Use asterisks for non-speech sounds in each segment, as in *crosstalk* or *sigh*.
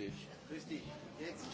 Richtig. Richtig. Jetzt.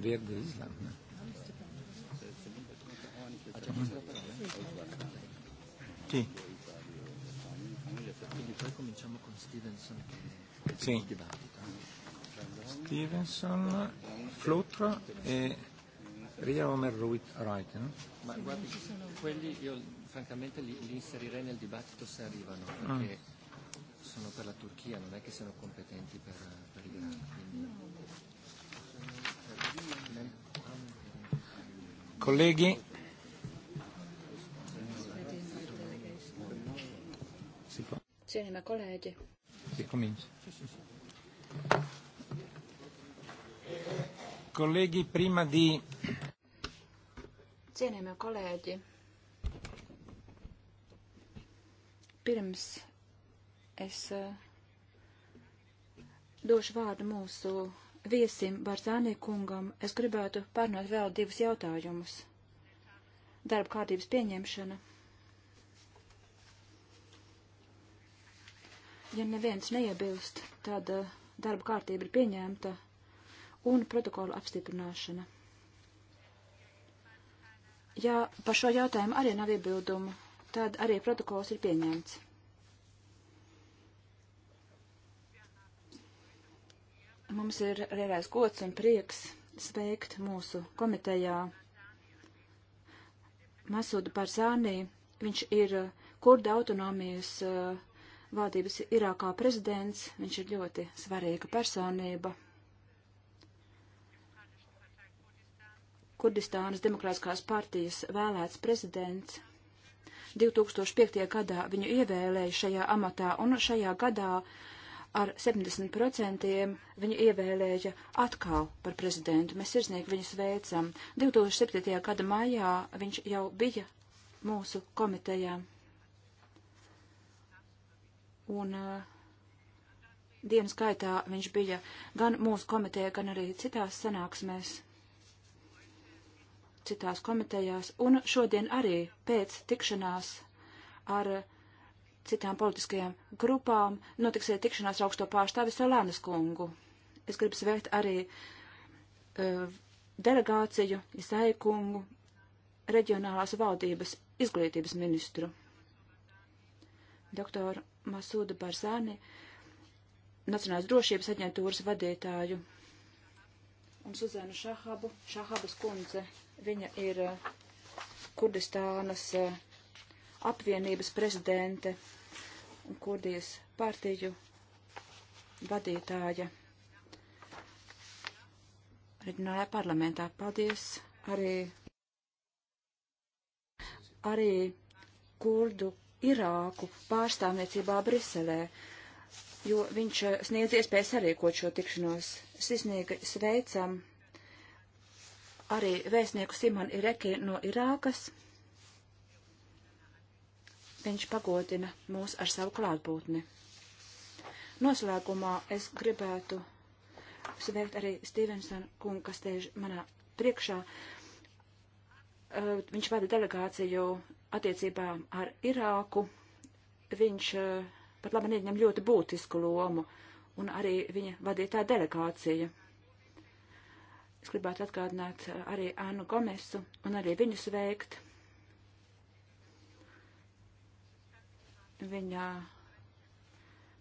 Viegli izlemt. Sì. Quindi poi cominciamo con Stevenson che sì. il dibattito. Stevenson, Flutra e Ria Omer Wright. No? Ma guardi, quelli io francamente li, li inserirei nel dibattito se arrivano, mm. perché mm. sono per la Turchia, non è che siano competenti per, per il Gran. colleghi. Cienījamie kolēģi. Kolēģi, prima di. Cienījamie kolēģi. Pirms es eh, došu vārdu mūsu viesim Barzānī kungam es gribētu pārnot vēl divus jautājumus. Darba kārtības pieņemšana. Ja neviens neiebilst, tad eh, darba kārtība ir pieņemta un protokola apstiprināšana. Ja par šo jautājumu arī nav iebildumu, tad arī protokols ir pieņemts. Mums ir lielais gods un prieks sveikt mūsu komitejā Masudu Barzānī. Viņš ir kurda autonomijas uh, valdības Irākā prezidents. Viņš ir ļoti svarīga personība. Kurdistānas Demokrātiskās partijas vēlēts prezidents. 2005. gadā viņu ievēlēja šajā amatā, un šajā gadā uh, ar 70% viņu ievēlēja atkal par prezidentu. Mēs sirsnīgi viņu sveicam. 2007. gada maijā viņš jau bija mūsu komitejā. Un uh, dienas gaitā viņš bija gan mūsu komitejā, gan arī citās sanāksmēs, citās komitejās. Un šodien arī pēc tikšanās ar uh, citām politiskajām grupām notiks arī tikšanās ar augsto pārstāvi Solānas kungu. Es gribu sveikt arī uh, delegāciju Isai kungu, reģionālās valdības izglītības ministru. Doktoru Masūda Barzani, Nacionālās drošības aģentūras vadītāju, un Suzēnu Šahabu, Šahabas kundze, viņa ir uh, Kurdistānas uh, apvienības prezidente un Kurdijas partiju vadītāja reģionālajā parlamentā. Paldies arī, arī kurdu Irāku pārstāvniecībā Briselē, jo viņš eh, sniedz iespēju sarīkot šo tikšanos. Sisniega sveicam arī vēstnieku Simon Ireki no Irākas. Viņš pagodina mūs ar savu klātbūtni. Noslēgumā es gribētu sveikt arī Stevensona kungu, kas te ir manā priekšā. Eh, viņš vada delegāciju attiecībām ar Irāku. Viņš eh, pat labi ieņem ļoti būtisku lomu, un arī viņa vadītā delegācija. Es gribētu atgādināt eh, arī Annu Gomesu un arī viņu sveikt. Viņa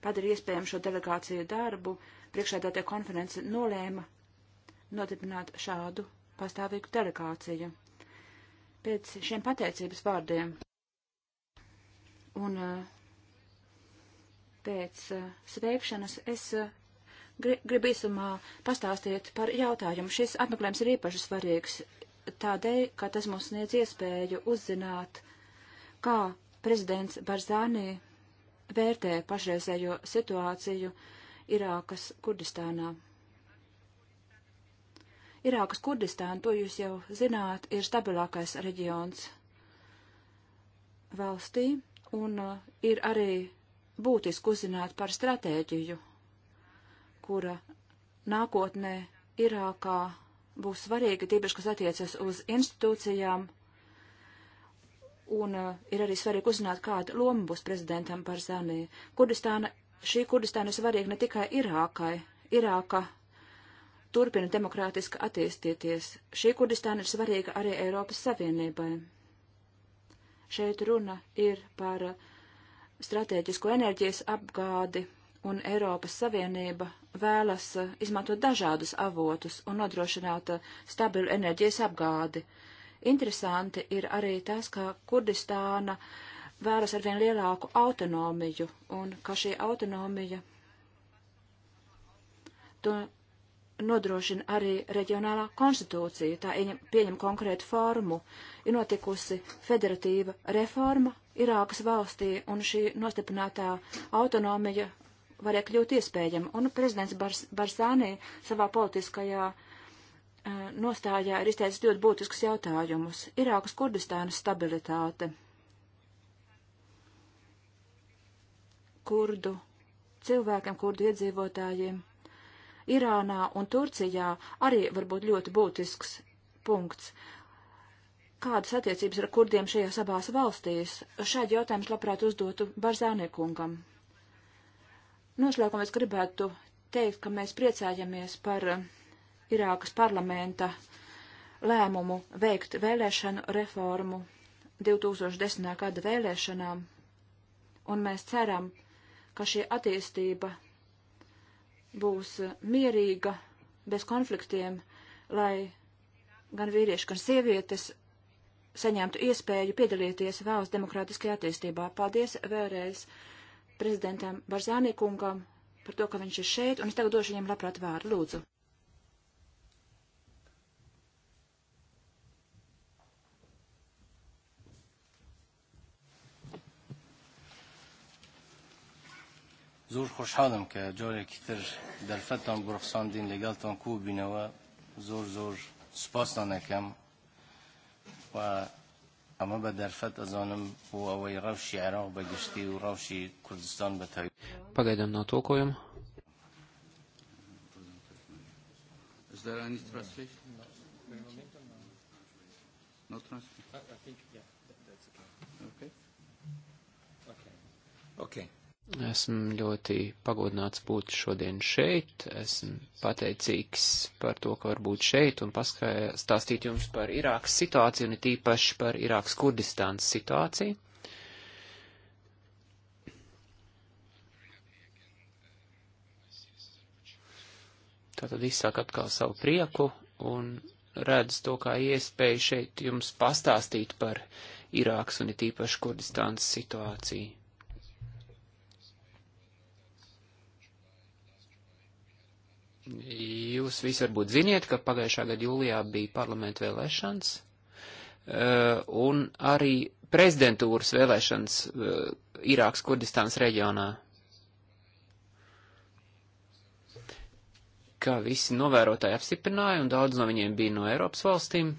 padara iespējamu šo delegāciju darbu. Priekšēdētā konference nolēma nodibināt šādu pastāvīgu delegāciju. Pēc šiem pateicības vārdiem un eh, pēc eh, sveikšanas es eh, gribu īsumā pastāstīt par jautājumu. Šis apmeklējums ir īpaši svarīgs tādēļ, ka tas mums sniedz iespēju uzzināt, kā Prezidents Barzānī vērtē pašreizējo situāciju Irākas Kurdistānā. Irākas Kurdistāna, to jūs jau zināt, ir stabilākais reģions valstī, un uh, ir arī būtiski uzzināt par stratēģiju, kura nākotnē Irākā būs svarīga, tīpaši, kas attiecas uz institūcijām, Un uh, ir arī svarīgi uzzināt, kāda loma būs prezidentam Barzanī. Kurdistāna, šī Kurdistāna ir svarīga ne tikai Irākai. Irāka turpina demokrātiski attīstīties. Šī Kurdistāna ir svarīga arī Eiropas Savienībai. Šeit runa ir par eh, stratēģisko enerģijas apgādi, un Eiropas Savienība vēlas eh, izmantot dažādus avotus un nodrošināt stabilu enerģijas apgādi. Uh, Interesanti ir arī tas, ka Kurdistāna vēlas arvien lielāku autonomiju un ka šī autonomija to nodrošina arī reģionālā konstitūcija. Tā pieņem konkrētu formu. Ir notikusi federatīva reforma Irākas valstī, un šī nostiprinātā autonomija varēja kļūt iespējama. Un prezidents Bars Barsānī savā politiskajā uh, nostājā ir izteicis ļoti būtisks jautājumus. Irākas Kurdistānas stabilitāte. Kurdu cilvēkiem, kurdu iedzīvotājiem. Irānā un Turcijā arī var būt ļoti būtisks punkts. Kādas attiecības ar kurdiem šajās abās valstīs? Šādi jautājums labprāt uzdotu Barzāniekungam. Noslēgumā es gribētu teikt, ka mēs priecājamies par uh, Irākas parlamenta lēmumu veikt vēlēšanu reformu 2010. gada vēlēšanām, un mēs ceram, ka šī attīstība būs mierīga, bez konfliktiem, lai gan vīrieši, gan sievietes saņemtu iespēju piedalīties valsts demokrātiskajā attīstībā. Paldies vēlreiz prezidentam Barzānī kungam par to, ka viņš ir šeit, un es tagad došu viņam labprāt vārdu. Lūdzu. زۆر خۆشحاڵم کە جۆرێکی تر دەرفەتان بڕخساندین لەگەڵتان کوو بینەوە زۆر زۆر سپاسان ئەەکەم و ئەمە بە دەرفەت ئەزانم بۆ ئەوەی ڕەوشی عێراق بەگشتی و ڕەوشی کوردستان بەتەوی پگەدەم ناتۆکۆیم Okay. Okay. Esmu ļoti pagodināts būt šodien šeit. Esmu pateicīgs par to, ka var būt šeit un pastāstīt jums par Irākas situāciju un tīpaši par Irākas Kurdistānas situāciju. Tātad izsāk atkal savu prieku un redz to kā iespēju šeit jums pastāstīt par Irākas un tīpaši Kurdistānas situāciju. Jūs visi varbūt ziniet, ka pagājušā gada jūlijā bija parlamenta vēlēšanas eh, un arī prezidentūras vēlēšanas eh, Irāks Kurdistānas reģionā. Kā visi novērotāji apstiprināja, un daudz no viņiem bija no Eiropas valstīm,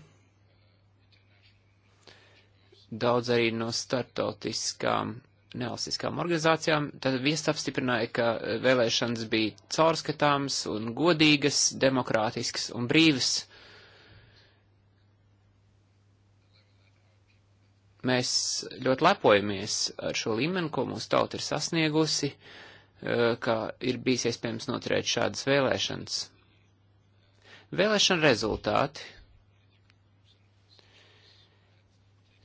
daudz arī no startautiskām nevalstiskām organizācijām, tad viesta apstiprināja, ka e, vēlēšanas bija caurskatāmas un godīgas, demokrātiskas un brīvas. Mēs ļoti lepojamies ar šo līmeni, ko mūsu tauta ir sasniegusi, e, ka ir bijis iespējams noturēt šādas vēlēšanas. Vēlēšana rezultāti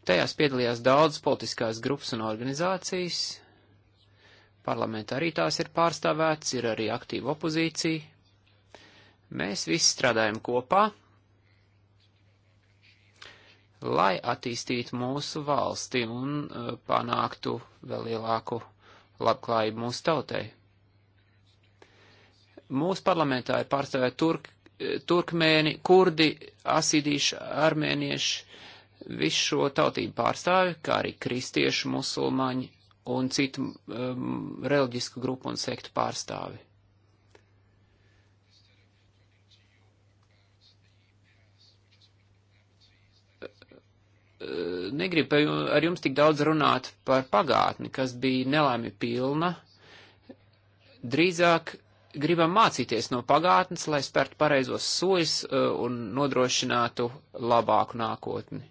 Tajās piedalījās daudz politiskās grupas un organizācijas. Parlamentā arī tās ir pārstāvēts, ir arī aktīva opozīcija. Mēs visi strādājam kopā, lai attīstītu mūsu valsti un uh, panāktu vēl lielāku labklājību mūsu tautai. Mūsu parlamentā ir pārstāvēti turk, turkmēni, kurdi, asīdīši, armēnieši, visu šo tautību pārstāvi, kā arī kristiešu, musulmaņi un citu um, reliģisku grupu un sektu pārstāvi. negribu ar jums tik daudz runāt par pagātni, kas bija nelaimi pilna. Drīzāk gribam mācīties no pagātnes, lai spērtu pareizos soļus uh, un nodrošinātu labāku nākotni.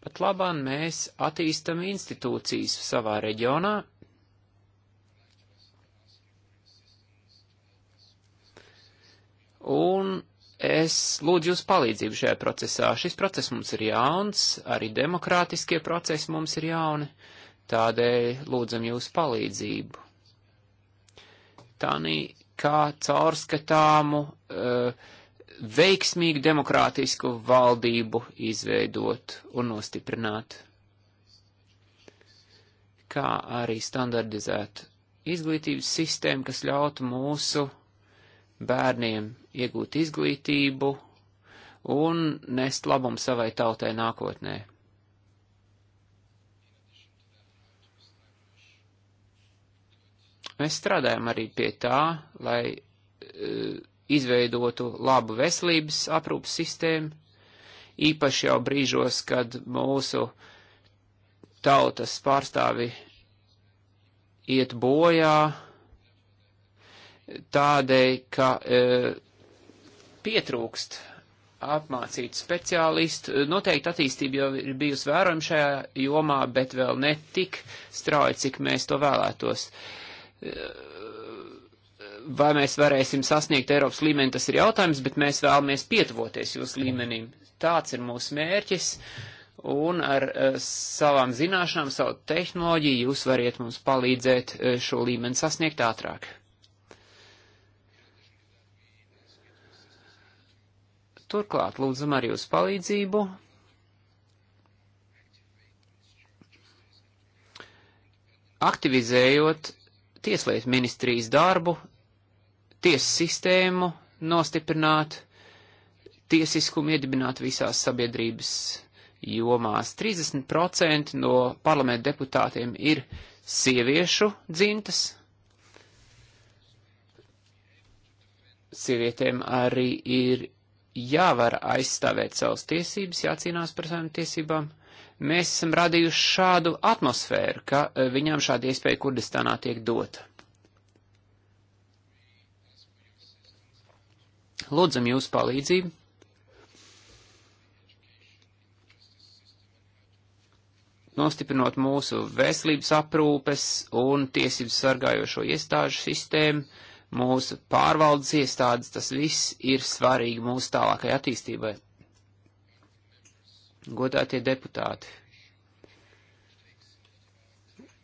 Pat labāk mēs attīstam institūcijas savā reģionā. Un es lūdzu jūs palīdzību šajā procesā. Šis process mums ir jauns, arī demokrātiskie procesi mums ir jauni, tādēļ lūdzam jūs palīdzību. Tādī kā caurskatāmu uh, veiksmīgu demokrātisku valdību izveidot un nostiprināt, kā arī standardizēt izglītības sistēmu, kas ļautu mūsu bērniem iegūt izglītību un nest labumu savai tautai nākotnē. Mēs strādājam arī pie tā, lai eh, izveidotu labu veselības aprūpas sistēmu, īpaši jau brīžos, kad mūsu tautas pārstāvi iet bojā, tādēļ, ka e, pietrūkst apmācīt speciālistu. Noteikti attīstība jau ir bijusi vērojama šajā jomā, bet vēl ne tik strauji, cik mēs to vēlētos. E, vai mēs varēsim sasniegt Eiropas līmeni, tas ir jautājums, bet mēs vēlamies pietuvoties jūsu līmenim. Tāds ir mūsu mērķis, un ar eh, savām zināšanām, savu tehnoloģiju jūs variet mums palīdzēt eh, šo līmeni sasniegt ātrāk. Turklāt lūdzam ar jūsu palīdzību. Aktivizējot tieslietu ministrijas darbu, tiesu sistēmu nostiprināt, tiesiskumu iedibināt visās sabiedrības jomās. 30% no parlamenta deputātiem ir sieviešu dzimtas. Sievietēm arī ir jāvar aizstāvēt savas tiesības, jācīnās par savām tiesībām. Mēs esam radījuši šādu atmosfēru, ka eh, viņām šāda iespēja Kurdistānā tiek dota. Lūdzam jūsu palīdzību. Nostiprinot mūsu veselības aprūpes un tiesības sargājošo iestāžu sistēmu, mūsu pārvaldes iestādes, tas viss ir svarīgi mūsu tālākai attīstībai. Godātie deputāti,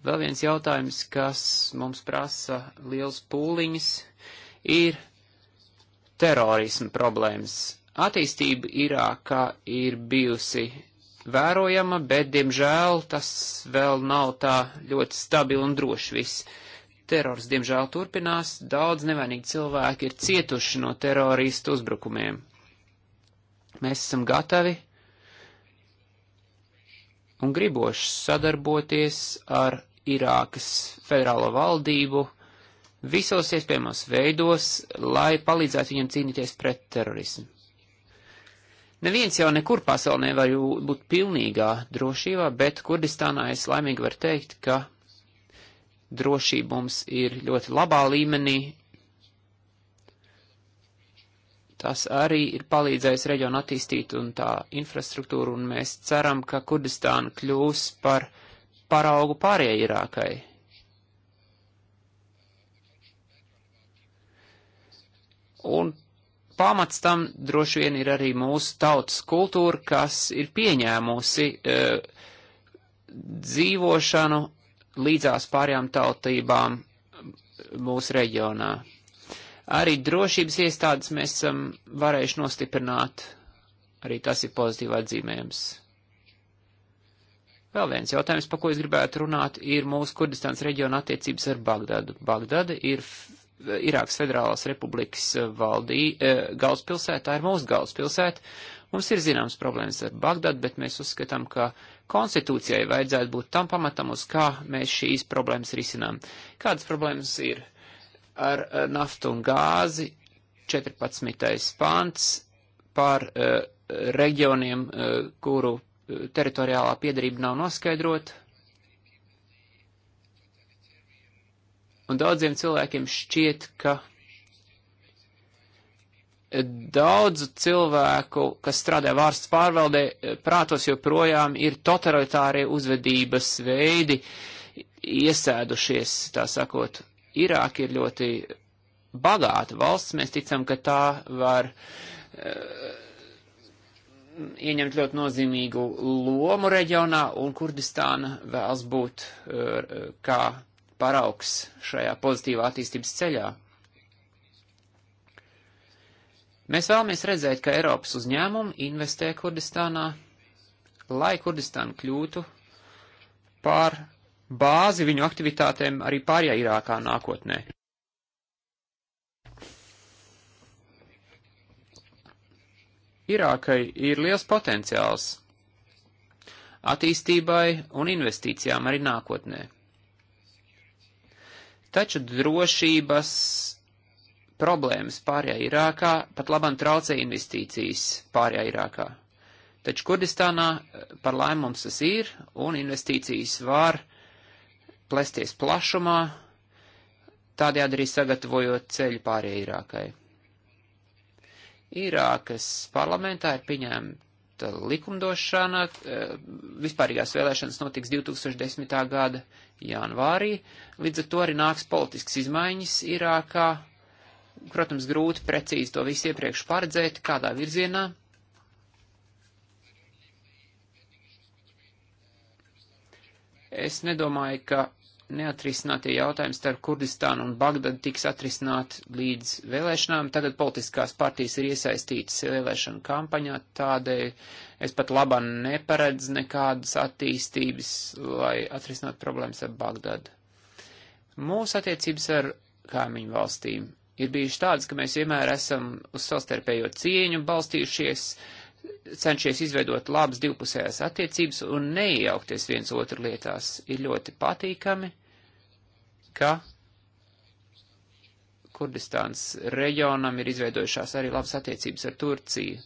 vēl viens jautājums, kas mums prasa liels pūliņus, ir terorismu problēmas. Attīstība Irākā ir bijusi vērojama, bet, diemžēl, tas vēl nav tā ļoti stabili un droši viss. Terors, diemžēl, turpinās, daudz nevainīgi cilvēki ir cietuši no teroristu uzbrukumiem. Mēs esam gatavi un griboši sadarboties ar Irākas federālo valdību, visos iespējamos veidos, lai palīdzētu viņiem cīnīties pret terorismu. Neviens jau nekur pasaulē nevar būt pilnīgā drošībā, bet Kurdistānā es laimīgi varu teikt, ka drošība mums ir ļoti labā līmenī. Tas arī ir palīdzējis reģionu attīstīt un tā infrastruktūru, un mēs ceram, ka Kurdistāna kļūs par paraugu pārējai Irākai. Un pamats tam droši vien ir arī mūsu tautas kultūra, kas ir pieņēmusi e, dzīvošanu līdzās pārējām tautībām mūsu reģionā. Arī drošības iestādes mēs esam varējuši nostiprināt, arī tas ir pozitīvā dzīmējums. Vēl viens jautājums, pa ko es gribētu runāt, ir mūsu Kurdistāns reģiona attiecības ar Bagdadu. Bagdada ir Irākas Federālās Republikas eh, valdī, eh, galvaspilsēta, tā ir mūsu galvaspilsēta. Mums ir zināmas problēmas ar Bagdadu, bet mēs uzskatām, ka konstitūcijai vajadzētu būt tam pamatam, uz kā mēs šīs problēmas risinām. Kādas problēmas ir ar eh, naftu un gāzi? 14. pants par uh, reģioniem, uh, kuru teritoriālā piedarība nav noskaidrota, Un daudziem cilvēkiem šķiet, ka daudzu cilvēku, kas strādā vārsts pārvaldē, prātos joprojām ir totalitārie uzvedības veidi iesēdušies, tā sakot. Irāka ir ļoti bagāta valsts, mēs ticam, ka tā var uh, ieņemt ļoti nozīmīgu lomu reģionā, un Kurdistāna vēlas būt uh, kā paraugs šajā pozitīvā attīstības ceļā. Mēs vēlamies redzēt, ka Eiropas uzņēmumi investē Kurdistānā, lai Kurdistāna kļūtu par bāzi viņu aktivitātēm arī pārējā Irākā nākotnē. Irākai ir liels potenciāls attīstībai un investīcijām arī nākotnē. Taču drošības problēmas pārējā Irākā pat labam traucē investīcijas pārējā Irākā. Taču Kurdistānā eh, par laimi mums tas ir, un investīcijas var plēsties plašumā, tādējādi arī sagatavojot ceļu pārējai Irākai. Irākas parlamentā ir pieņēmta Eh, likumdošana, eh, vispārīgās vēlēšanas notiks 2010. gada janvārī, līdz ar to arī nāks politisks izmaiņas Irākā. Protams, grūti precīzi to visu iepriekš paredzēt, kādā virzienā. Es nedomāju, ka neatrisinātie jautājumi starp Kurdistānu un Bagdadu tiks atrisināt līdz vēlēšanām. Tagad politiskās partijas ir iesaistītas vēlēšana kampaņā, tādēļ es pat labam neparedz nekādas attīstības, lai atrisinātu problēmas ar Bagdadu. Mūsu attiecības ar kaimiņu valstīm ir bijušas tādas, ka mēs vienmēr esam uz savstarpējo cieņu balstījušies, uh, cenšies izveidot labas divpusējās attiecības un neiejaukties viens otru lietās. Ir ļoti patīkami, ka Kurdistāns reģionam ir izveidojušās arī labas attiecības ar Turciju.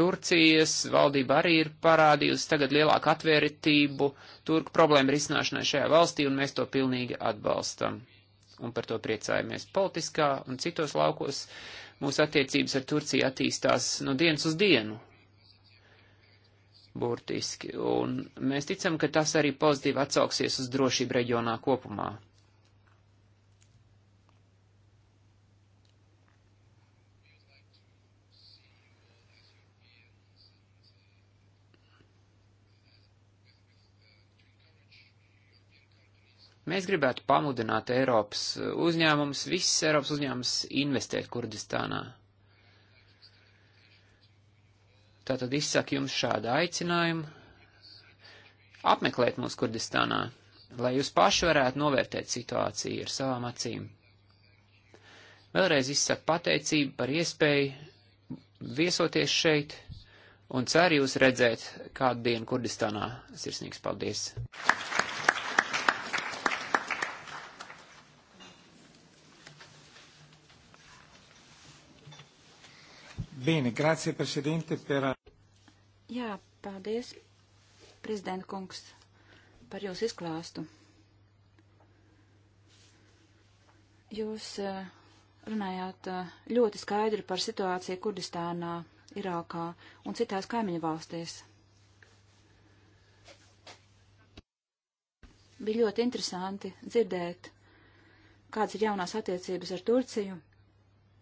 Turcijas valdība arī ir parādījusi tagad lielāku atvērtību turku problēmu risināšanai šajā valstī, un mēs to pilnīgi atbalstam un par to priecājamies. Politiskā un citos laukos mūsu attiecības ar Turciju attīstās no dienas uz dienu, burtiski, un mēs ticam, ka tas arī pozitīvi atsauksies uz drošību reģionā kopumā. Mēs gribētu pamudināt Eiropas uzņēmumus, visas Eiropas uzņēmumus investēt Kurdistānā. Tātad izsaka jums šādu aicinājumu apmeklēt mūs Kurdistānā, lai jūs paši varētu novērtēt situāciju ar savām acīm. Vēlreiz izsaka pateicību par iespēju viesoties šeit un ceru jūs redzēt kādu dienu Kurdistānā. Sirsnīgs paldies! Bene, grazie, prezidente, per. Jā, paldies, prezidenta kungs, par jūsu izklāstu. Jūs eh, runājāt eh, ļoti skaidri par situāciju Kurdistānā, Irākā un citās kaimiņu valstīs. Bija ļoti interesanti dzirdēt, kādas ir jaunās attiecības ar Turciju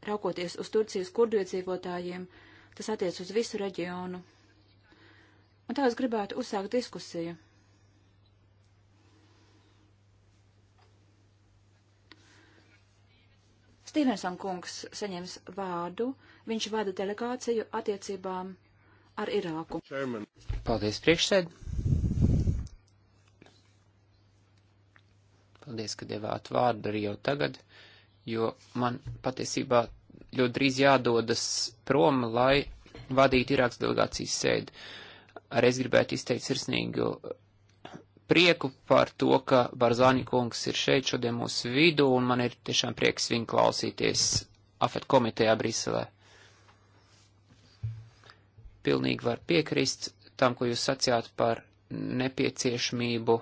raukoties uz Turcijas kurdu iedzīvotājiem, tas attiec uz visu reģionu. Un tā es gribētu uzsākt diskusiju. Stevenson kungs saņems vārdu, viņš vada delegāciju attiecībām ar Irāku. Chairman. Paldies, priekšsēd. Paldies, ka devāt vārdu arī jau tagad. Uh, jo man patiesībā ļoti drīz jādodas prom, lai vadītu Irākas delegācijas sēdi. Arī es gribētu izteikt sirsnīgu prieku par to, ka Barzāni kungs ir šeit šodien mūsu vidū, un man ir tiešām prieks viņu klausīties AFET komitejā Briselē. Pilnīgi var piekrist tam, ko jūs sacījāt par nepieciešamību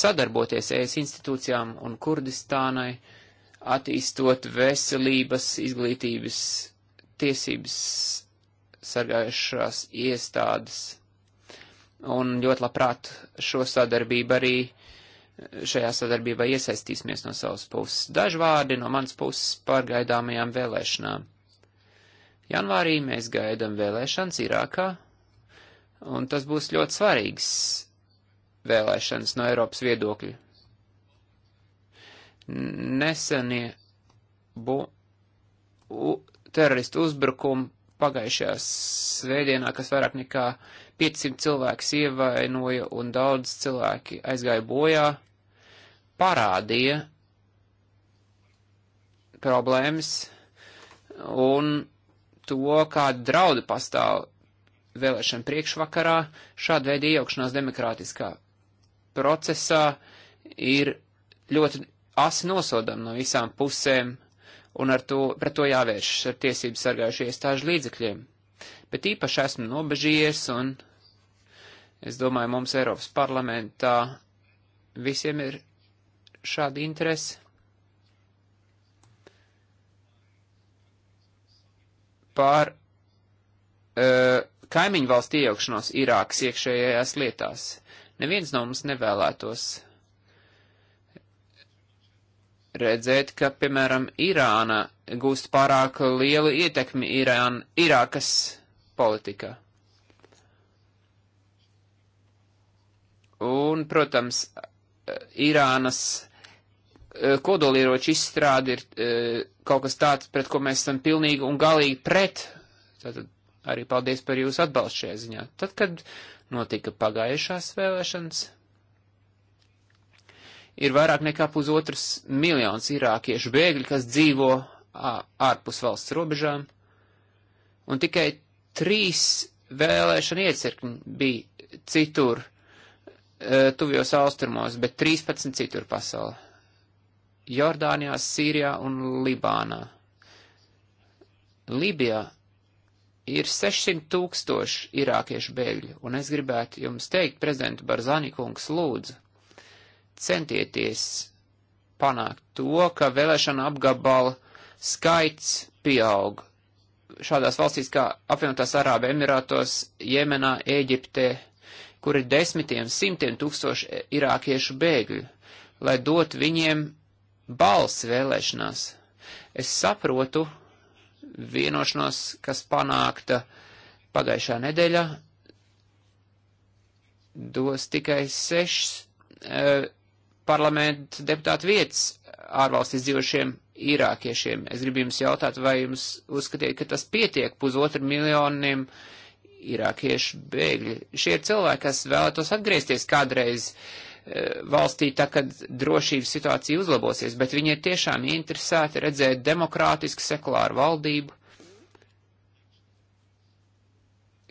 sadarboties ES institūcijām un Kurdistānai. Uh, attīstot veselības, izglītības, tiesības sargājušās iestādes. Un ļoti labprāt šo sadarbību arī šajā sadarbībā iesaistīsimies no savas puses. Daži vārdi no manas puses par gaidāmajām vēlēšanām. Janvārī mēs gaidam vēlēšanas Irākā, un tas būs ļoti svarīgs vēlēšanas no Eiropas viedokļa nesenie bu, u, teroristu uzbrukumu pagājušajā svētdienā, kas vairāk nekā 500 cilvēks ievainoja un daudz cilvēki aizgāja bojā, parādīja problēmas un to, kāda drauda pastāv vēlēšana priekšvakarā, šāda veida iejaukšanās demokrātiskā procesā ir ļoti asi nosodam no visām pusēm, un ar to, pret to jāvēršas ar tiesību sargājušu iestāžu līdzekļiem. Bet īpaši esmu nobežījies, un es domāju, mums Eiropas parlamentā visiem ir šāda interese. Pār uh, kaimiņu valstu iejaukšanos Irākas iekšējās lietās. Neviens no mums nevēlētos redzēt, ka, piemēram, Irāna gūst pārāk lielu ietekmi Irāna, Irākas politikā. Un, protams, Irānas e, kodolieroču izstrāde ir e, kaut kas tāds, pret ko mēs esam pilnīgi un galīgi pret. Tātad arī paldies par jūsu atbalstu šajā ziņā. Tad, kad notika pagājušās vēlēšanas, ir vairāk nekā pusotras miljonus irākiešu bēgļi, kas dzīvo ārpus valsts robežām, un tikai trīs vēlēšana iecirkņi bija citur, tuvjos austrumos, bet 13 citur pasaulē - Jordānijā, Sīrijā un Libānā. Libijā ir 600 tūkstoši irākiešu bēgļu, un es gribētu jums teikt, prezidentu Barzani kungs, lūdzu, centieties panākt to, ka vēlēšana apgabala skaits pieaug šādās valstīs kā apvienotās Arābu Emirātos, Jemenā, Ēģiptē, kur ir desmitiem, simtiem tūkstoši irākiešu bēgļu, lai dot viņiem balsi vēlēšanās. Es saprotu vienošanos, kas panākta pagājušā nedēļā, dos tikai sešas. Uh, eh, e, parlamenta deputāta vietas ārvalstīs dzīvošiem īrākiešiem. Es gribu jums jautāt, vai jums uzskatiet, ka tas pietiek pusotru miljoniem īrākiešu bēgļi. Šie ir cilvēki, kas vēlētos atgriezties kādreiz e, valstī, tā kad drošības situācija uzlabosies, bet viņi ir tiešām interesēti redzēt demokrātisku sekulāru valdību,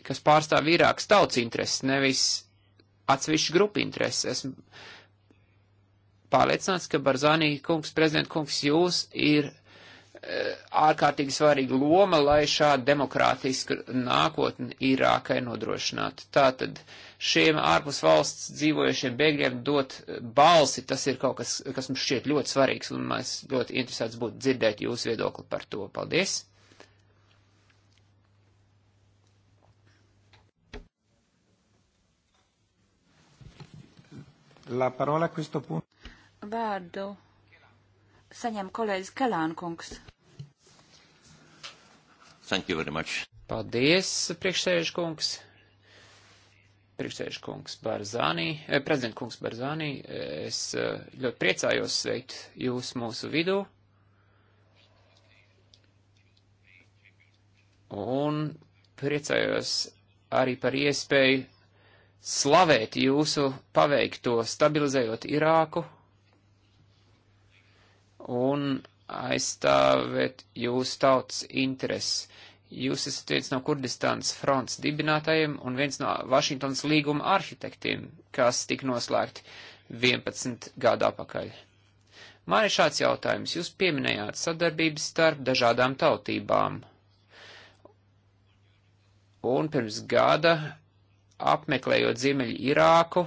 kas pārstāv īrākas tautas intereses, nevis atsevišķu grupu intereses. Esmu pārliecināts, ka Barzānī kungs, prezident kungs, jūs ir e, ārkārtīgi svarīga loma, lai šāda demokrātiska nākotne Irākai nodrošinātu. Tātad šiem ārpus valsts dzīvojušiem bēgļiem dot balsi, tas ir kaut kas, kas mums šķiet ļoti svarīgs, un mēs ļoti interesēts būtu dzirdēt jūsu viedokli par to. Paldies! La parola a questo punto. Vārdu saņem kolēģis Kelānkungs. Thank you very much. Paldies, priekšsēžkungs. Priekšsēžkungs Barzānī, eh, prezidentkungs Barzānī, eh, es eh, ļoti priecājos sveikt jūs mūsu vidū. Un priecājos arī par iespēju slavēt jūsu paveikto, stabilizējot Irāku un aizstāvēt jūsu tautas intereses. Jūs esat viens no Kurdistānas fronts dibinātājiem un viens no Vašingtonas līguma arhitektiem, kas tika noslēgti 11 gadu apakaļ. Man ir šāds jautājums. Jūs pieminējāt sadarbības starp dažādām tautībām. Un pirms gada, apmeklējot Ziemeļu Irāku,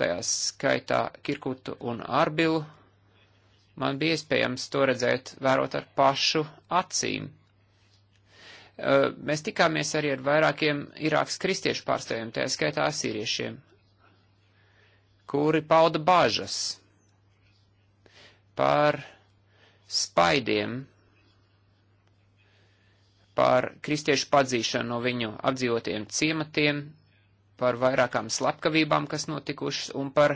tajā skaitā Kirkutu un Arbilu, man bija iespējams to redzēt, vērot ar pašu acīm. Mēs tikāmies arī ar vairākiem Irākas kristiešu pārstāvjiem, tajā skaitā asīriešiem, kuri pauda bažas par spaidiem, par kristiešu padzīšanu no viņu apdzīvotiem ciematiem, par vairākām slepkavībām, kas notikušas, un par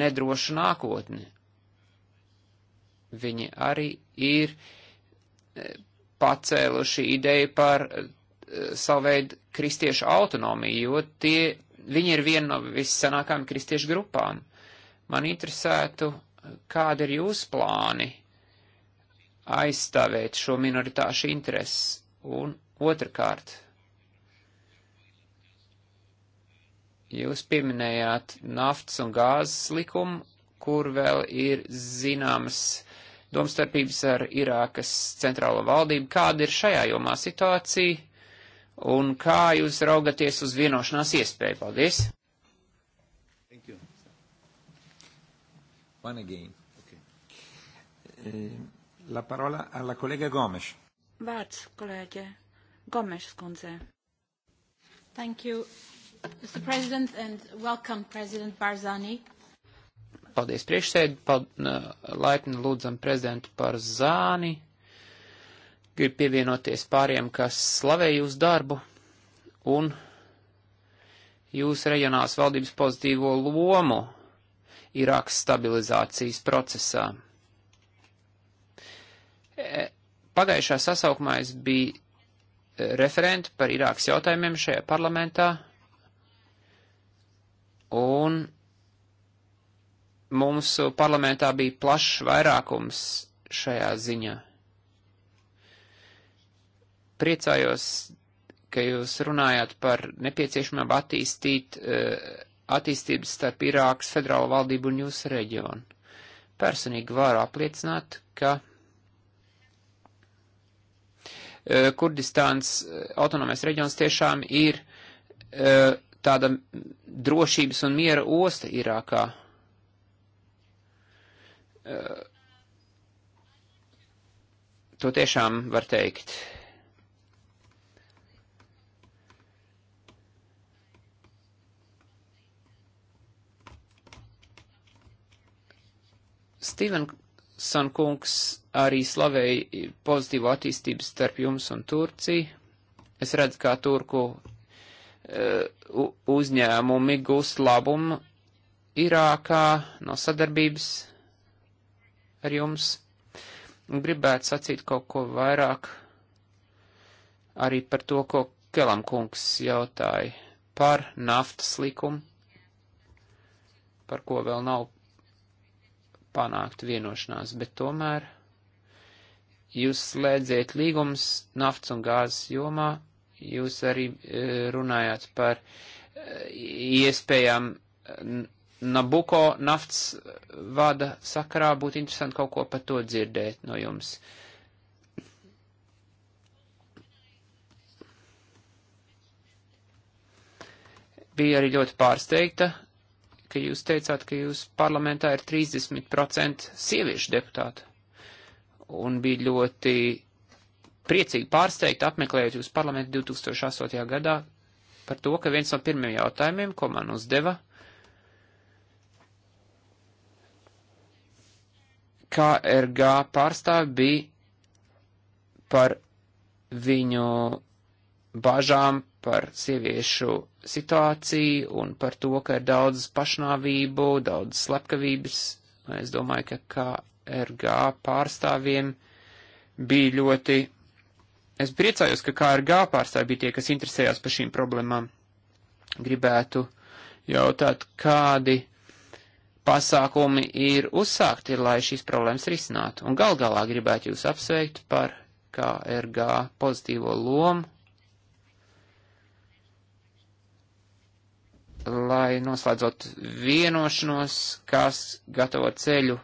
nedrošu nākotni. Viņi arī ir e, pacēluši ideju par e, savu veidu kristiešu autonomiju, jo tie, viņi ir viena no vissanākām kristiešu grupām. Man interesētu, kādi ir jūsu plāni aizstāvēt šo minoritāšu intereses. Un otrkārt, Jūs pieminējāt naftas un gāzes likumu, kur vēl ir zināmas domstarpības ar Irākas centrālo valdību. Kāda ir šajā jomā situācija un kā jūs raugaties uz vienošanās iespēju? Paldies! One again. Okay. Eh, la parola alla collega Gomes. Vārds, kolēģe. Gomes, kundze. Thank you. Mr. President, and welcome President Barzani. Paldies priekšsēdi, pald, laipni lūdzam prezidentu Barzani. Gribu pievienoties pāriem, kas slavē jūs darbu un jūsu reģionālās valdības pozitīvo lomu Irākas stabilizācijas procesā. E, pagājušā sasaukumā es biju referenti par Irākas jautājumiem šajā parlamentā Un mums parlamentā bija plašs vairākums šajā ziņā. Priecājos, ka jūs runājāt par nepieciešamību attīstīt eh, attīstības starp Irākas federālo valdību un jūsu reģionu. Personīgi varu apliecināt, ka eh, Kurdistāns eh, autonomais reģions tiešām ir uh, tāda drošības un miera osta Irākā. Uh, to tiešām var teikt. Stevenson kungs arī slavēja pozitīvu attīstību starp jums un Turciju. Es redzu, kā Turku uzņēmumi gūst labumu Irākā no sadarbības ar jums. Gribētu sacīt kaut ko vairāk arī par to, ko Kelam kungs jautāja par naftas likumu, par ko vēl nav panākt vienošanās, bet tomēr jūs slēdziet līgums naftas un gāzes jomā Jūs arī e, runājāt par e, iespējām Nabuko nafts vada sakarā. Būtu interesanti kaut ko par to dzirdēt no jums. Bija arī ļoti pārsteigta, ka jūs teicāt, ka jūs parlamentā ir 30% sieviešu deputātu. Un bija ļoti priecīgi pārsteigti apmeklējot jūs parlamentu 2008. gadā par to, ka viens no pirmiem jautājumiem, ko man uzdeva, KRG pārstāvi bija par viņu bažām par sieviešu situāciju un par to, ka ir daudz pašnāvību, daudz slepkavības. Es domāju, ka KRG pārstāvjiem bija ļoti Es priecājos, ka KRG pārstāvji bija tie, kas interesējās par šīm problēmām. Gribētu jautāt, kādi pasākumi ir uzsākti, lai šīs problēmas risinātu. Un gal galā gribētu jūs apsveikt par KRG pozitīvo lomu, lai noslēdzot vienošanos, kas gatavo ceļu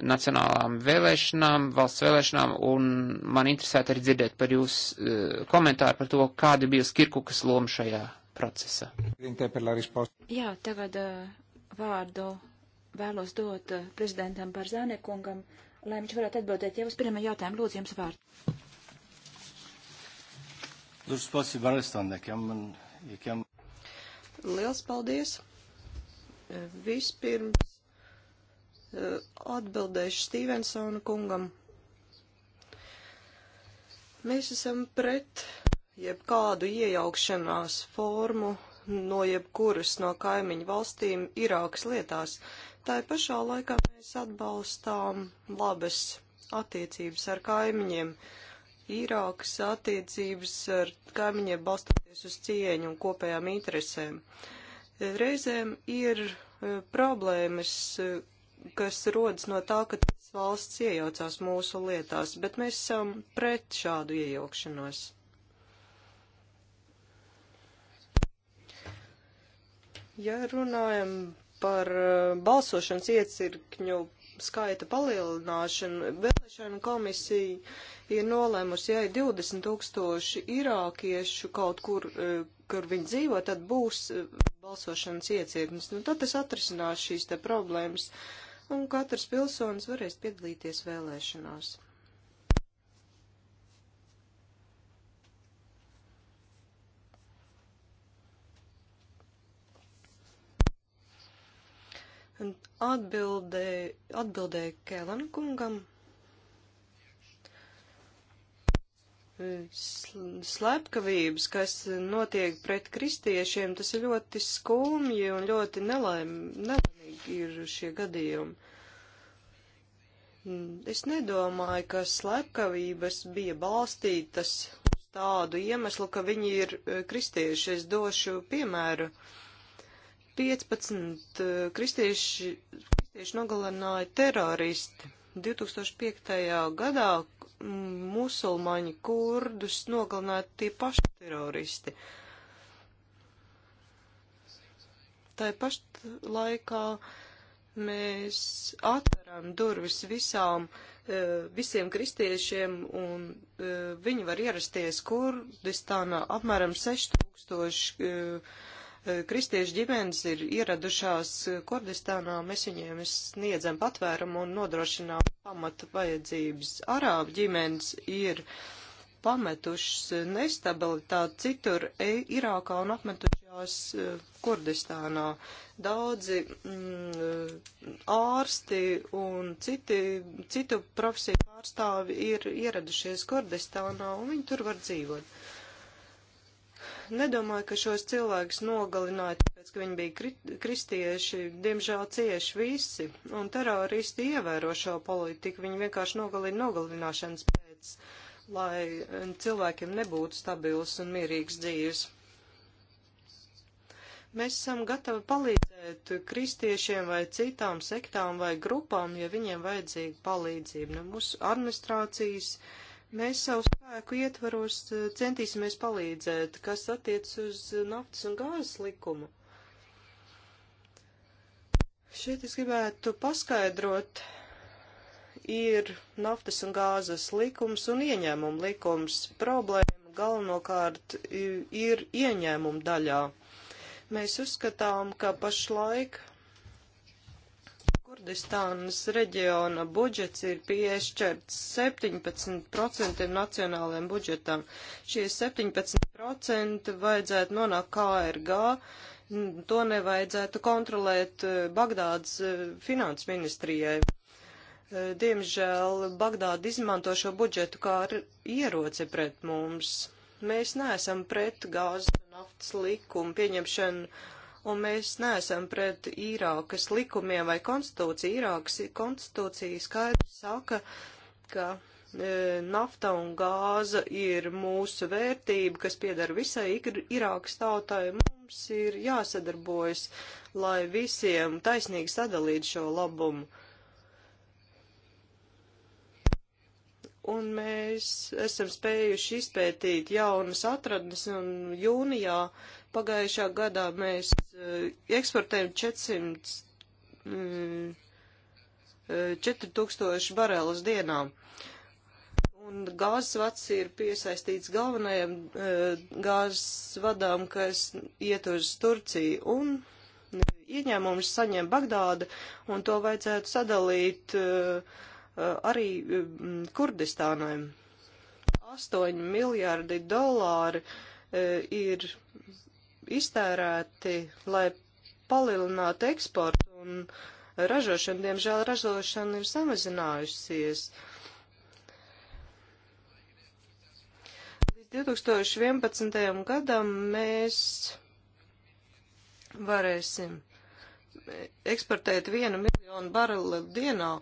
nacionālām vēlēšanām, valsts vēlēšanām, un man interesētu arī dzirdēt par jūs uh, komentāru par to, kāda bija Skirkukas loma šajā procesā. Jā, tagad uh, vārdu vēlos dot uh, prezidentam Barzānekungam, lai viņš varētu atbildēt jau uz pirmā jautājumu. Lūdzu, jums vārdu. Lūdzu, spasi Barzānekam, man, ikam. Liels paldies! Vispirms Atbildēšu Stevensona kungam. Mēs esam pret jebkādu iejaukšanās formu no jebkuras no kaimiņu valstīm Irākas lietās. Tā ir pašā laikā mēs atbalstām labas attiecības ar kaimiņiem. Irākas attiecības ar kaimiņiem balstoties uz cieņu un kopējām interesēm. Reizēm ir eh, problēmas eh, kas rodas no tā, ka valsts iejaucās mūsu lietās, bet mēs esam pret šādu iejaukšanos. Ja runājam par uh, balsošanas iecirkņu skaita palielināšanu, vēlēšana komisija ir nolēmusi, ja ir 20 tūkstoši irākiešu kaut kur, uh, kur viņi dzīvo, tad būs uh, balsošanas iecirknis. Nu, tad tas atrisinās šīs te problēmas. Uh, un katrs pilsonis varēs piedalīties vēlēšanās. Atbildēja atbildē Kēlana kungam slepkavības, kas notiek pret kristiešiem, tas ir ļoti skumji un ļoti nelaim, nelaimīgi ir šie gadījumi. Mm, es nedomāju, ka slepkavības bija balstītas uz tādu iemeslu, ka viņi ir e, kristieši. Es došu piemēru. 15 e, kristieši, kristieši nogalināja teroristi 2005. gadā musulmaņi, kurdus nogalināja tie paši teroristi. Tā pašā laikā mēs atveram durvis visām, e, visiem kristiešiem, un e, viņi var ierasties Kurdistānā apmēram 6000 kristiešu ģimenes ir ieradušās Kurdistānā, mēs viņiem sniedzam patvērumu un nodrošinām pamatu vajadzības. Arābu ģimenes ir pametušas nestabilitāti citur e, Irākā un apmetušās e, Kurdistānā. Daudzi mm, e, ārsti un citi, citu profesiju pārstāvi ir ieradušies Kurdistānā un viņi tur var dzīvot nedomāju, ka šos cilvēkus nogalināja, tāpēc, ka viņi bija kristieši, diemžēl cieši visi, un teroristi ievēro šo politiku, viņi vienkārši nogalina nogalināšanas pēc, lai eh, cilvēkiem nebūtu stabils un mierīgs dzīves. Mēs esam gatavi palīdzēt kristiešiem vai citām sektām vai grupām, ja viņiem vajadzīga palīdzība no nu, mūsu administrācijas. Uh, Mēs savu spēku ietvaros eh, centīsimies palīdzēt, kas attiec uz eh, naftas un gāzes likumu. Šeit es gribētu paskaidrot, ir naftas un gāzes likums un ieņēmuma likums. Problēma galvenokārt ir ieņēmuma daļā. Mēs uzskatām, ka pašlaik Kurdistānas reģiona budžets ir piešķirts 17% nacionālajiem budžetam. Šie 17% vajadzētu nonākt KRG, to nevajadzētu kontrolēt eh, Bagdādas eh, finanses ministrijai. Eh, diemžēl Bagdāda izmanto šo budžetu kā ieroci pret mums. Mēs neesam pret gāzes un naftas likumu pieņemšanu un mēs neesam pret Īrākas likumiem vai konstitūciju. Īrākas konstitūcija skaidri saka, ka e, nafta un gāza ir mūsu vērtība, kas piedara visai Irākas tautai. Mums ir jāsadarbojas, lai visiem taisnīgi sadalītu šo labumu. un mēs esam spējuši izpētīt jaunas atradnes, un jūnijā Pagājušā gadā mēs eh, eksportējam 400, 4000 mm, eh, barēlas dienām. Un gāzes vats ir piesaistīts galvenajam eh, gāzes vadām, kas iet uz Turciju. Un ieņēmumus saņem Bagdāda, un to vajadzētu sadalīt arī mm, Kurdistānai. 8 miljārdi dolāri ir iztērēti, lai palielinātu eksportu un ražošanu. Diemžēl ražošana ir samazinājusies. Līdz 2011. gadam mēs varēsim eksportēt vienu miljonu barelu dienā.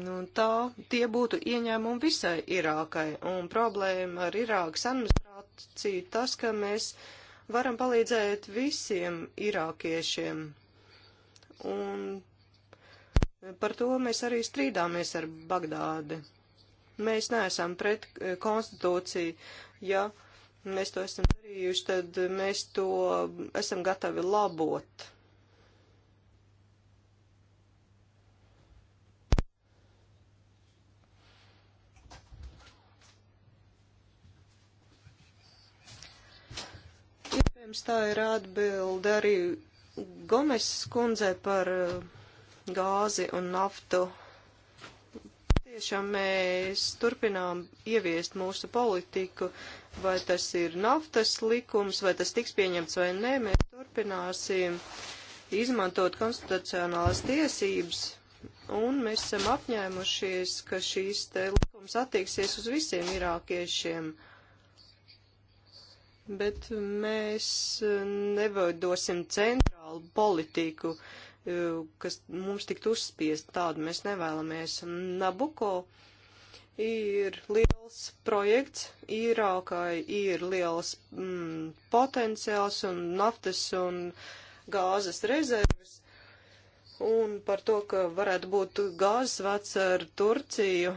Nu, tā, tie būtu ieņēmumi visai Irākai. Un problēma ar Irākas administrāciju tas, ka mēs uh, varam palīdzēt visiem irākiešiem. Un par to mēs arī strīdāmies ar Bagdādi. Mēs neesam pret eh, konstitūciju, ja mēs to esam darījuši, tad mēs to esam gatavi labot. Iespējams, tā ir atbilde arī Gomes skundzē par eh, gāzi un naftu. Tiešām mēs turpinām ieviest mūsu politiku, vai tas ir naftas likums, vai tas tiks pieņemts vai nē, mēs turpināsim izmantot konstitucionālās tiesības, un mēs esam apņēmušies, ka šīs te likums attieksies uz visiem irākiešiem. Uh, bet mēs eh, neveidosim centrālu politiku, eh, kas mums tikt uzspiest, tādu mēs nevēlamies. Nabuko ir liels projekts, Īrākai ir liels mm, potenciāls un naftas un gāzes rezerves, un par to, ka varētu būt gāzes vats ar Turciju.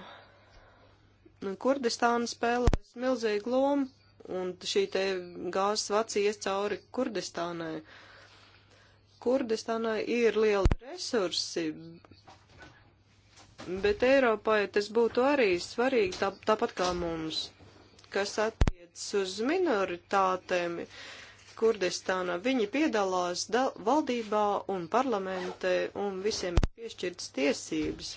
Kurdistāna spēlēs milzīgu lomu un šī te gāzes vaci ies cauri Kurdistānai. Kurdistānai ir lieli resursi, bet Eiropai tas būtu arī svarīgi, tā, tāpat kā mums, kas attiecas uz minoritātēm Kurdistānā. Viņi piedalās da, valdībā un parlamentē un visiem ir piešķirtas tiesības.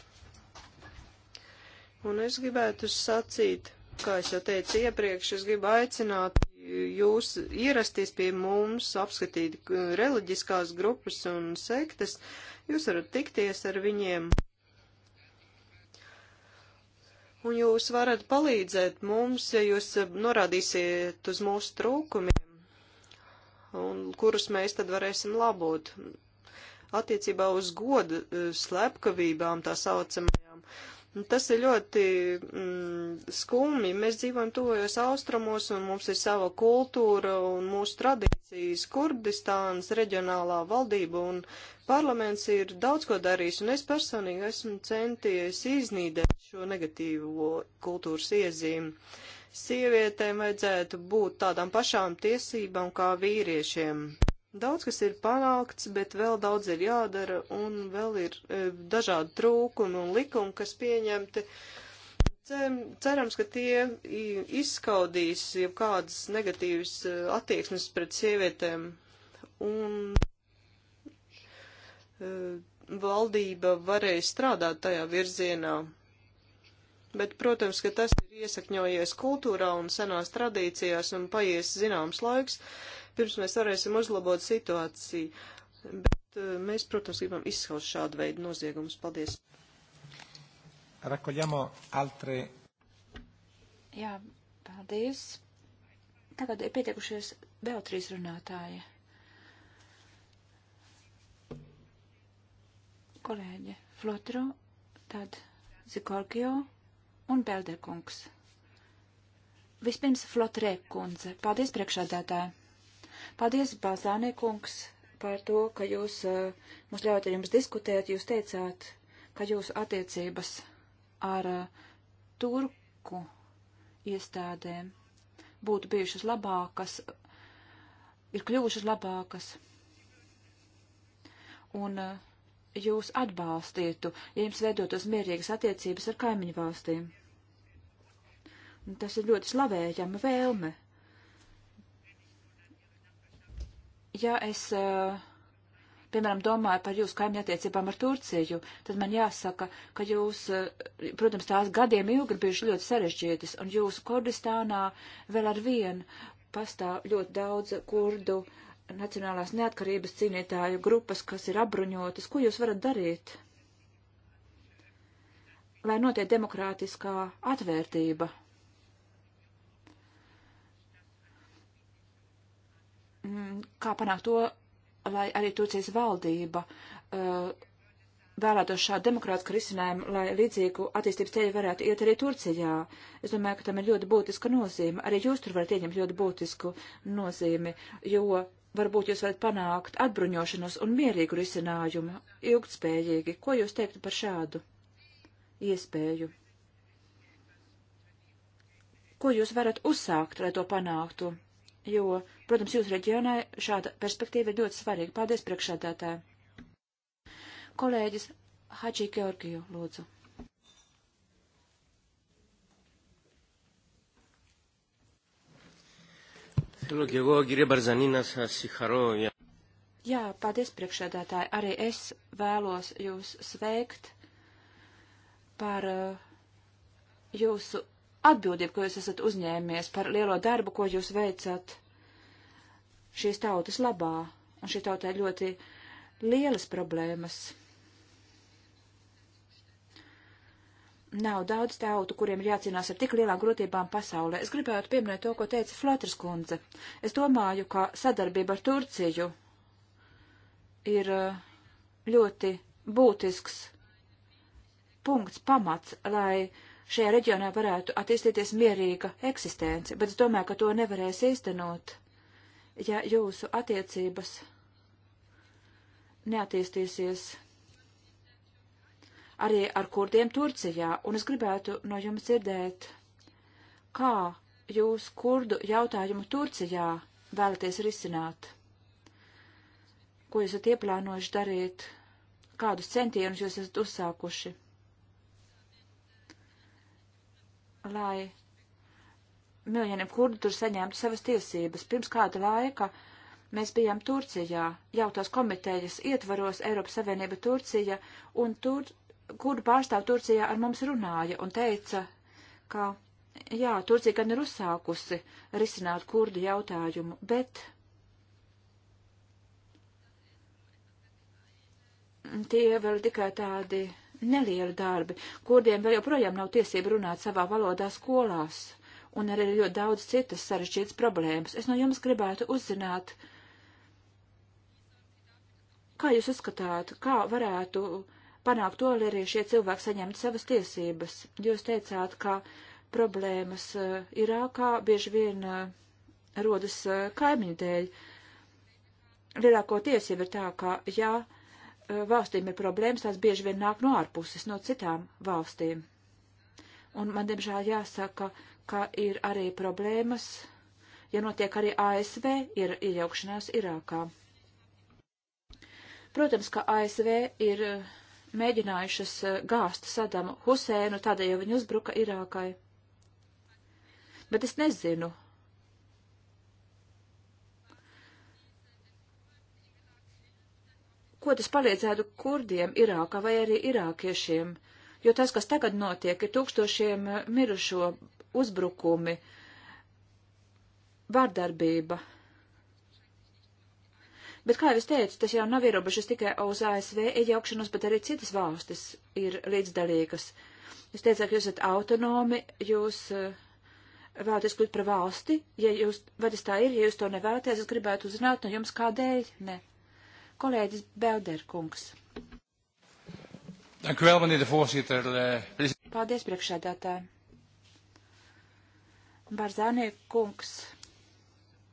Un es gribētu sacīt, Kā es jau teicu iepriekš, es gribu aicināt jūs ierasties pie mums, apskatīt uh, reliģiskās grupas un sektas. Jūs varat tikties ar viņiem. Un jūs varat palīdzēt mums, ja jūs uh, norādīsiet uz mūsu trūkumiem, un kurus mēs tad varēsim labot attiecībā uz godu uh, slepkavībām tā saucamajām. Uh, Nu, tas ir ļoti mm, skumji. Mēs dzīvojam tuvojos austrumos un mums ir sava kultūra un mūsu tradīcijas. Kurdistānas reģionālā valdība un parlaments ir daudz ko darījis un es personīgi esmu centies iznīdēt šo negatīvo kultūras iezīmi. Sievietēm vajadzētu būt tādām pašām tiesībām kā vīriešiem. Daudz kas ir panākts, bet vēl daudz ir jādara, un vēl ir e, dažādi trūkumi un likumi, kas pieņemti. Cer, cerams, ka tie izskaudīs jau kādas negatīvas e, attieksmes pret sievietēm, un e, valdība varēja strādāt tajā virzienā. Bet, protams, ka tas ir iesakņojies kultūrā un senās tradīcijās, un paies zināms laiks, pirms mēs varēsim uzlabot situāciju. Bet eh, mēs, protams, gribam izskaust šādu veidu noziegumus. Paldies! Rakoļamo altre. Jā, paldies. Tagad ir pietiekušies vēl trīs runātāji. Kolēģi Flotro, tad Zikorgio un Beldekungs. Vispirms Flotrē kundze. Paldies priekšādātāji. Paldies, Bāzāniekungs, par to, ka jūs eh, mums ļaujat ar jums diskutēt. Jūs teicāt, ka jūsu attiecības ar eh, turku iestādēm būtu bijušas labākas, ir kļuvušas labākas. Un eh, jūs atbalstītu, ja jums veidotos mierīgas attiecības ar kaimiņu valstīm. Un tas ir ļoti slavējama vēlme. ja es, eh, piemēram, domāju par jūsu kaimiņattiecībām ar Turciju, tad man jāsaka, ka jūs, eh, protams, tās gadiem ilgi bijuši ļoti sarežģītas, un jūs Kurdistānā vēl ar vienu pastāv ļoti daudz kurdu nacionālās neatkarības cīnītāju grupas, kas ir apbruņotas. Ko jūs varat darīt? Lai notiek demokrātiskā atvērtība Um, kā panākt to, lai arī Turcijas valdība uh, vēlētos šādu demokrātisku risinājumu, lai līdzīgu attīstības ceļu varētu iet arī Turcijā. Es domāju, ka tam ir ļoti būtiska nozīme. Arī jūs tur varat ieņemt ļoti būtisku nozīmi, jo varbūt jūs varat panākt atbruņošanos un mierīgu risinājumu, ilgtspējīgi. Ko jūs teiktu par šādu iespēju? Ko jūs varat uzsākt, lai to panāktu? jo, protams, jūsu reģionai šāda perspektīva ir ļoti svarīga. Paldies, priekšādātā. Kolēģis Hačī Georgiju, lūdzu. Θέλω και εγώ, κύριε Μπαρζανή, να σας συγχαρώ. Jā, paldies, priekšādātāji. Arī es vēlos jūs sveikt par uh, jūsu atbildību, ko jūs esat uzņēmies, par lielo darbu, ko jūs veicat šīs tautas labā. Un šī tauta ir ļoti lielas problēmas. Nav daudz tautu, kuriem ir jācīnās ar tik lielām grūtībām pasaulē. Es gribētu pieminēt to, ko teica Flotras kundze. Es domāju, ka sadarbība ar Turciju ir uh, ļoti būtisks punkts, pamats, lai uh, šajā reģionā varētu attīstīties mierīga eksistence, bet es domāju, ka to nevarēs īstenot, ja jūsu attiecības neattīstīsies arī ar kurdiem Turcijā, un es gribētu no jums dzirdēt, kā jūs kurdu jautājumu Turcijā vēlaties risināt, ko jūs esat ieplānojuši darīt, kādus centienus jūs esat uzsākuši. lai miljoniem kurdi tur saņemtu savas tiesības. Pirms kāda laika mēs bijām Turcijā, jau tās komitejas ietvaros Eiropas Savienība Turcija, un tur, kurdu pārstāv Turcijā ar mums runāja un teica, ka, jā, Turcija gan ir uzsākusi risināt kurdu jautājumu, bet tie vēl tikai tādi nelieli darbi. Kurdiem vēl joprojām nav tiesība runāt savā valodā skolās, un arī ir ļoti daudz citas sarežģītas problēmas. Es no jums gribētu uzzināt, kā jūs uzskatāt, kā varētu panākt to, lai arī šie cilvēki saņemtu savas tiesības. Jūs teicāt, ka problēmas uh, Irākā bieži vien uh, rodas uh, kaimiņu dēļ. Lielāko tiesību ir tā, ka, ja valstīm ir problēmas, tās bieži vien nāk no ārpuses, no citām valstīm. Un man, diemžēl, jāsaka, ka ir arī problēmas, ja notiek arī ASV ir iejaukšanās Irākā. Protams, ka ASV ir eh, mēģinājušas eh, gāzt Sadamu Husēnu, tādēļ jau viņi uzbruka Irākai. Bet es nezinu, Ko tas palīdzētu kurdiem Irākā vai arī irākiešiem? Jo tas, kas tagad notiek, ir tūkstošiem eh, mirušo uzbrukumi, vardarbība. Bet, kā jau es teicu, tas jau nav ierobežas tikai uz ASV iejaukšanos, bet arī citas valstis ir līdzdalīgas. Jūs teicāt, ka jūs esat autonomi, jūs eh, vēlaties kļūt par valsti, ja jūs, vai tas tā ir, ja jūs to nevēlaties, es gribētu uzzināt no jums, kādēļ ne. Kolēģis Belderkungs. Eh, Paldies, priekšsēdētāji. Barzānie kungs,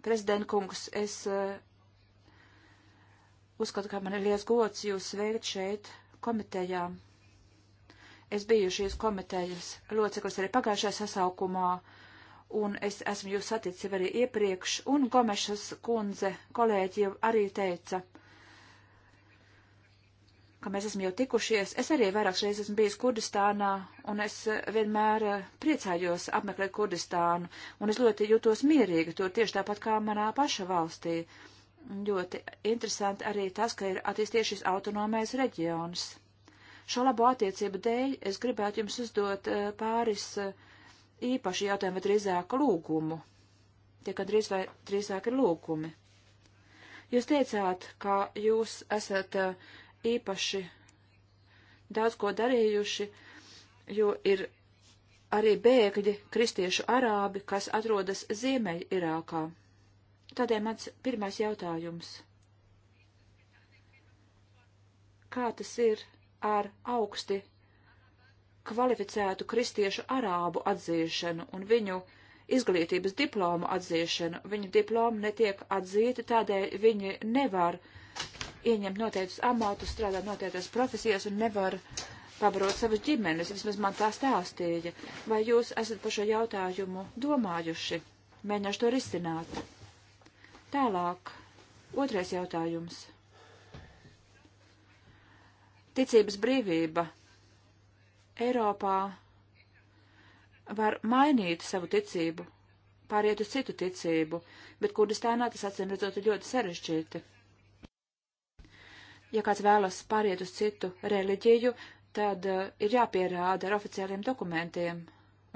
prezident kungs, es eh, uzskatu, ka man ir liels gods jūs sveikt šeit komitejā. Es biju šīs komitejas loceklis arī pagājušajā sasaukumā, un es esmu jūs saticis arī iepriekš, un Gomešas kundze kolēģi arī teica, ka mēs esam jau tikušies. Es arī vairākas reizes esmu bijis Kurdistānā, un es eh, vienmēr eh, priecājos apmeklēt Kurdistānu, un es ļoti jūtos mierīgi tur tieši tāpat kā manā paša valstī. Ļoti interesanti arī tas, ka ir attīstījies šis autonomais reģions. Šo labo attiecību dēļ es gribētu jums uzdot eh, pāris īpaši jautājumu, vai drīzāk lūgumu. Tie, ka drīz vai drīzāk ir lūgumi. Jūs teicāt, ka jūs esat uh, īpaši daudz ko darījuši, jo ir arī bēgļi, kristiešu arābi, kas atrodas Ziemeļ Irākā. Tādēļ mans pirmais jautājums. Kā tas ir ar augsti kvalificētu kristiešu arābu atzīšanu un viņu izglītības diplomu atzīšanu? Viņu diplomu netiek atzīti, tādēļ viņi nevar uh, ieņemt noteiktus amatus, strādāt noteiktas profesijas un nevar pabarot savas ģimenes. Vismaz man tā stāstīja. Vai jūs esat par šo jautājumu domājuši? Mēģināšu to risināt. Tālāk. Otrais jautājums. Ticības brīvība Eiropā var mainīt savu ticību, pāriet uz citu ticību, bet Kurdistānā tas acīm redzot ir ļoti sarežģīti ja kāds vēlas pāriet uz citu reliģiju, tad uh, ir jāpierāda ar oficiāliem dokumentiem,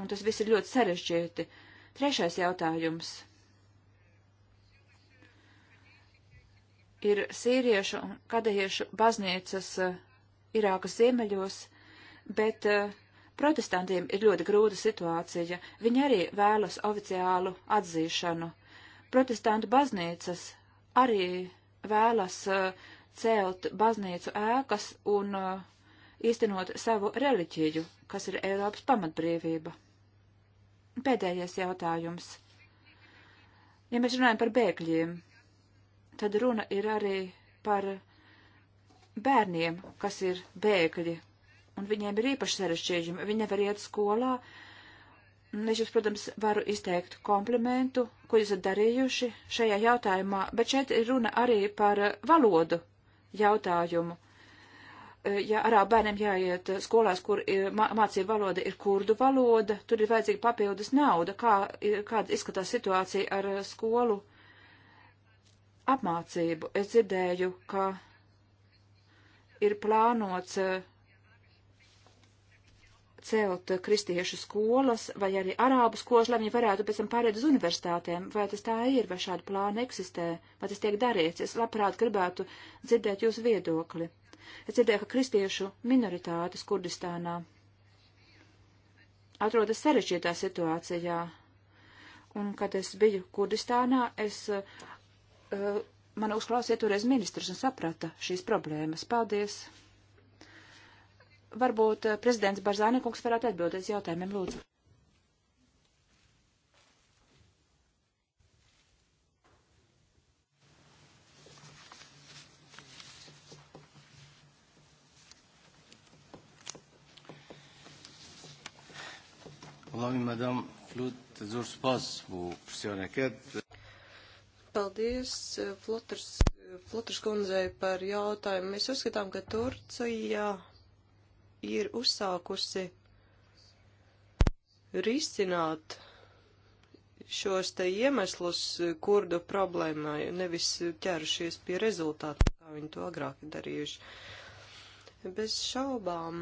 un tas viss ir ļoti sarežģīti. Trešais jautājums. Ir sīriešu un kadehiešu baznīcas uh, Irākas ziemeļos, bet uh, protestantiem ir ļoti grūta situācija. Viņi arī vēlas oficiālu atzīšanu. Protestantu baznīcas arī vēlas uh, celt baznīcu ēkas un uh, īstenot savu reliģiju, kas ir Eiropas pamatbrīvība. Pēdējais jautājums. Ja mēs runājam par bēgļiem, tad runa ir arī par bērniem, kas ir bēgļi, un viņiem ir īpaši sarešķījumi. Viņi nevar iet skolā. Es jums, protams, varu izteikt komplimentu, ko jūs esat darījuši šajā jautājumā, bet šeit ir runa arī par valodu jautājumu. E, ja arā bērniem jāiet skolās, kur mācība valoda ir kurdu valoda, tur ir vajadzīga papildus nauda, kā, kāda izskatās situācija ar e, skolu apmācību. Es dzirdēju, ka ir plānots uh, celt kristiešu skolas vai arī arābu skolas, lai viņi varētu pēc tam pāriet uz universitātēm. Vai tas tā ir, vai šādi plāni eksistē, vai tas tiek darīts? Es labprāt gribētu dzirdēt jūsu viedokli. Es dzirdēju, ka kristiešu minoritātes Kurdistānā atrodas sarežģītā situācijā. Un, kad es biju Kurdistānā, es, uh, eh, man uzklausīja toreiz ministrs un saprata šīs problēmas. Paldies! Varbūt eh, prezidents Barzāni kungs varētu atbildēt jautājumiem, lūdzu. Paldies, Flotars, eh, Flotars eh, kundzei par jautājumu. Mēs uzskatām, ka Turcija. Jā ir uzsākusi risināt šos te iemeslus kurdu problēmai, nevis ķērušies pie rezultātu, kā viņi to agrāk ir darījuši. Bez šaubām,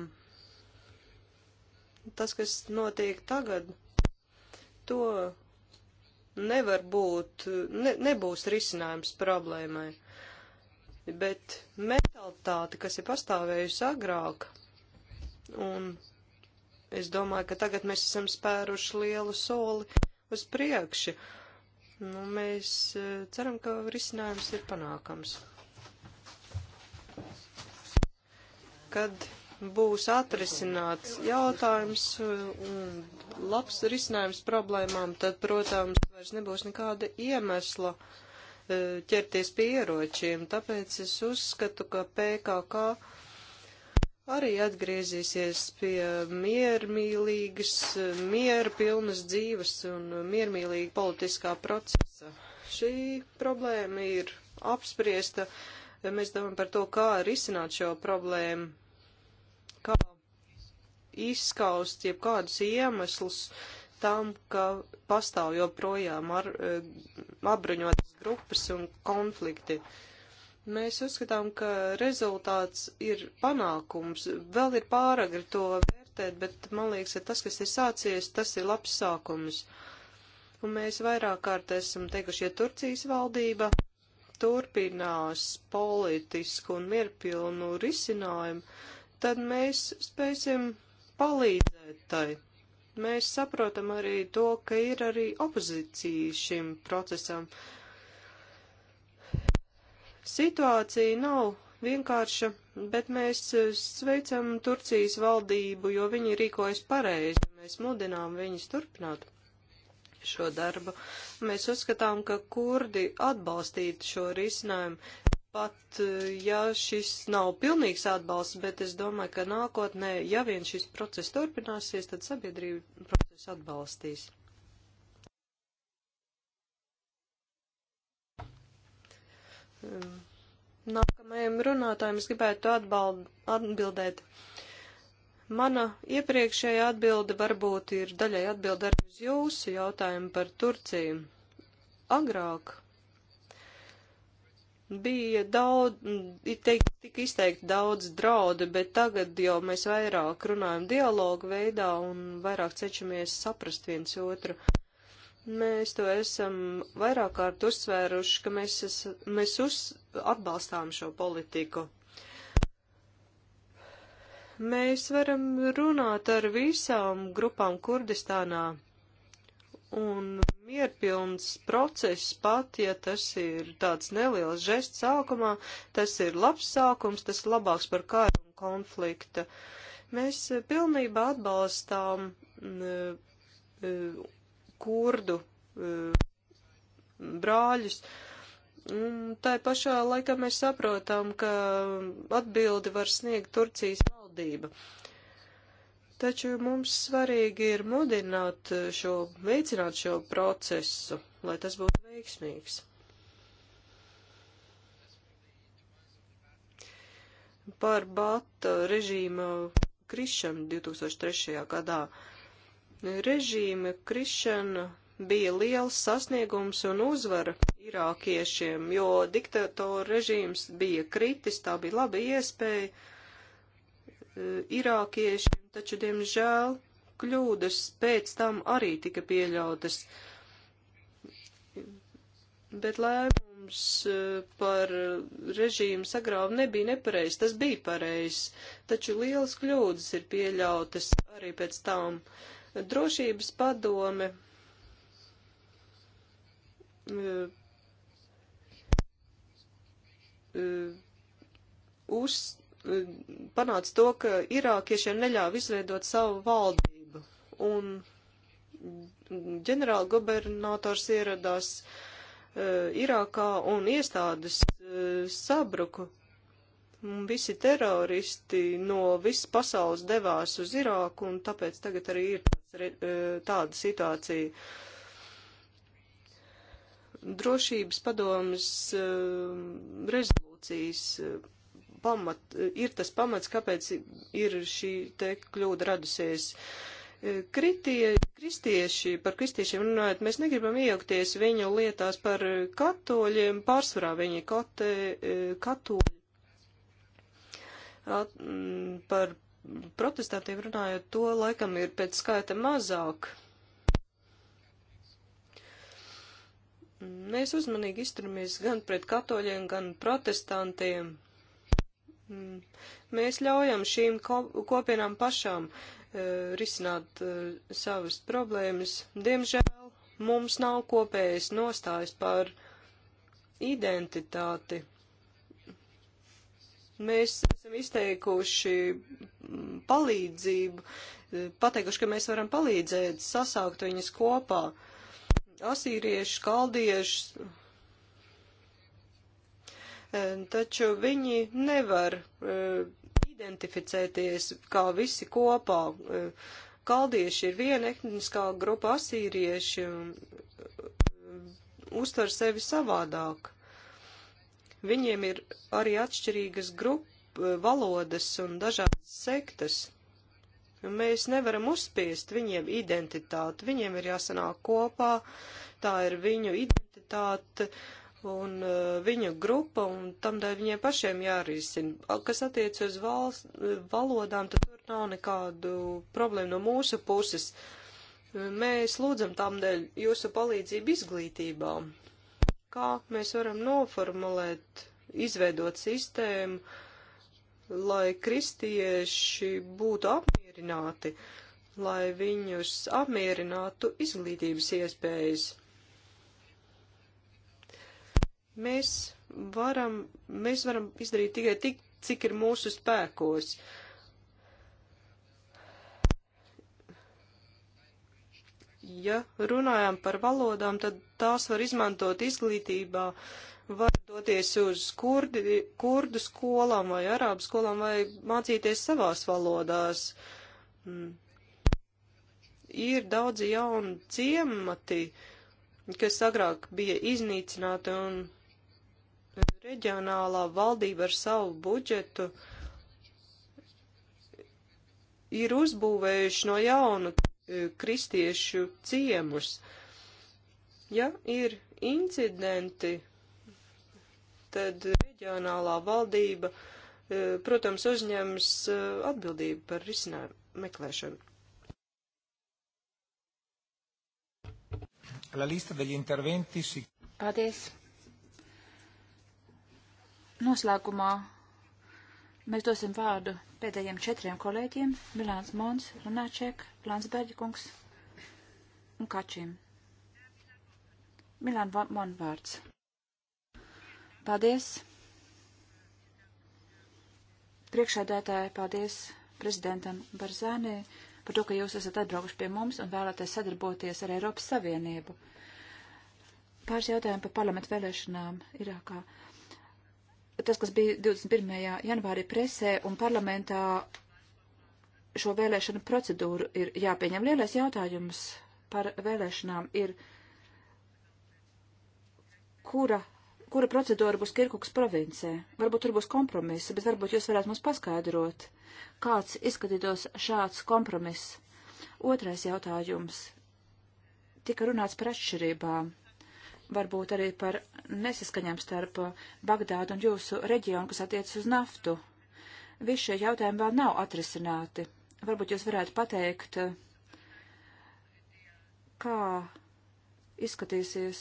tas, kas notiek tagad, to nevar būt, ne, nebūs risinājums problēmai. Bet mentalitāte, kas ir pastāvējusi agrāk, Un es domāju, ka tagad mēs esam spēruši lielu soli uz priekšu. Nu, mēs e, ceram, ka risinājums ir panākams. Kad būs atrisināts jautājums e, un labs risinājums problēmām, tad, protams, vairs nebūs nekāda iemesla e, ķerties pie ieročiem. Tāpēc es uzskatu, ka PKK arī atgriezīsies pie miermīlīgas, miera pilnas dzīves un miermīlīga politiskā procesa. Šī problēma ir apspriesta. Mēs domājam par to, kā risināt šo problēmu, kā izskaust jebkādus iemeslus tam, ka pastāv joprojām ar, eh, apbruņotas grupas un konflikti. Uh, Mēs uzskatām, ka rezultāts ir panākums. Vēl ir pāragri to vērtēt, bet man liekas, ka tas, kas ir sācies, tas ir labs sākums. Un mēs vairāk kārt esam teikuši, ja Turcijas valdība turpinās politisku un mierpilnu risinājumu, tad mēs spēsim palīdzēt tai. Mēs saprotam arī to, ka ir arī opozīcija šim procesam. Uh, Situācija nav vienkārša, bet mēs eh, sveicam Turcijas valdību, jo viņi rīkojas pareizi. Mēs mudinām viņus turpināt šo darbu. Mēs uzskatām, ka kurdi atbalstītu šo risinājumu, pat eh, ja šis nav pilnīgs atbalsts, bet es domāju, ka nākotnē, ja vien šis process turpināsies, tad sabiedrība procesu atbalstīs. Ehm, nākamajam runātājam es gribētu atbald, atbildēt. Mana iepriekšējā atbilde varbūt ir daļai atbilde arī uz jūsu jautājumu par Turciju. Agrāk bija daudz, teikt, tik izteikti daudz draudi, bet tagad jau mēs vairāk runājam dialogu veidā un vairāk cenšamies saprast viens otru. Uh, Mēs to esam vairāk kārt uzsvēruši, ka mēs, es, mēs uz, atbalstām šo politiku. Mēs varam runāt ar visām grupām Kurdistānā, un mierpilns process pat, ja tas ir tāds neliels žests sākumā, tas ir labs sākums, tas ir labāks par kāru un konflikta. Mēs pilnībā atbalstām kurdu eh, brāļus. Tā pašā laikā mēs saprotam, ka atbildi var sniegt Turcijas valdība. Taču mums svarīgi ir mudināt šo, veicināt šo procesu, lai tas būtu veiksmīgs. Par Bata režīma krišanu 2003. gadā režīma krišana bija liels sasniegums un uzvara irākiešiem, jo diktatora režīms bija kritis, tā bija laba iespēja e, irākiešiem, taču, diemžēl, kļūdas pēc tam arī tika pieļautas. Bet lēmums e, par režīmu sagrāvu nebija nepareizs, tas bija pareizs, taču lielas kļūdas ir pieļautas arī pēc tam. Uh, Drošības padome eh, eh, uz, eh, panāca to, ka irākiešiem neļāva izveidot savu valdību. Un ģenerāla gubernators ieradās uh, Irākā un iestādes uh, sabruku. Un visi teroristi no visas pasaules devās uz Irāku, un tāpēc tagad arī ir E, tāda situācija. Drošības padomas e, rezolūcijas e, pamat, ir tas pamats, kāpēc ir šī te kļūda radusies. Kritie, kristieši, par kristiešiem runājot, mēs negribam iejaukties viņu lietās par katoļiem, pārsvarā viņi kate, katoļi, at, par protestantiem runājot, to laikam ir pēc skaita mazāk. Mēs uzmanīgi izturamies gan pret katoļiem, gan protestantiem. Mēs ļaujam šīm kopienām pašām uh, risināt uh, savas problēmas. Diemžēl mums nav kopējas nostājas par identitāti Mēs esam izteikuši mm, palīdzību, pateikuši, ka mēs varam palīdzēt sasaukt viņus kopā. Asīriešus, kaldiešus, e, taču viņi nevar e, identificēties kā visi kopā. E, Kaldieši ir viena etniskā grupa, asīrieši uztver sevi savādāk. Viņiem ir arī atšķirīgas grupu eh, valodas un dažādas sektas. Mēs nevaram uzspiest viņiem identitāti, viņiem ir jāsanāk kopā, tā ir viņu identitāte un uh, viņu grupa, un tamdēļ viņiem pašiem jārīsina. Kas attiec uz valsts, valodām, tad tur nav nekādu problēmu no mūsu puses. Mēs lūdzam tamdēļ jūsu palīdzību izglītībām kā mēs varam noformulēt, izveidot sistēmu, lai kristieši būtu apmierināti, lai viņus apmierinātu izglītības iespējas. Mēs varam, mēs varam izdarīt tikai tik, cik ir mūsu spēkos. Uh, ja runājam par valodām, tad tās var izmantot izglītībā, var doties uz kurdi, kurdu skolām vai arābu skolām vai mācīties savās valodās. Mm. Ir daudzi jauni ciemati, kas agrāk bija iznīcināti un reģionālā valdība ar savu budžetu ir uzbūvējuši no jauna E, kristiešu ciemus. Ja ir incidenti, tad reģionālā valdība, e, protams, uzņems e, atbildību par risinājumu meklēšanu. La lista degli interventi si... Paldies. Noslēgumā Mēs dosim vārdu pēdējiem četriem kolēģiem - Milāns Mons, Lunāčēk, Lansberģi kungs un Kačim. Milāna Mons vārds. Paldies. Priekšādētāji, paldies prezidentam Barzānī par to, ka jūs esat atbraukuši pie mums un vēlaties sadarboties ar Eiropas Savienību. Pāris jautājumu par parlamentu vēlēšanām Irākā. Uh, tas, kas bija 21. janvārī presē un parlamentā šo vēlēšanu procedūru ir jāpieņem. Lielais jautājums par vēlēšanām ir, kura, kura procedūra būs Kirkukas provincē. Varbūt tur būs kompromiss, bet varbūt jūs varētu mums paskaidrot, kāds izskatītos šāds kompromiss. Otrais jautājums. Tika runāts par atšķirībām varbūt arī par nesaskaņām starp Bagdādu un jūsu reģionu, kas attiecas uz naftu. Visi šie jautājumi vēl nav atrisināti. Varbūt jūs varētu pateikt, kā izskatīsies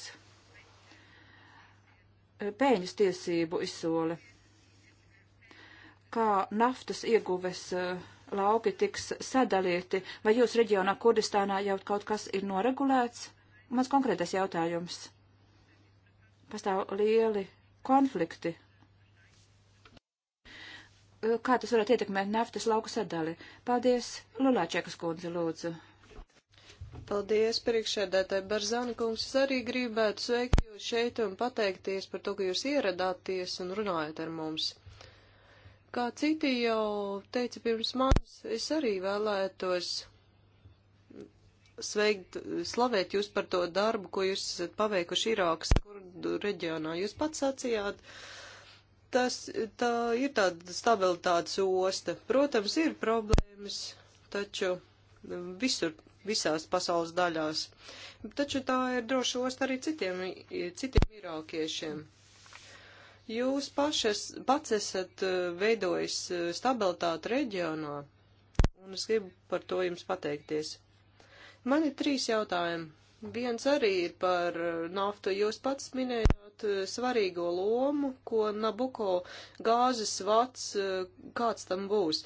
pēļņas tiesību izsole, kā naftas ieguves e, lauki tiks sadalīti, vai jūs reģionā Kurdistānā jau kaut kas ir noregulēts? Mans konkrētais jautājums pastāv lieli konflikti. Kā tas varētu ietekmēt naftas lauku sadali? Paldies, Lulāčekas kundze, lūdzu. Paldies, priekšēdētāji Barzani kungs. Es arī gribētu sveikt jūs šeit un pateikties par to, ka jūs ieradāties un runājat ar mums. Kā citi jau teica pirms manis, es arī vēlētos sveikt, slavēt jūs par to darbu, ko jūs esat paveikuši Irākas kurdu reģionā. Jūs pats sacījāt, tas tā ir tāda stabilitātes osta. Protams, ir problēmas, taču visur, visās pasaules daļās. Taču tā ir droša osta arī citiem, citiem irākiešiem. Jūs pašas, pats esat eh, veidojis eh, stabilitāti reģionā, un es gribu par to jums pateikties. Man ir trīs jautājumi. Viens arī ir par naftu. Jūs pats minējāt eh, svarīgo lomu, ko Nabuko gāzes vats, eh, kāds tam būs.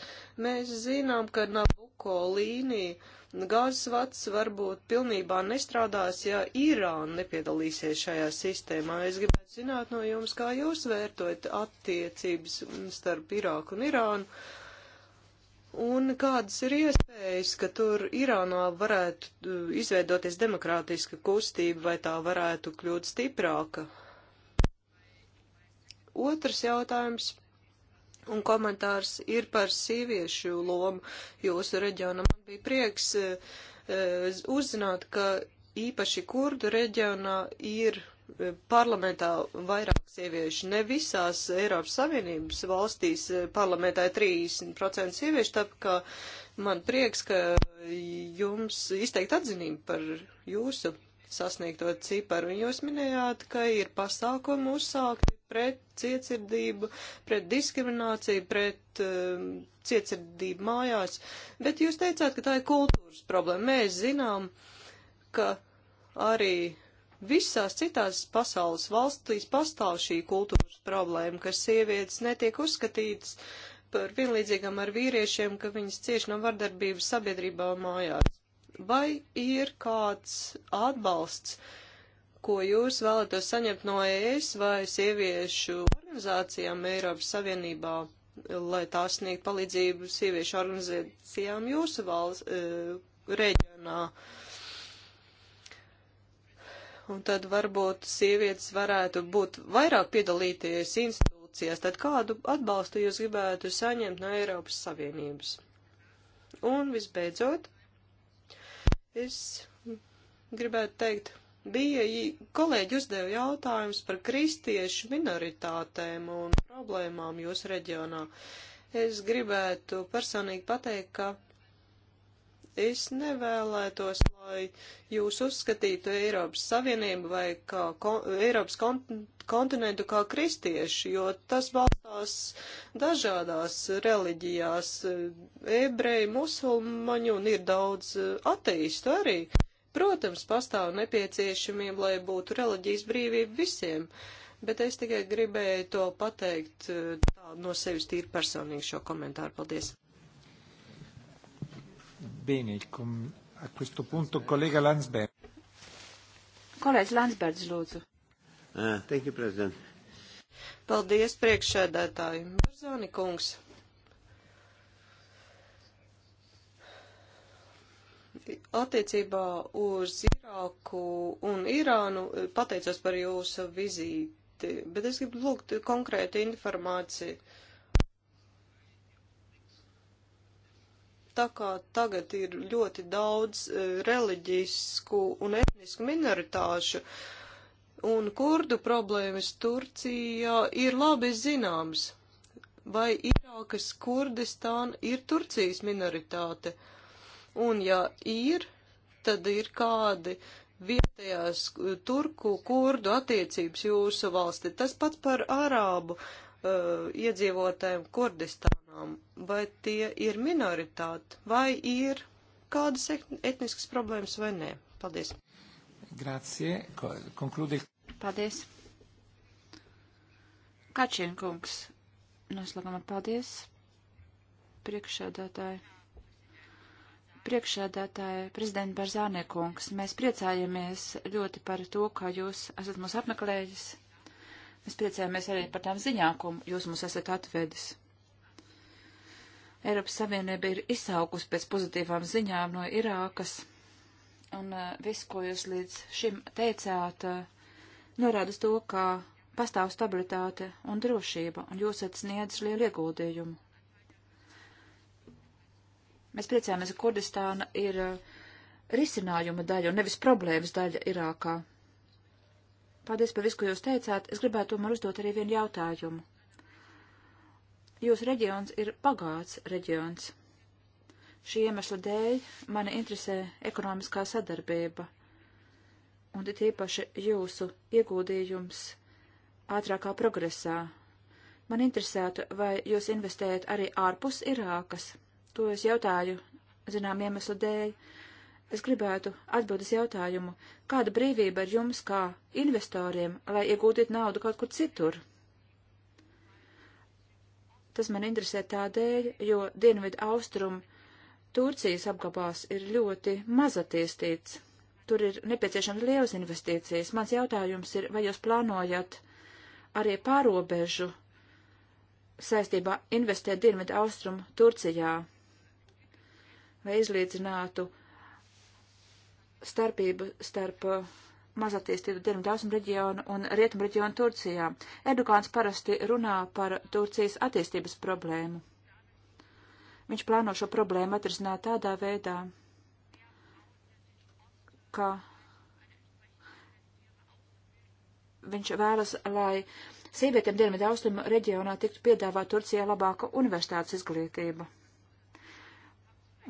Mēs zinām, ka Nabuko līnija gāzes vats varbūt pilnībā nestrādās, ja Irāna nepiedalīsies šajā sistēmā. Es gribētu zināt no jums, kā jūs vērtojat attiecības starp Irāku un Irānu un kādas ir iespējas, ka tur Irānā varētu uh, izveidoties demokrātiska kustība vai tā varētu kļūt stiprāka? Otrs jautājums un komentārs ir par sieviešu lomu jūsu reģionā. Man bija prieks uh, uh uzzināt, ka īpaši kurdu reģionā ir parlamentā vairāk sieviešu. Ne visās Eiropas Savienības valstīs parlamentā ir 30% sieviešu, tāpēc, ka man prieks, ka jums izteikt atzinību par jūsu sasniegto ciparu. Un jūs minējāt, ka ir pasākumi uzsākti pret cietsirdību, pret diskrimināciju, pret um, cietsirdību mājās, bet jūs teicāt, ka tā ir kultūras problēma. Mēs zinām, ka arī Visās citās pasaules valstīs pastāv šī kultūras problēma, ka sievietes netiek uzskatītas par vienlīdzīgām ar vīriešiem, ka viņas cieši no vardarbības sabiedrībā mājās. Vai ir kāds atbalsts, ko jūs vēlētos saņemt no ES vai sieviešu organizācijām Eiropas Savienībā, lai tās sniegt palīdzību sieviešu organizācijām jūsu valsts e, reģionā? Uh, un tad varbūt sievietes varētu būt vairāk piedalīties institūcijās, tad kādu atbalstu jūs gribētu saņemt no Eiropas Savienības? Un visbeidzot, es gribētu teikt, bija kolēģi uzdeva jautājums par kristiešu minoritātēm un problēmām jūsu reģionā. Es gribētu personīgi pateikt, ka Es nevēlētos, lai jūs uzskatītu Eiropas Savienību vai kā kon Eiropas kont kontinentu kā kristiešu, jo tas balstās dažādās reliģijās - ebreji, musulmaņi un ir daudz eh, ateistu arī. Protams, pastāv nepieciešamība, lai būtu reliģijas brīvība visiem, bet es tikai gribēju to pateikt eh, tā, no sevis tīri personīgi šo komentāru. Paldies! Bene, com, a questo punto collega Landsberg. Kolēģis Landsbergs, lūdzu. Uh, thank you, President. Paldies, priekšsēdētāji. Barzani kungs. Attiecībā uz Irāku un Irānu eh, pateicos par jūsu vizīti, bet es gribu lūgt konkrētu informāciju. Uh, tā kā tagad ir ļoti daudz e, reliģisku un etnisku minoritāšu, un kurdu problēmas Turcijā ir labi zināms. Vai Irākas Kurdistāna ir Turcijas minoritāte? Un ja ir, tad ir kādi vietējās e, turku kurdu attiecības jūsu valsti. Tas pats par arābu uh, iedzīvotājiem Kurdistānā grupām, vai tie ir minoritāte, vai ir kādas etniskas problēmas vai nē. Paldies. Grazie. Konkludi. Paldies. Kačinkungs. Noslēgumā paldies. Priekšsēdētāji. Priekšsēdētāji, prezidenta Barzāniekungs, mēs priecājamies ļoti par to, ka jūs esat mūs apmeklējis. Mēs priecājamies arī par tām ziņām, ko jūs mums esat atvedis. Eiropas Savienība ir izsaukus pēc pozitīvām ziņām no Irākas, un eh, viss, ko jūs līdz šim teicāt, eh, norāda uz to, ka pastāv stabilitāte un drošība, un jūs esat sniedzis lielu ieguldījumu. Mēs priecājamies, ka Kurdistāna ir eh, risinājuma daļa un nevis problēmas daļa Irākā. Paldies par visu, ko jūs teicāt. Es gribētu tomēr uzdot arī vienu jautājumu. Jūsu reģions ir pagāts reģions. Šī iemesla dēļ mani interesē ekonomiskā sadarbība, un it īpaši jūsu ieguldījums ātrākā progresā. Man interesētu, vai jūs investējat arī ārpus Irākas. To es jautāju, zinām, iemeslu dēļ. Es gribētu atbildes jautājumu, kāda brīvība ir jums kā investoriem, lai iegūtiet naudu kaut kur citur? Tas man interesē tādēļ, jo dienvidu austrumu Turcijas apgabās ir ļoti mazatīstīts. Tur ir nepieciešams liels investīcijas. Mans jautājums ir, vai jūs plānojat arī pārobežu saistībā investēt dienvidu austrumu Turcijā, vai izlīdzinātu starpību starp mazattīstību Dienvidāusmu reģionu un Rietumu reģionu Turcijā. Erdogans parasti runā par Turcijas attīstības problēmu. Viņš plāno šo problēmu atrisināt tādā veidā, ka viņš vēlas, lai sievietēm Dienvidaustrumu reģionā tiktu piedāvāt Turcijā labāka universitātes izglītība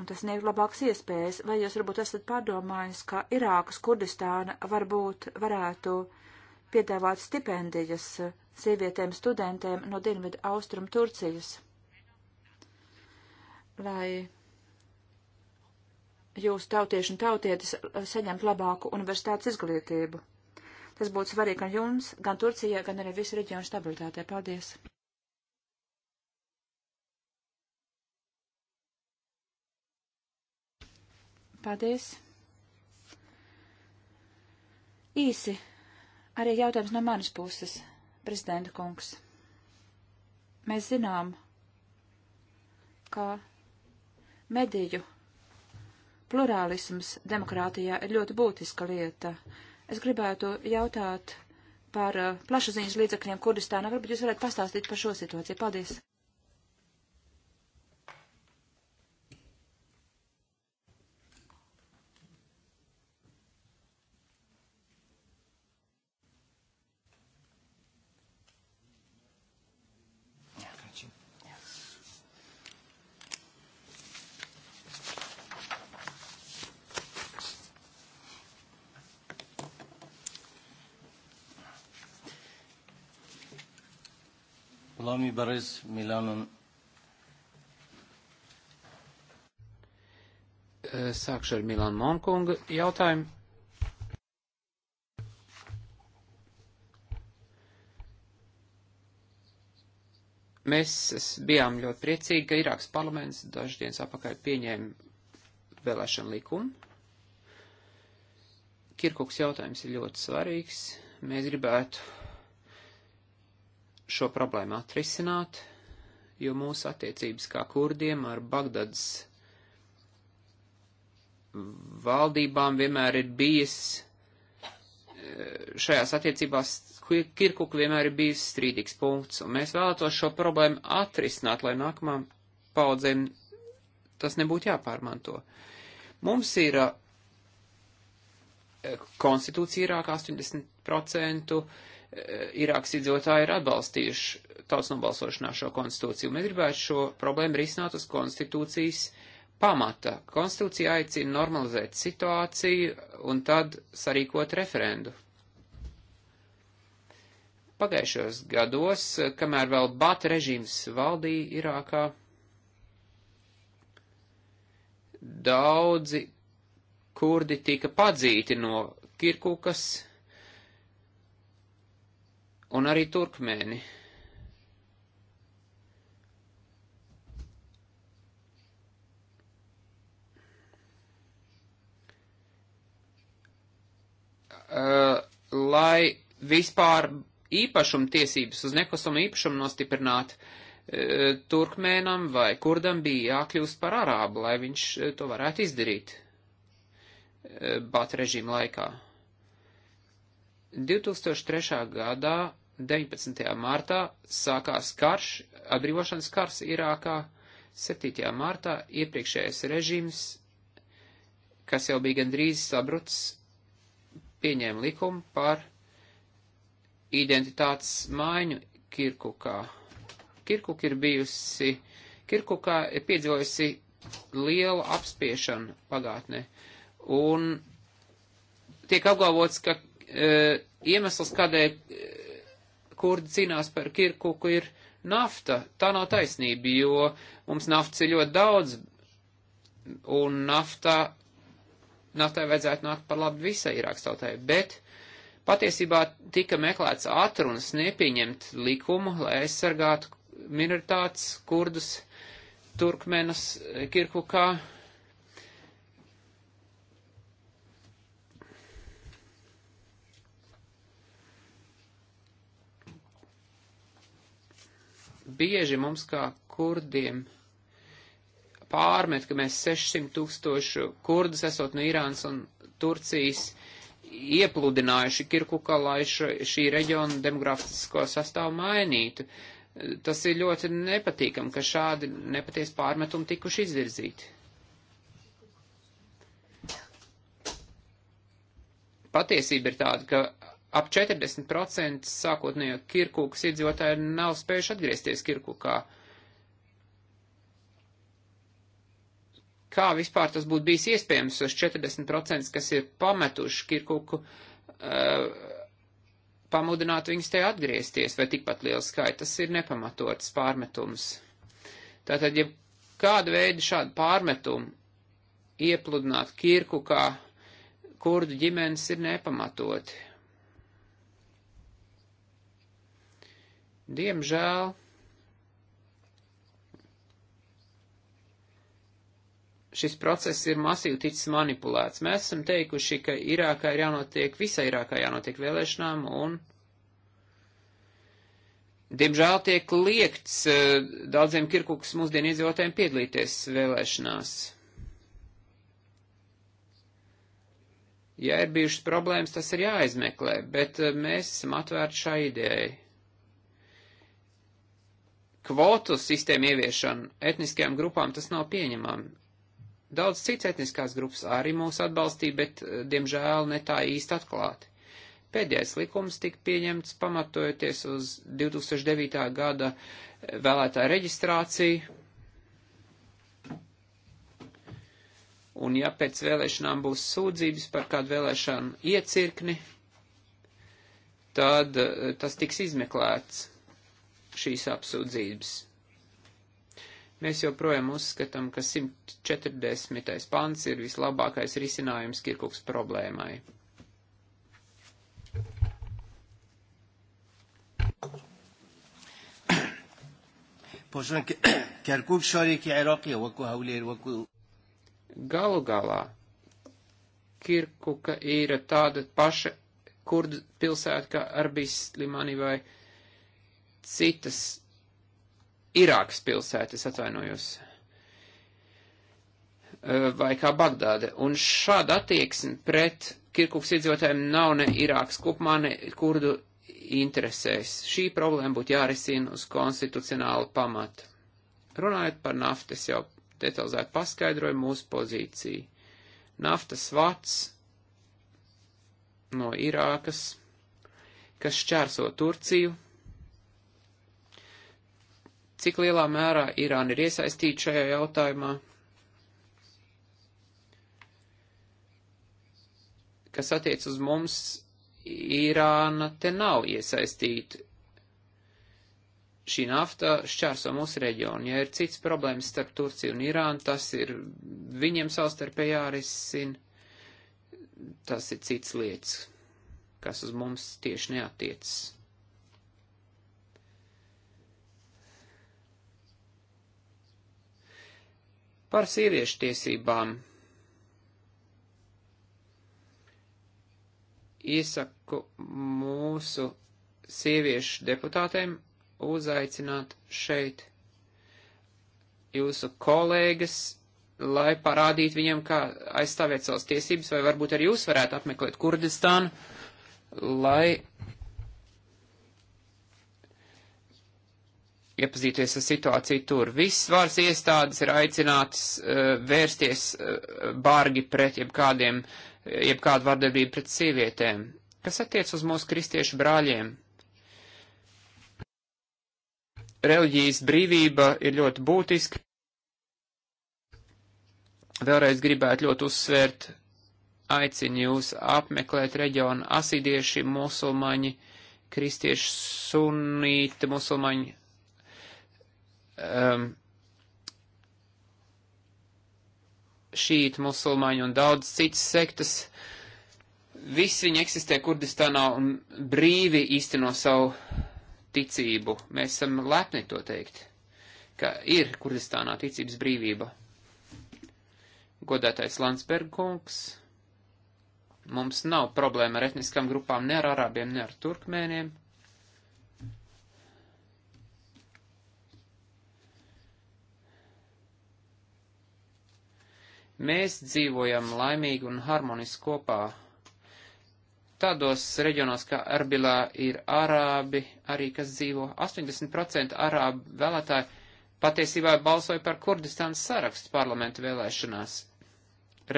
un tas sniegt labākas iespējas, vai jūs varbūt esat pārdomājis, ka Irākas Kurdistāna varbūt varētu piedāvāt stipendijas sievietēm studentēm no Dienvidu Austrum Turcijas, lai jūs tautieši un tautietis saņemtu labāku universitātes izglītību. Tas būtu svarīgi gan jums, gan Turcijai, gan arī visu reģionu stabilitātei. Paldies! Paldies. Īsi. Arī jautājums no manas puses, prezidenta kungs. Mēs zinām, ka mediju plurālisms demokrātijā ir ļoti būtiska lieta. Es gribētu jautāt par uh, plašsaziņas līdzakļiem Kurdistānā. Varbūt jūs varētu pastāstīt par šo situāciju. Paldies! Ibares Milanon. Sākšu ar Milānu Monkunga jautājumu. Mēs bijām ļoti priecīgi, ka Irāks parlaments dažas dienas apakaļ pieņēma vēlēšanu likumu. Kirkuks jautājums ir ļoti svarīgs. Mēs gribētu šo problēmu atrisināt, jo mūsu attiecības kā kurdiem ar Bagdads valdībām vienmēr ir bijis, šajās attiecībās Kirkuka vienmēr ir bijis strīdīgs punkts, un mēs vēlētos šo problēmu atrisināt, lai nākamām paudzēm tas nebūtu jāpārmanto. Mums ir eh, konstitūcija Irākā 80%, Eh, Irākas iedzīvotāji ir atbalstījuši tautas nobalsošanā šo konstitūciju. Mēs gribētu šo problēmu risināt uz konstitūcijas pamata. Konstitūcija aicina normalizēt situāciju un tad sarīkot referendu. Pagājušos gados, eh, kamēr vēl Bata režīms valdīja Irākā, daudzi kurdi tika padzīti no Kirkukas, un arī turkmēni. Uh, lai vispār īpašuma tiesības uz nekustamo īpašumu nostiprināt, uh, Turkmēnam vai kurdam bija jākļūst par arābu, lai viņš uh, to varētu izdarīt uh, Bat režīma laikā. 2003. gadā 19. martā sākās karš, atbrīvošanas karš Irākā, 7. martā iepriekšējais režīms, kas jau bija gandrīz sabruts, pieņēma likumu par identitātes maiņu Kirkukā. Kirkuk ir bijusi, Kirkukā ir piedzīvojusi lielu apspiešanu pagātnē, un tiek apgalvots, ka e, iemesls, kādēļ kurdi cīnās par Kirkuku, ir nafta. Tā nav taisnība, jo mums naftas ir ļoti daudz, un nafta, naftai vajadzētu nākt par labu visai Irākas tautai, bet patiesībā tika meklēts atrunas nepieņemt likumu, lai aizsargātu minoritātes, kurdus, turkmenus Kirkukā, bieži mums kā kurdiem pārmet, ka mēs 600 tūkstošu kurdus esot no Irānas un Turcijas iepludinājuši Kirkukā, lai šo, šī reģiona demografisko sastāvu mainītu. Tas ir ļoti nepatīkam, ka šādi nepaties pārmetumi tikuši izvirzīti. Patiesība ir tāda, ka Ap 40% sākotnējo Kirkūkas iedzīvotāju nav spējuši atgriezties Kirkūkā. Kā vispār tas būtu bijis iespējams, uz 40%, kas ir pametuši Kirkūku, uh, eh, pamudināt viņus te atgriezties, vai tikpat liels skaits, tas ir nepamatots pārmetums. Tātad, ja kāda veida šādu pārmetumu iepludināt kirku kā kurdu ģimenes ir nepamatoti. Diemžēl šis process ir masīvi ticis manipulēts. Mēs esam teikuši, ka Irākā ir jānotiek, visai Irākā jānotiek vēlēšanām un. Diemžēl tiek liekts eh, daudziem Kirkukas mūsdienu iedzīvotājiem piedalīties vēlēšanās. Ja ir bijušas problēmas, tas ir jāizmeklē, bet eh, mēs esam atvērti šai idejai kvotu sistēmu ieviešanu etniskajām grupām, tas nav pieņemami. Daudz cits etniskās grupas arī mūs atbalstīja, bet, eh, diemžēl, ne tā īsti atklāti. Pēdējais likums tika pieņemts pamatojoties uz 2009. gada eh, vēlētāju reģistrāciju, un ja pēc vēlēšanām būs sūdzības par kādu vēlēšanu iecirkni, tad eh, tas tiks izmeklēts šīs apsūdzības. Mēs joprojām uzskatām, ka 140. pants ir vislabākais risinājums Kirkuks problēmai. *coughs* Galu galā Kirkuka ir tāda paša kurdu pilsēta kā Arbis Limani vai uh, citas Irākas pilsētas, atvainojos, vai kā Bagdāde. Un šāda attieksme pret Kirkuks iedzīvotājiem nav ne Irākas kopumā, ne kurdu interesēs. Šī problēma būtu jārisina uz konstitucionālu pamatu. Runājot par naftas, jau detalizēti paskaidroju mūsu pozīciju. Naftas vats no Irākas, kas šķērso Turciju, Cik lielā mērā Irāna ir iesaistīta šajā jautājumā? Kas attiec uz mums, Irāna te nav iesaistīta. Šī nafta šķērso mūsu reģionu. Ja ir cits problēmas starp Turciju un Irānu, tas ir viņiem savstarpēji jārisina. Tas ir cits lietas, kas uz mums tieši neatiecas. Par sīviešu tiesībām iesaku mūsu sieviešu deputātēm uzaicināt šeit jūsu kolēgas, lai parādītu viņiem, kā aizstāvēt savas tiesības, vai varbūt arī jūs varētu apmeklēt Kurdistānu, lai iepazīties ar situāciju tur. Viss varas iestādes ir aicinātas uh, vērsties uh, bargi pret jebkādiem, eh, jebkādu vardarbību pret sievietēm. Kas attiec uz mūsu kristiešu brāļiem? Reliģijas brīvība ir ļoti būtiska. Vēlreiz gribētu ļoti uzsvērt, aicinu jūs apmeklēt reģionu asīdieši, musulmaņi, kristieši sunīti, musulmaņi, um, šīta musulmaņi un daudz citas sektas, visi viņi eksistē Kurdistānā un brīvi īsteno savu ticību. Mēs esam lepni to teikt, ka ir Kurdistānā ticības brīvība. Godētais Landsbergungs, mums nav problēma ar etniskām grupām, ne ar arābiem, ne ar turkmēniem. Mēs dzīvojam laimīgi un harmoniski kopā. Tādos reģionos kā Arbilā ir arābi, arī kas dzīvo 80% arābu vēlētāji patiesībā balsoja par Kurdistānas sarakstu parlamentu vēlēšanās,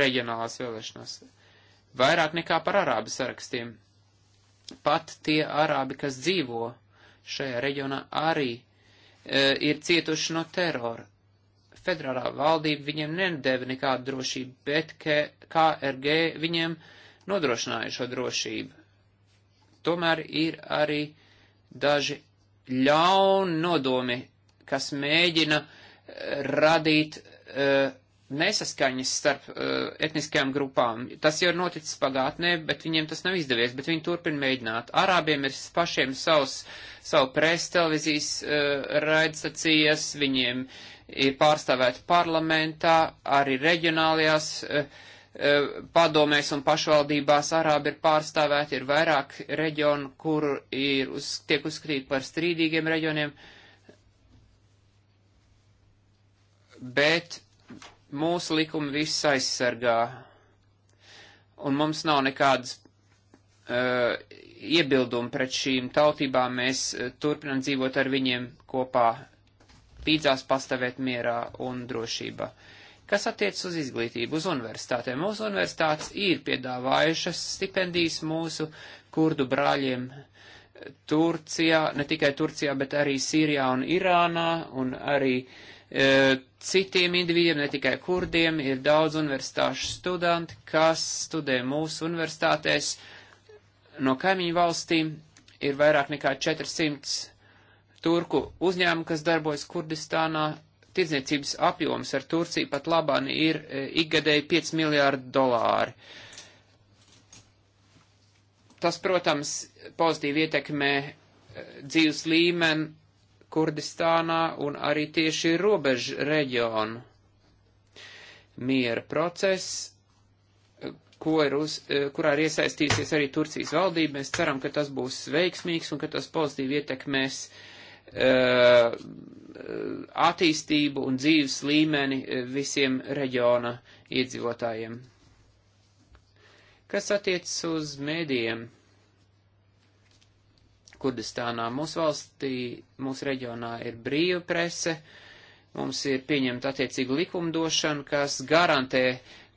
reģionālās vēlēšanās, vairāk nekā par arābu sarakstiem. Pat tie arābi, kas dzīvo šajā reģionā, arī e, ir cietuši no terora federālā valdība viņiem nedēva nekādu drošību, bet KRG viņiem nodrošināja šo drošību. Tomēr ir arī daži ļauni nodomi, kas mēģina eh, radīt uh, nesaskaņas starp uh, etniskajām grupām. Tas jau ir noticis pagātnē, bet viņiem tas nav izdevies, bet viņi turpina mēģināt. Arābiem ir pašiem savs, savu presa televīzijas uh, raidstacijas, viņiem uh, ir pārstāvēti parlamentā, arī reģionālajās eh, eh, padomēs un pašvaldībās arābi ir pārstāvēti, ir vairāk reģionu, kur ir, uz, tiek uzskatīti par strīdīgiem reģioniem, bet mūsu likumi viss aizsargā, un mums nav nekādas uh, iebildumi pret šīm tautībām, mēs uh, turpinam dzīvot ar viņiem kopā līdzās pastāvēt mierā un drošībā. Kas attiec uz izglītību, uz universitātēm? Mūsu universitātes ir piedāvājušas stipendijas mūsu kurdu brāļiem Turcijā, ne tikai Turcijā, bet arī Sīrijā un Irānā un arī e, citiem individiem, ne tikai kurdiem, ir daudz universitāšu studenti, kas studē mūsu universitātēs no kaimiņu valstīm, ir vairāk nekā 400 turku uzņēmumu, kas darbojas Kurdistānā. Tirdzniecības apjoms ar Turciju pat labāk ir e, ikgadēji 5 miljārdi dolāri. Tas, protams, pozitīvi ietekmē e, dzīves līmeni Kurdistānā un arī tieši robežu reģionu. Miera process, e, ko ir uz, kurā ir iesaistīsies arī Turcijas valdība, mēs ceram, ka tas būs veiksmīgs un ka tas pozitīvi ietekmēs uh, Uh, attīstību un dzīves līmeni uh, visiem reģiona iedzīvotājiem. Kas attiecas uz mēdījiem Kurdistānā? Mūsu valstī, mūsu reģionā ir brīva prese, mums ir pieņemta attiecīga likumdošana, kas garantē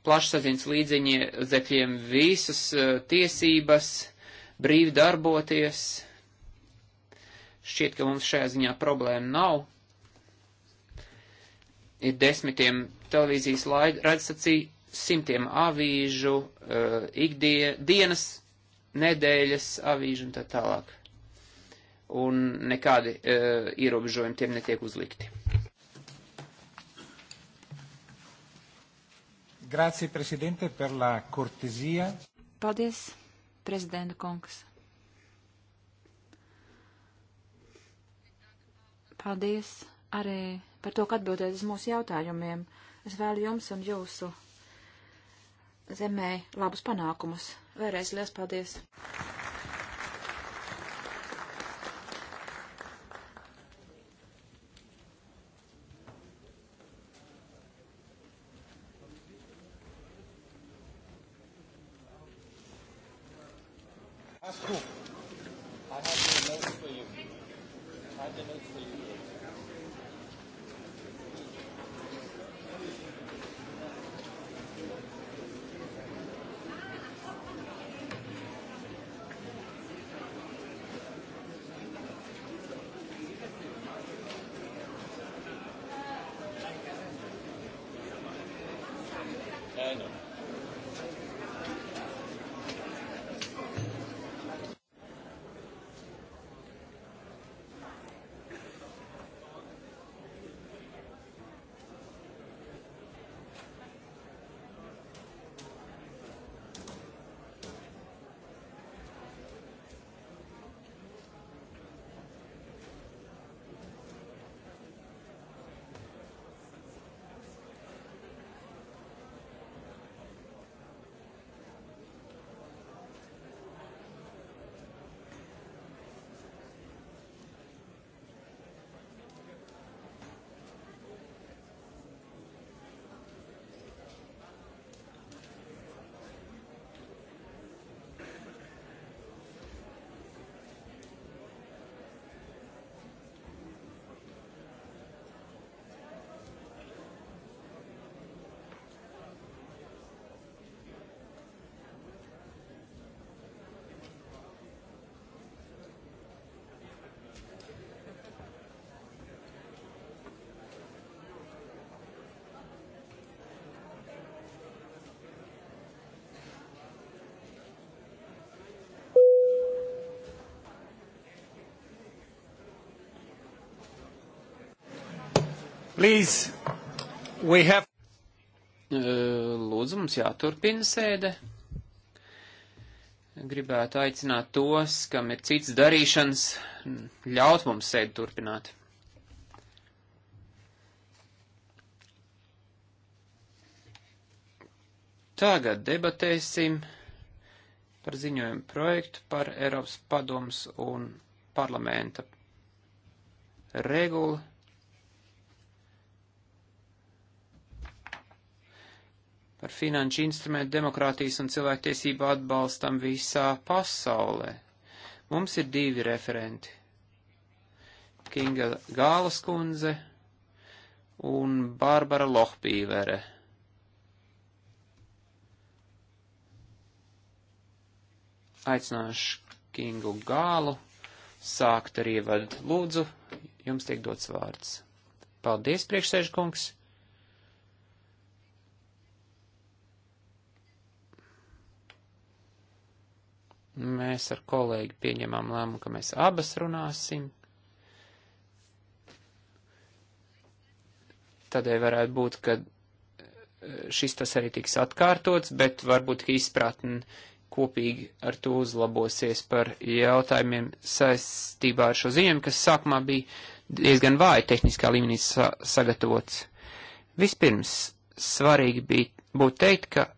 plašsaziņas līdziņiem visus uh, tiesības brīvi darboties Šķiet, ka mums šajā ziņā problēma nav. Ir desmitiem televīzijas raidsacīju, simtiem avīžu, uh, eh, ikdienas, nedēļas avīžu un tā tālāk. Un nekādi uh, ierobežojumi tiem netiek uzlikti. Grazie, prezidente, par la cortesija. Paldies, prezidenta kungs. Paldies arī par to, ka atbildēt uz mūsu jautājumiem. Es vēlu jums un jūsu zemē labus panākumus. Vēlreiz liels paldies! Please, we have. Lūdzu, mums jāturpina sēde. Gribētu aicināt tos, kam ir cits darīšanas, ļaut mums sēdi turpināt. Tagad debatēsim par ziņojumu projektu par Eiropas padomus un parlamenta regulu par finanšu instrumentu demokrātijas un cilvēktiesību atbalstam visā pasaulē. Mums ir divi referenti. Kinga Gālas kundze un Bārbara Lohpīvere. Aicināšu Kingu Gālu sākt ar ievadu. Lūdzu, jums tiek dots vārds. Paldies, priekšsēžkungs! Mēs ar kolēģi pieņemam lēmumu, ka mēs abas runāsim. Tādēļ varētu būt, ka e, šis tas arī tiks atkārtots, bet varbūt izpratni kopīgi ar to uzlabosies par jautājumiem saistībā ar šo ziņojumu, kas sākumā bija diezgan vāji tehniskā līmenī sa sagatavots. Vispirms svarīgi bija būt teikt, ka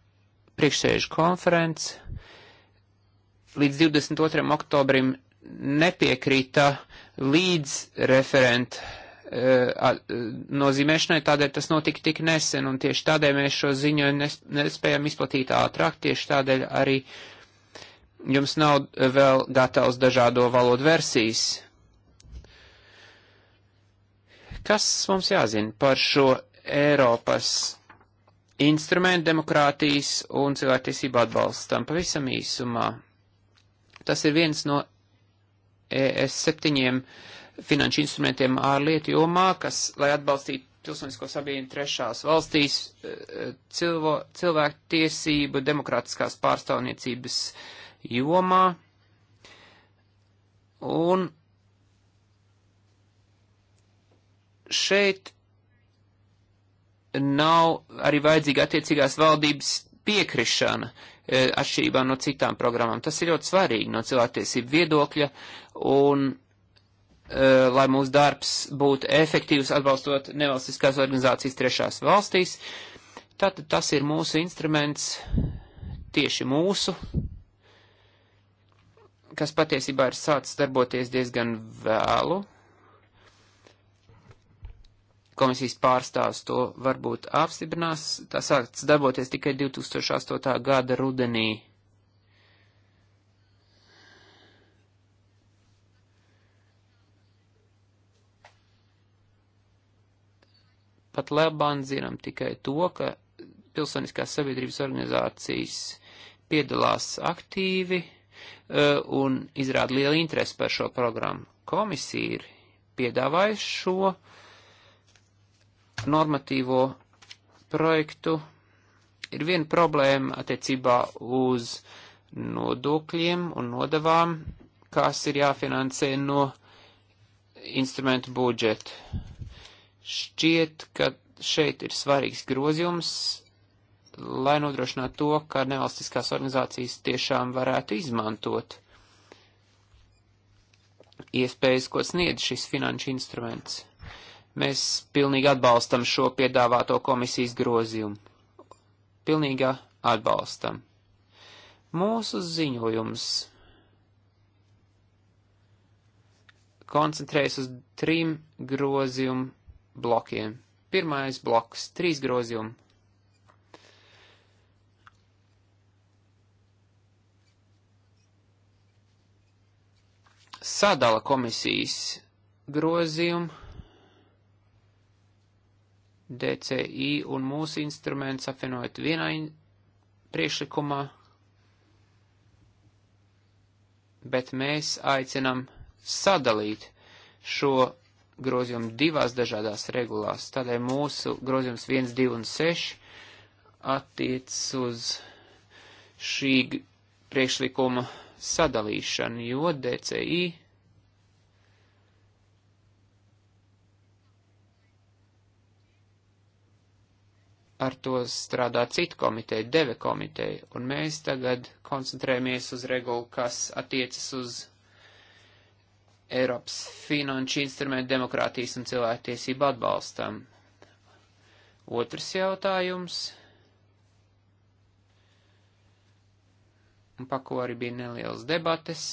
priekšsēžu konferences līdz 22. oktobrim nepiekrīta līdz referenta eh, nozīmēšanai, tādēļ tas notika tik nesen, un tieši tādēļ mēs šo ziņu nespējam izplatīt ātrāk, tieši tādēļ arī jums nav vēl gatavs dažādo valodu versijas. Kas mums jāzina par šo Eiropas instrumentu demokrātijas un cilvēktiesību atbalstam pavisam īsumā? Tas ir viens no ES septiņiem finanšu instrumentiem ārlietu jomā, kas, lai atbalstītu pilsonisko sabiedrību trešās valstīs, eh, cilvo, cilvēku tiesību, demokrātiskās pārstāvniecības jomā. Un šeit nav arī vajadzīga attiecīgās valdības piekrišana, E, atšķirībā no citām programmām. Tas ir ļoti svarīgi no cilvēktiesību viedokļa un e, lai mūsu darbs būtu efektīvs atbalstot nevalstiskās organizācijas trešās valstīs. Tātad tas ir mūsu instruments, tieši mūsu, kas patiesībā ir sācis darboties diezgan vēlu komisijas pārstāvs to varbūt apstiprinās. Tas sāks darboties tikai 2008. gada rudenī. Pat labāk zinām tikai to, ka pilsoniskās sabiedrības organizācijas piedalās aktīvi eh, un izrāda lielu interesi par šo programmu. Komisija ir piedāvājusi šo uh, normatīvo projektu. Ir viena problēma attiecībā uz nodokļiem un nodavām, kas ir jāfinansē no instrumentu budžeta. Šķiet, ka šeit ir svarīgs grozījums, lai nodrošinātu to, ka nevalstiskās organizācijas tiešām varētu izmantot iespējas, ko sniedz šis finanšu instruments. Mēs pilnīgi atbalstam šo piedāvāto komisijas grozījumu. Pilnīgi atbalstam. Mūsu ziņojums koncentrējas uz trim grozījumu blokiem. Pirmais bloks - trīs grozījumi. Sadala komisijas grozījumu DCI un mūsu instruments apvienojot vienā in priekšlikumā, bet mēs aicinam sadalīt šo grozījumu divās dažādās regulās. Tādēļ mūsu grozījums 1, 2 un 6 attiec uz šī priekšlikuma sadalīšanu, jo DCI ar to strādā citu komiteju, deve komiteju, un mēs tagad koncentrējamies uz regulu, kas attiecas uz Eiropas finanšu instrumentu demokrātijas un cilvēktiesību atbalstam. Otrs jautājums, un pa ko arī bija nelielas debates,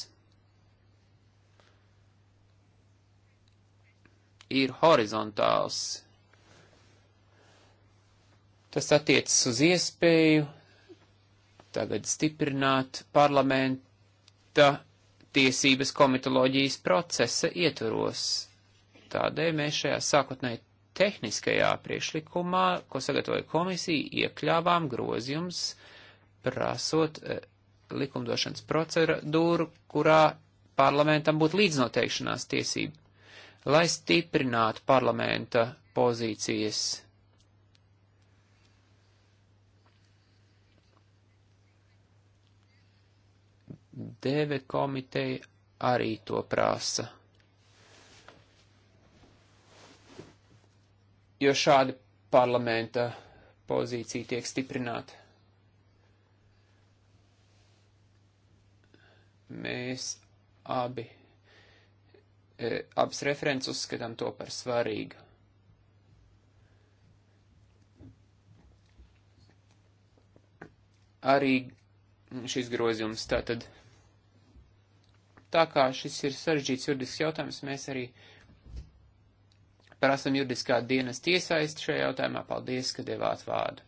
ir horizontāls Tas attiecas uz iespēju tagad stiprināt parlamenta tiesības komitoloģijas procesa ietvaros. Tādēļ mēs šajā sākotnēji tehniskajā priekšlikumā, ko sagatavoja komisija, iekļāvām grozījums prasot e, likumdošanas procedūru, kurā parlamentam būtu līdznoteikšanās tiesība, lai stiprinātu parlamenta pozīcijas Deve komiteja arī to prasa. Jo šādi parlamenta pozīcija tiek stiprināta. Mēs abi, e, abas referents uzskatām to par svarīgu. Arī šis grozījums tātad Tā kā šis ir sarežģīts juridisks jautājums, mēs arī prasam juridiskā dienas tiesaisti šajā jautājumā. Paldies, ka devāt vārdu.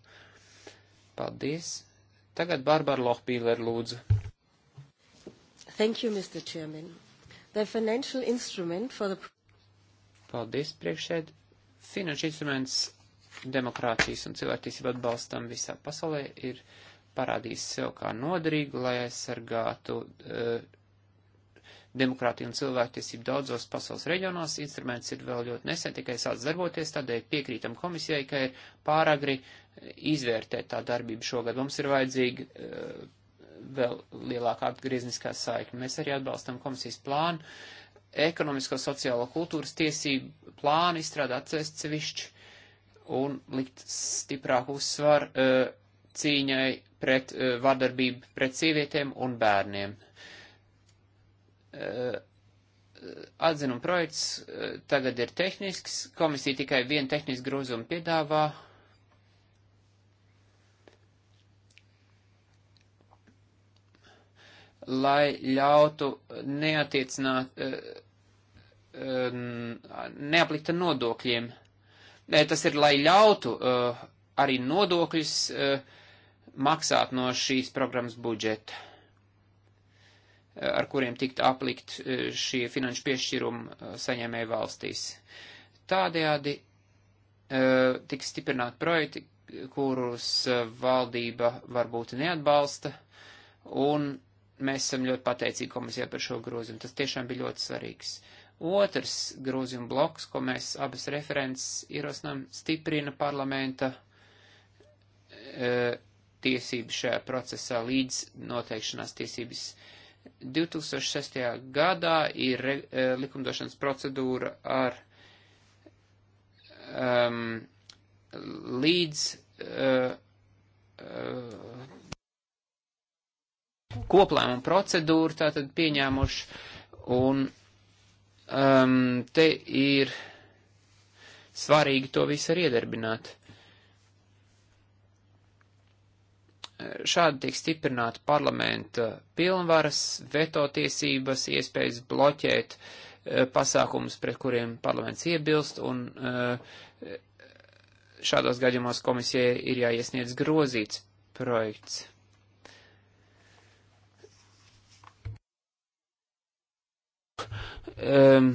Paldies. Tagad Barbara Lohbīler lūdzu. Thank you, Mr. Chairman. The financial instrument for the... Paldies, priekšsēd. Finanšu instruments demokrātijas un cilvēktiesību atbalstam visā pasaulē ir parādījis sev kā noderīgu, lai aizsargātu uh, demokrātiju un cilvēktiesību daudzos pasaules reģionos. Instruments ir vēl ļoti nesen tikai sācis darboties, tādēļ piekrītam komisijai, ka ir pāragri izvērtēt tā darbību šogad. Mums ir vajadzīga uh, vēl lielāka atgriezniskā saikne. Mēs arī atbalstam komisijas plānu, ekonomisko, sociālo kultūras tiesību plānu izstrādāt sevišķi un likt stiprāku uzsvaru uh, eh, cīņai pret uh, vardarbību pret sievietēm un bērniem. Uh, Eh, atzinuma projekts eh, tagad ir tehnisks, komisija tikai vienu tehnisku grozījumu piedāvā. lai ļautu neatiecināt, eh, neaplikta nodokļiem. Tas ir, lai ļautu arī nodokļus maksāt no šīs programmas budžeta ar kuriem tikt aplikt e, šie finanšu piešķirumi e, saņēmēju valstīs. Tādējādi e, tiks stiprināt projekti, kurus valdība varbūt neatbalsta, un mēs esam ļoti pateicīgi komisijai par šo grozījumu. Tas tiešām bija ļoti svarīgs. Otrs grozījuma bloks, ko mēs abas referents ierosinām, stiprina parlamenta e, tiesības šajā procesā līdz noteikšanās tiesības. E, 2006. gadā ir re, e, likumdošanas procedūra ar um, līdz uh, e, uh, e, koplēmumu procedūru tātad pieņēmuši, un um, te ir svarīgi to visu arī iedarbināt. Šādi tiek stiprināta parlamenta pilnvaras, veto tiesības, iespējas bloķēt eh, pasākumus, pret kuriem parlaments iebilst, un eh, šādos gadījumos komisijai ir jāiesniedz grozīts projekts. Um,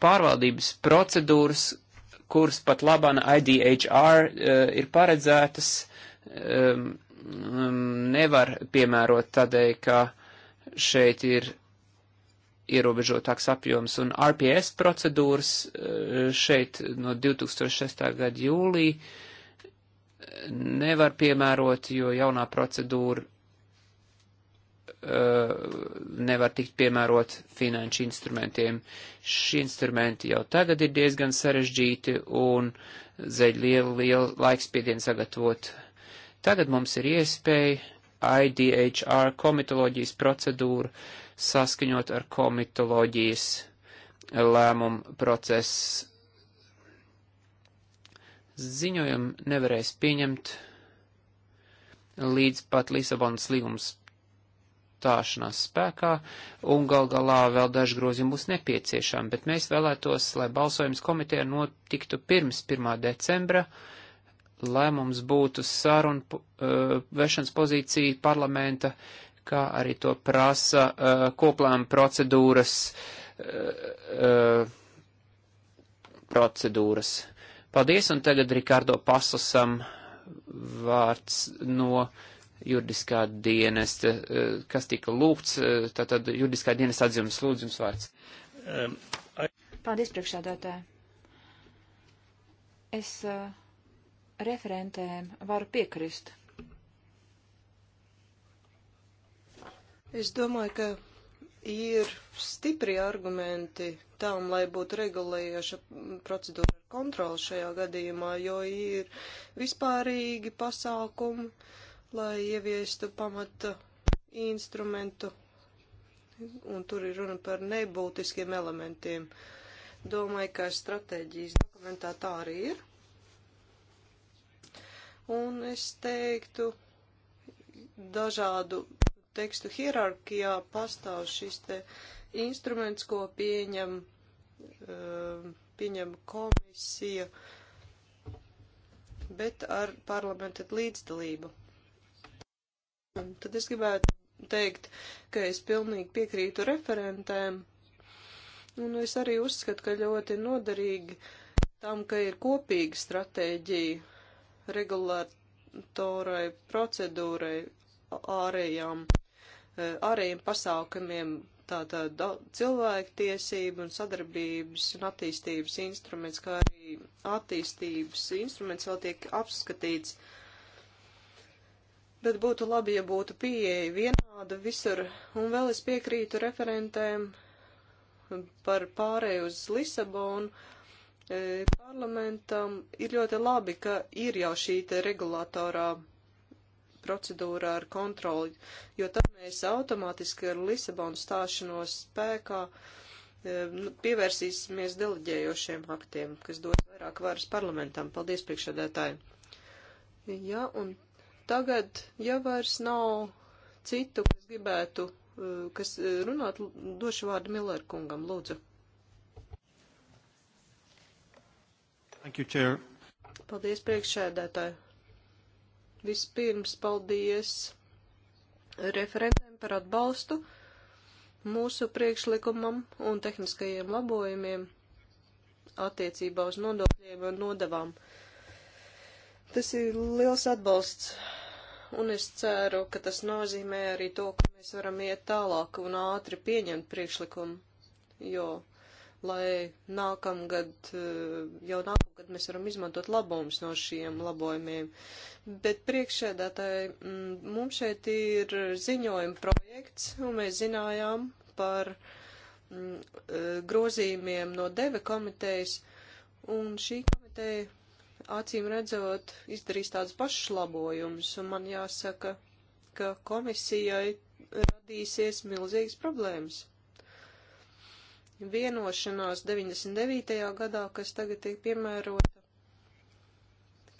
pārvaldības procedūras, kuras pat labana IDHR uh, eh, ir paredzētas, um, nevar piemērot tādēļ, ka šeit ir ierobežotāks apjoms un RPS procedūras uh, šeit no 2006. gada jūlī eh, nevar piemērot, jo jaunā procedūra Uh, nevar tikt piemērot finanšu instrumentiem. Šie instrumenti jau tagad ir diezgan sarežģīti un zeļ lielu, lielu laikspiedienu sagatavot. Tagad mums ir iespēja IDHR komitoloģijas procedūru saskaņot ar komitoloģijas lēmumu procesu. Ziņojumu nevarēs pieņemt līdz pat Lisabonas līgums stāšanās spēkā, un gal galā vēl daži grozījumi būs nepieciešami, bet mēs vēlētos, lai balsojums komitē notiktu pirms 1. decembra, lai mums būtu sarunu uh, vešanas pozīcija parlamenta, kā arī to prasa uh, koplēm procedūras. Uh, uh, procedūras. Paldies, un tagad Rikārdo Pasusam vārds no uh, juridiskā dienesta, eh, kas tika lūgts, eh, tātad juridiskā dienesta atzīmes lūdzu jums vārds. Um, I... Paldies, priekšsēdētāji. Es uh, referentēm varu piekrist. Es domāju, ka ir stipri argumenti tam, lai būtu regulējoša procedūra kontrola šajā gadījumā, jo ir vispārīgi pasākumi. Uh, lai ieviestu pamata instrumentu, un tur ir runa par nebūtiskiem elementiem. Domāju, ka stratēģijas dokumentā tā arī ir. Un es teiktu, dažādu tekstu hierarkijā pastāv šis te instruments, ko pieņem, eh, pieņem komisija, bet ar parlamenta līdzdalību. Un tad es gribētu teikt, ka es pilnīgi piekrītu referentēm, un es arī uzskatu, ka ļoti noderīgi tam, ka ir kopīga stratēģija regulatorai procedūrai ārējām, e, ārējiem pasākumiem, tātad cilvēktiesību un sadarbības un attīstības instruments, kā arī attīstības instruments vēl tiek apskatīts. Uh, bet būtu labi, ja būtu pieeja vienāda visur. Un vēl es piekrītu referentēm par pārēju uz Lisabonu. E, parlamentam ir ļoti labi, ka ir jau šī te regulātorā procedūra ar kontroli, jo tad mēs automātiski ar Lisabonu stāšanos spēkā e, nu, pievērsīsimies deleģējošiem aktiem, kas dod vairāk varas parlamentam. Paldies, priekšsēdētāji! Jā, un Tagad, ja vairs nav citu, kas gribētu, eh, kas eh, runāt, došu vārdu Miller kungam, lūdzu. Thank you, Chair. Paldies, priekšsēdētāji. Vispirms paldies referentiem par atbalstu mūsu priekšlikumam un tehniskajiem labojumiem attiecībā uz nodokļiem un nodavām. Tas ir liels atbalsts un es ceru, ka tas nozīmē arī to, ka mēs varam iet tālāk un ātri pieņemt priekšlikumu, jo, lai nākamgad, eh, jau nākamgad mēs varam izmantot labumus no šiem labojumiem. Bet priekšēdētāji, mm, mums šeit ir ziņojuma projekts, un mēs zinājām par mm, eh, grozījumiem no deve komitejas, un šī komiteja acīm redzot, izdarīs tādus pašus labojumus, un man jāsaka, ka komisijai radīsies milzīgas problēmas. Vienošanās 99. gadā, kas tagad tiek piemērota,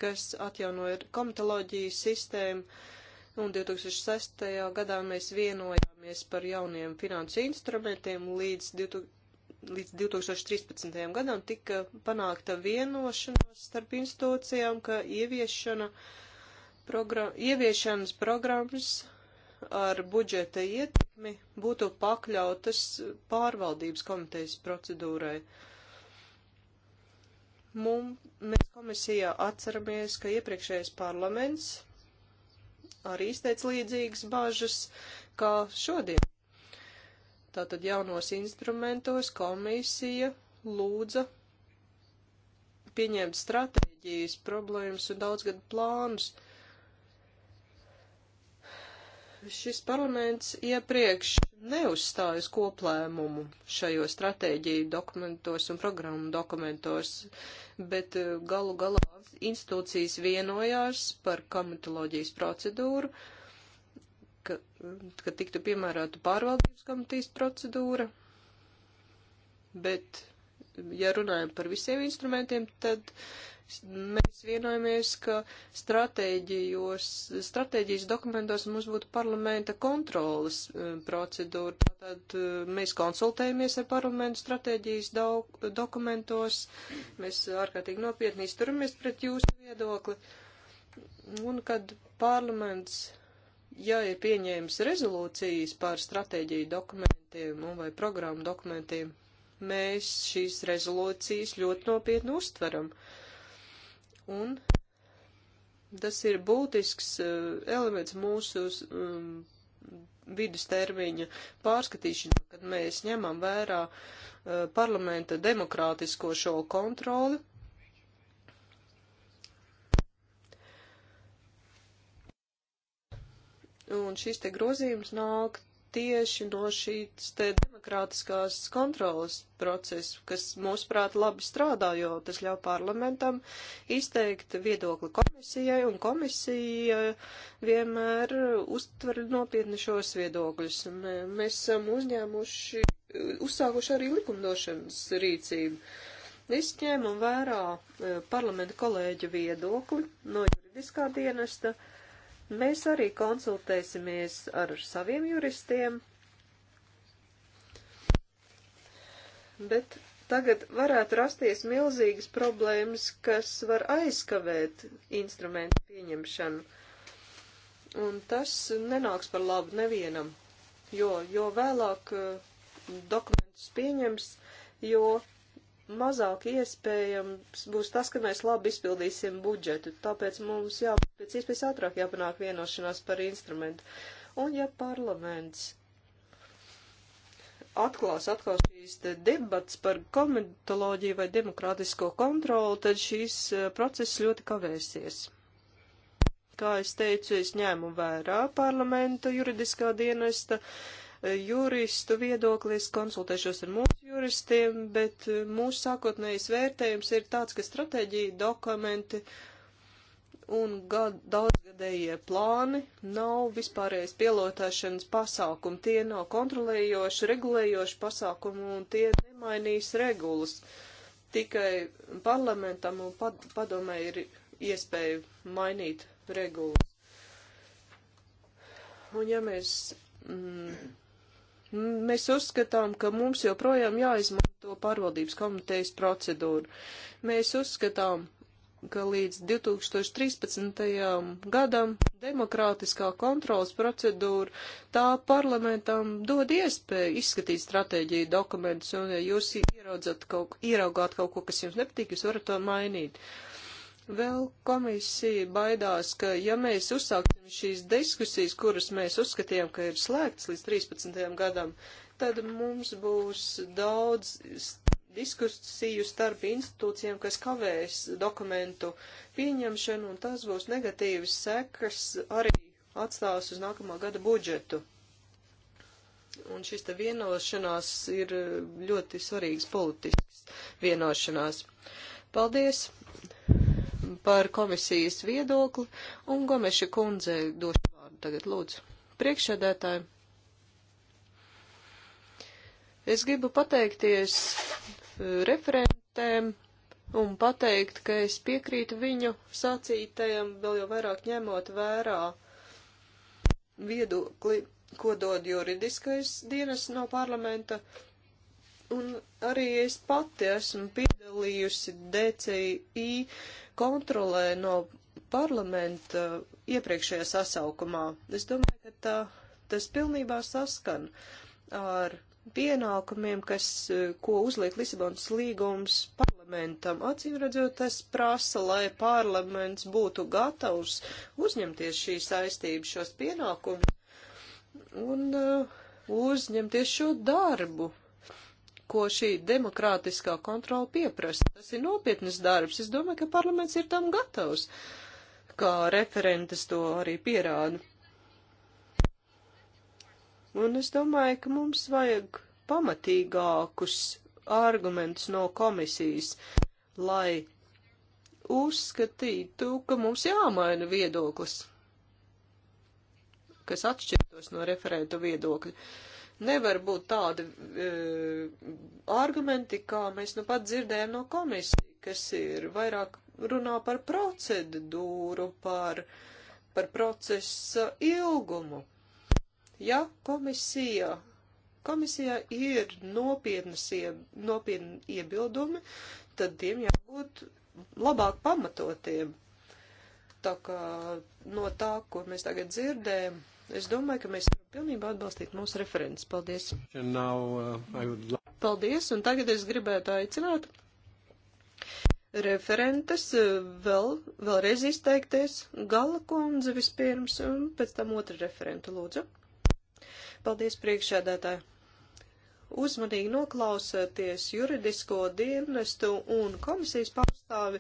kas atjaunoja komitoloģijas sistēmu, un 2006. gadā mēs vienojāmies par jauniem finansu instrumentiem līdz 2000 līdz 2013. gadam tika panākta vienošanās starp institūcijām, ka ieviešana program, ieviešanas programmas ar budžeta ietekmi būtu pakļautas pārvaldības komitejas procedūrai. Mums, mēs komisijā atceramies, ka iepriekšējais parlaments arī izteica līdzīgas bažas kā šodien. Tātad jaunos instrumentos komisija lūdza pieņemt stratēģijas, problēmas un daudzgadu plānus. Šis parlaments iepriekš neuzstājas koplēmumu šajos stratēģiju dokumentos un programmu dokumentos, bet eh, galu galā institūcijas vienojās par komitoloģijas procedūru, uh, ka, ka tiktu piemērota pārvaldības komitejas procedūra, bet, ja runājam par visiem instrumentiem, tad mēs vienojamies, ka stratēģijas dokumentos mums būtu parlamenta kontrolas e, procedūra. Tātad e, mēs konsultējamies ar parlamentu stratēģijas do, dokumentos, mēs ārkārtīgi nopietni izturamies pret jūsu viedokli. Un kad parlaments ja ir pieņēmis rezolūcijas par stratēģiju dokumentiem un vai programmu dokumentiem, mēs šīs rezolūcijas ļoti nopietni uztveram. Un tas ir būtisks eh, elements mūsu um, vidustermiņa pārskatīšanā, kad mēs ņemam vērā uh, parlamenta demokrātisko šo kontroli Un šis te grozījums nāk tieši no šīs te demokrātiskās kontrolas procesa, kas mūsuprāt labi strādā, jo tas ļauj parlamentam izteikt viedokli komisijai, un komisija vienmēr uztver nopietni šos viedokļus. Mēs esam uzņēmuši, uzsākuši arī likumdošanas rīcību. Es ņēmu vērā eh, parlamenta kolēģa viedokli no juridiskā dienesta. Uh, Mēs arī konsultēsimies ar saviem juristiem, bet tagad varētu rasties milzīgas problēmas, kas var aizkavēt instrumentu pieņemšanu. Un tas nenāks par labu nevienam, jo, jo vēlāk eh, dokumentus pieņems, jo mazāk iespējams būs tas, ka mēs labi izpildīsim budžetu. Tāpēc mums jā, pēc iespējas ātrāk jāpanāk vienošanās par instrumentu. Un ja parlaments atklās atkal šīs debats par komentoloģiju vai demokrātisko kontroli, tad šīs eh, process ļoti kavēsies. Kā es teicu, es ņēmu vērā parlamenta juridiskā dienesta uh, Eh, juristu viedoklis, konsultēšos ar mūsu juristiem, bet eh, mūsu sākotnējais vērtējums ir tāds, ka stratēģija, dokumenti un gad, daudzgadējie plāni nav vispārējais pielotēšanas pasākumi, tie nav kontrolējoši, regulējoši pasākumi un tie nemainīs regulas. Tikai parlamentam un pad padomē ir iespēja mainīt regulas. Un ja mēs mm, Mēs uzskatām, ka mums joprojām jāizmanto pārvaldības komitejas procedūru. Mēs uzskatām, ka līdz 2013. gadam demokrātiskā kontrolas procedūra tā parlamentam dod iespēju izskatīt stratēģiju dokumentus, un ja jūs ieraudzat kaut, ieraugāt kaut ko, kas jums nepatīk, jūs varat to mainīt. Uh, Vēl komisija baidās, ka ja mēs uzsāksim šīs diskusijas, kuras mēs uzskatījām, ka ir slēgts līdz 13. gadam, tad mums būs daudz diskusiju starp institūcijām, kas kavēs dokumentu pieņemšanu, un tas būs negatīvas sekas arī atstās uz nākamā gada budžetu. Un šis te vienošanās ir ļoti svarīgs politisks vienošanās. Paldies! par komisijas viedokli, un Gomeša kundze došu vārdu tagad lūdzu. Priekšsēdētāji, es gribu pateikties e, referentēm un pateikt, ka es piekrītu viņu sacītajam, vēl jau vairāk ņemot vērā viedokli, ko dod juridiskais dienas no parlamenta Un arī es pati esmu piedalījusi DCI kontrolē no parlamenta iepriekšējā sasaukumā. Es domāju, ka tā, tas pilnībā saskan ar pienākumiem, kas, ko uzliek Lisabonas līgums parlamentam. Acīm redzot, tas prasa, lai parlaments būtu gatavs uzņemties šīs saistības, šos pienākumus un uh, uzņemties šo darbu, ko šī demokrātiskā kontrola pieprasa. Tas ir nopietnas darbs. Es domāju, ka parlaments ir tam gatavs, kā referentes to arī pierāda. Un es domāju, ka mums vajag pamatīgākus argumentus no komisijas, lai uzskatītu, ka mums jāmaina viedoklis, kas atšķirtos no referēta viedokļa. Uh, Nevar būt tādi e, argumenti, kā mēs nu pat dzirdējam no komisijas, kas ir vairāk runā par procedūru, par, par procesa ilgumu. Ja komisija, komisijā ir nopietnas ieb, nopietni iebildumi, tad tiem jābūt labāk pamatotiem. Tā kā no tā, ko mēs tagad dzirdējam, Es domāju, ka mēs varam pilnībā atbalstīt mūsu referents. Paldies! Now, uh, would... Paldies, un tagad es gribētu aicināt referentes uh, vēl, vēlreiz izteikties. Gala kundze vispirms, un pēc tam otra referenta lūdzu. Paldies priekšēdētāji! Uzmanīgi noklausieties juridisko dienestu un komisijas pārstāvi.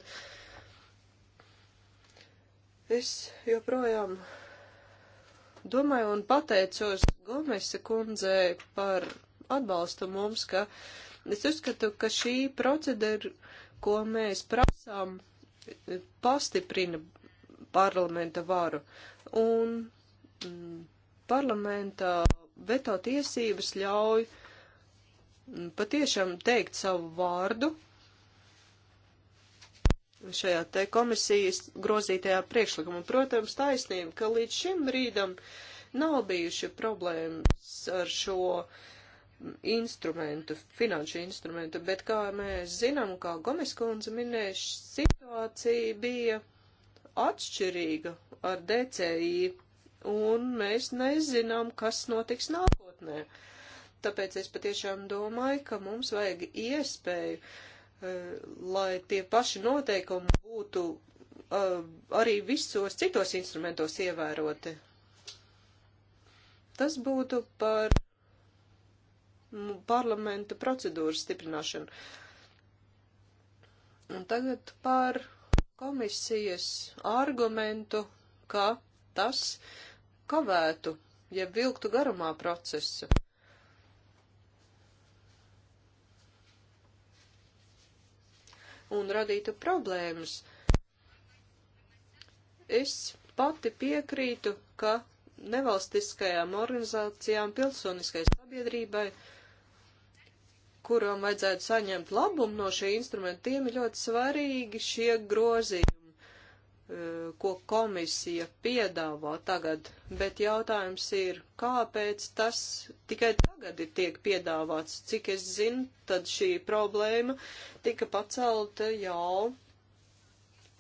Es joprojām Domāju un pateicos Gomesa kundzei par atbalstu mums, ka es uzskatu, ka šī procedūra, ko mēs prasām, pastiprina parlamenta varu. Un mm, parlamentā veto tiesības ļauj mm, patiešām teikt savu vārdu šajā te komisijas grozītajā priekšlikumā. Protams, taisnība, ka līdz šim brīdam nav bijuši problēmas ar šo instrumentu, finanšu instrumentu, bet kā mēs zinām, kā Gomiskundze minēja, situācija bija atšķirīga ar DCI, un mēs nezinām, kas notiks nākotnē. Tāpēc es patiešām domāju, ka mums vajag iespēju uh, Eh, lai tie paši noteikumi būtu eh, arī visos citos instrumentos ievēroti. Tas būtu par mm, parlamenta procedūras stiprināšanu. Un tagad par komisijas argumentu, ka tas kavētu, ja vilktu garumā procesu. un radītu problēmas. Es pati piekrītu, ka nevalstiskajām organizācijām, pilsoniskai sabiedrībai, kurām vajadzētu saņemt labumu no šī instrumenta, tiem ir ļoti svarīgi šie grozījumi ko komisija piedāvā tagad, bet jautājums ir, kāpēc tas tikai tagad ir tiek piedāvāts. Cik es zinu, tad šī problēma tika pacelta jau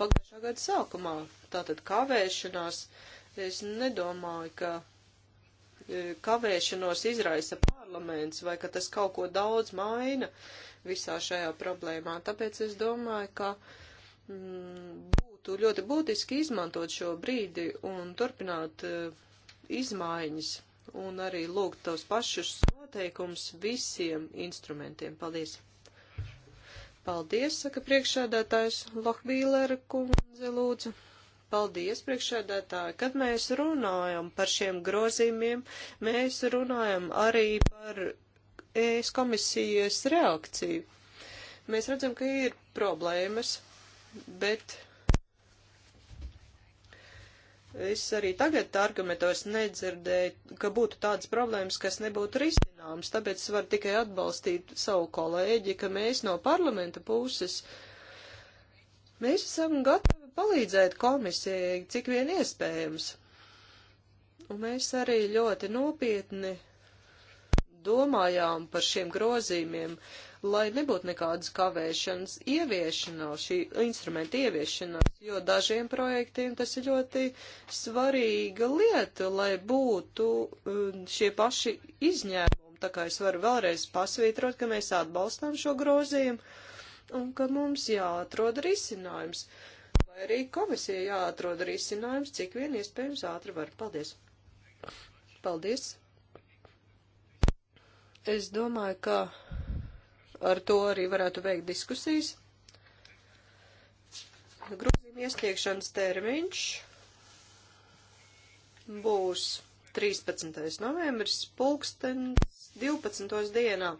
pagājušā gada sākumā. Tātad kavēšanās, es nedomāju, ka e, kavēšanos izraisa parlaments vai ka tas kaut ko daudz maina visā šajā problēmā. Tāpēc es domāju, ka mm, būtu ļoti būtiski izmantot šo brīdi un turpināt eh, izmaiņas un arī lūgt tos pašus noteikums visiem instrumentiem. Paldies! Paldies, saka priekšādātājs Lohbīlera kundze lūdzu. Paldies, priekšēdētāji. Kad mēs runājam par šiem grozījumiem, mēs runājam arī par ES komisijas reakciju. Mēs redzam, ka ir problēmas, bet Es arī tagad argumentos nedzirdēju, ka būtu tādas problēmas, kas nebūtu risināmas, tāpēc var tikai atbalstīt savu kolēģi, ka mēs no parlamenta puses, mēs esam gatavi palīdzēt komisijai, cik vien iespējams. Un mēs arī ļoti nopietni domājām par šiem grozījumiem, uh, lai nebūtu nekādas kavēšanas ieviešanā, šī instrumenta ieviešanā, jo dažiem projektiem tas ir ļoti svarīga lieta, lai būtu uh, šie paši izņēmumi. Tā kā es varu vēlreiz pasvītrot, ka mēs atbalstām šo grozījumu un ka mums jāatrod risinājums. Vai arī komisija jāatrod risinājums, cik vien iespējams ātri var. Paldies! Paldies! Es domāju, ka ar to arī varētu veikt diskusijas. Grūzījuma iesniegšanas termiņš būs 13. novembris, pulkstens 12. dienā.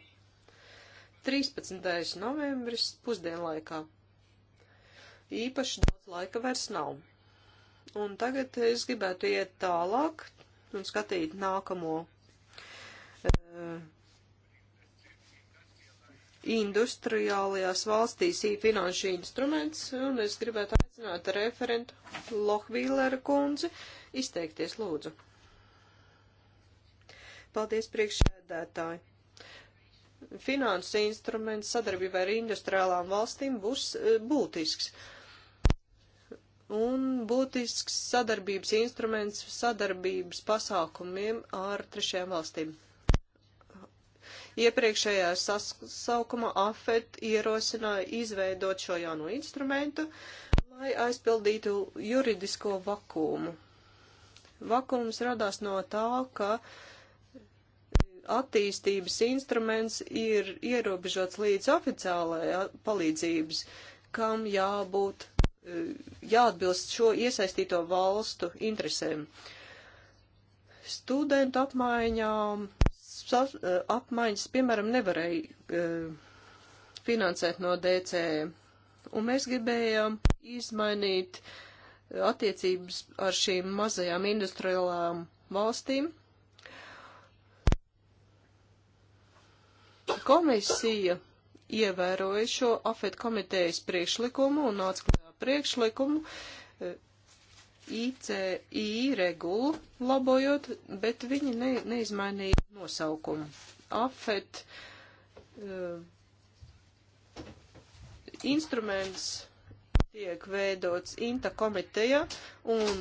13. novembris pusdienlaikā. Īpaši daudz laika vairs nav. Un tagad es gribētu iet tālāk un skatīt nākamo uh, industriālajās valstīs finanšu instruments, un es gribētu aicināt referentu Lohvīlera kundzi izteikties lūdzu. Paldies priekšsēdētāji! finanses instruments sadarbībā ar industriālām valstīm būs e, būtisks. Un būtisks sadarbības instruments sadarbības pasākumiem ar trešajām valstīm. Iepriekšējā sasaukuma AFET ierosināja izveidot šo jauno instrumentu, lai aizpildītu juridisko vakumu. Vakums radās no tā, ka attīstības instruments ir ierobežots līdz oficiālajai palīdzības, kam jābūt e, jāatbilst šo iesaistīto valstu interesēm. Studentu apmaiņām Eh, apmaiņas, piemēram, nevarēja eh, finansēt no DCM. Un mēs gribējām izmainīt eh, attiecības ar šīm mazajām industriālām valstīm. Komisija ievēroja šo afet komitejas priekšlikumu un atskatīja priekšlikumu, ICI regulu labojot, bet viņi ne, neizmainīja nosaukumu. AFET uh, instruments tiek veidots INTA komiteja un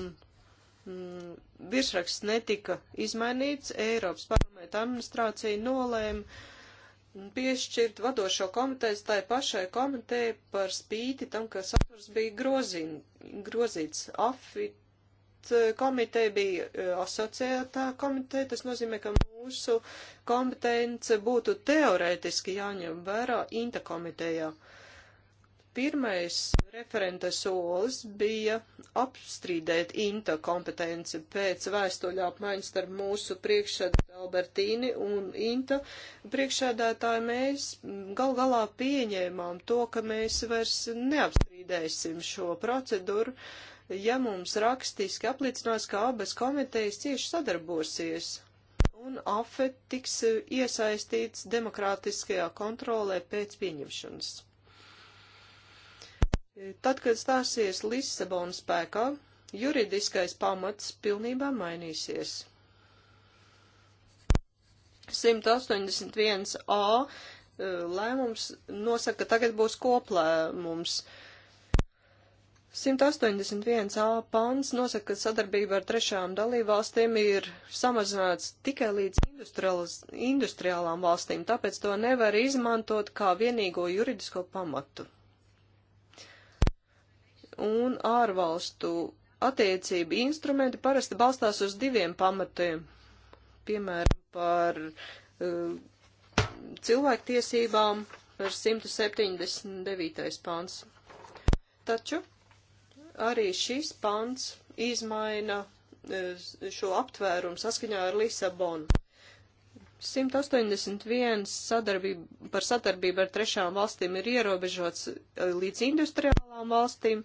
mm, virsraksts netika izmainīts. Eiropas parlamenta administrācija nolēma piešķirt vadošo komiteju tai pašai komitejai par spīti tam, ka saturs bija grozin, grozīts. AFIT eh, komiteja bija eh, asociētā komiteja, tas nozīmē, ka mūsu kompetence būtu teorētiski jāņem vērā INTA komitejā. Uh, Pirmais referenta solis bija apstrīdēt INTA kompetenci pēc vēstuļa apmaiņas starp mūsu priekšsēdētāju Albertīni un INTA priekšsēdētāju. Mēs gal galā pieņēmām to, ka mēs vairs neapstrīdēsim šo procedūru, ja mums rakstiski apliecinās, ka abas komitejas cieši sadarbosies un AFET tiks iesaistīts demokrātiskajā kontrolē pēc pieņemšanas. Tad, kad stāsies Lisabona spēkā, juridiskais pamats pilnībā mainīsies. 181a eh, lēmums nosaka, ka tagad būs koplēmums. 181a pants nosaka, ka sadarbība ar trešām dalībvalstīm ir samazināts tikai līdz industriālām valstīm, tāpēc to nevar izmantot kā vienīgo juridisko pamatu un ārvalstu attiecību instrumenti parasti balstās uz diviem pamatiem. Piemēram, par uh, cilvēktiesībām par 179. pāns. Taču arī šis pāns izmaina uh, šo aptvērumu saskaņā ar Lisabonu. 181 sadarbība, par sadarbību ar trešām valstīm ir ierobežots eh, līdz industriālajai valstīm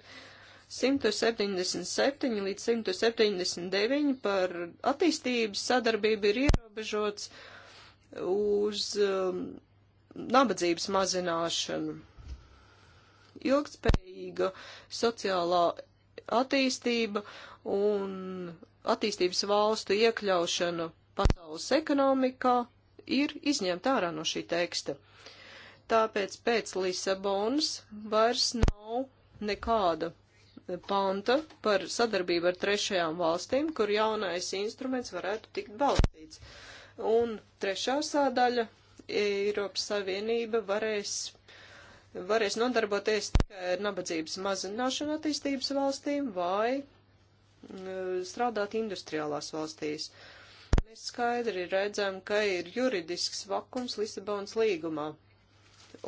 177 līdz 179 par attīstības sadarbību ir ierobežots uz um, nabadzības mazināšanu. Ilgtspējīga sociālā attīstība un attīstības valstu iekļaušana pasaules ekonomikā ir izņemta ārā no šī teksta. Tāpēc pēc Lisabonas vairs nav nekāda panta par sadarbību ar trešajām valstīm, kur jaunais instruments varētu tikt balstīts. Un trešā sādaļa Eiropas Savienība varēs, varēs nodarboties tikai ar nabadzības mazināšanu attīstības valstīm vai mm, strādāt industriālās valstīs. Mēs skaidri redzam, ka ir juridisks vakums Lisabonas līgumā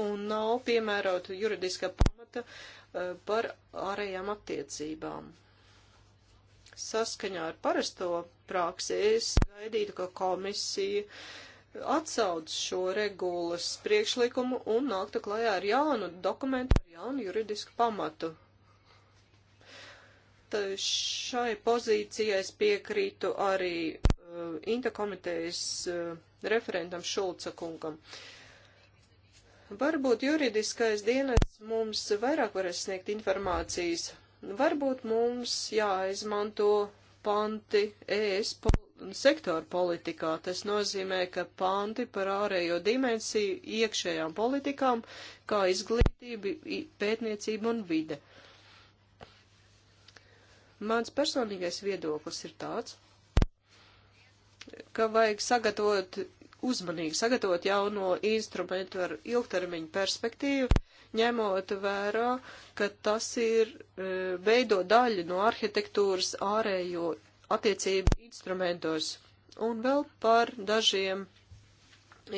un nav piemērotu juridiska pamata uh, Eh, par ārējām attiecībām. Saskaņā ar parasto praksi es gaidītu, ka komisija atsauc šo regulas priekšlikumu un nāktu klajā ar jaunu dokumentu, ar jaunu juridisku pamatu. Tad šai pozīcijai es piekrītu arī uh, interkomitejas uh, referentam Šulca kungam. Uh, Varbūt juridiskais dienas mums vairāk varēs sniegt informācijas. Varbūt mums jāizmanto panti ES pol sektoru politikā. Tas nozīmē, ka panti par ārējo dimensiju iekšējām politikām, kā izglītība, pētniecība un vide. Mans personīgais viedoklis ir tāds, ka vajag sagatavot uzmanīgi sagatavot jauno instrumentu ar ilgtermiņu perspektīvu, ņemot vērā, ka tas ir e, veido daļu no arhitektūras ārējo attiecību instrumentos. Un vēl par dažiem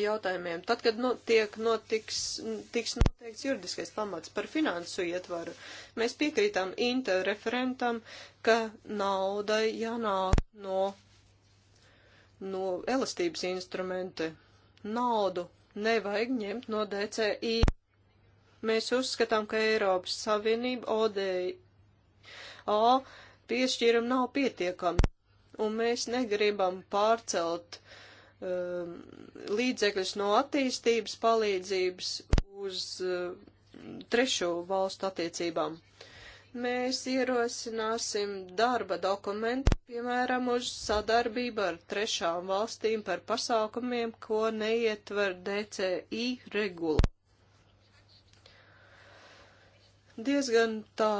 jautājumiem. Tad, kad notiek, notiks, tiks noteikts juridiskais pamats par finansu ietvaru, mēs piekrītām interreferentam, ka naudai jānāk no no elastības instrumenta. Naudu nevajag ņemt no DCI. Mēs uzskatām, ka Eiropas Savienība ODA piešķīram nav pietiekami, un mēs negribam pārcelt um, līdzekļus no attīstības palīdzības uz uh, trešo valstu attiecībām mēs ierosināsim darba dokumentu, piemēram, uz sadarbību ar trešām valstīm par pasākumiem, ko neietver DCI regula. Diezgan tā,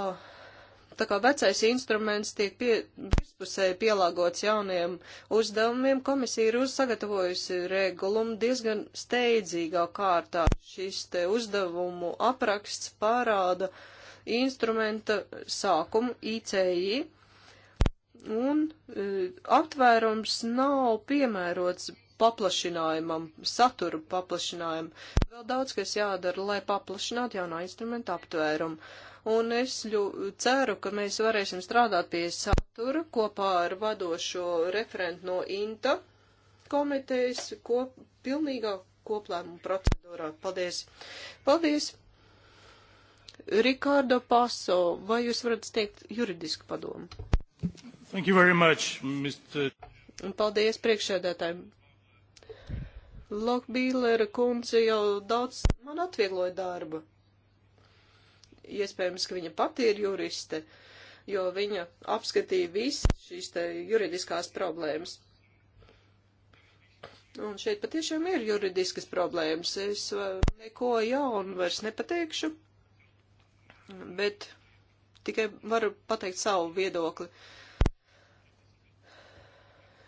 tā kā vecais instruments tiek pie, virspusēji pielāgots jauniem uzdevumiem, komisija ir uzsagatavojusi regulumu diezgan steidzīgā kārtā. Šis te uzdevumu apraksts parāda, uh, instrumenta sākumu ICI, un e, aptvērums nav piemērots paplašinājumam, satura paplašinājumam. Vēl daudz, kas jādara, lai paplašinātu jaunā instrumenta aptvērumu. Un es ļu, ceru, ka mēs varēsim strādāt pie satura kopā ar vadošo referentu no INTA komitejas kop, pilnīgā koplēmuma procedūrā. Paldies! Paldies! Rikārdo Paso, vai jūs varat sniegt juridisku padomu? Thank you very much, Mr. Paldies priekšēdētājiem. Lokbīlera kundze jau daudz man atviegloja darbu. Iespējams, ka viņa pati ir juriste, jo viņa apskatīja visas šīs te juridiskās problēmas. Un šeit patiešām ir juridiskas problēmas. Es eh, neko jaunu vairs nepateikšu bet tikai varu pateikt savu viedokli.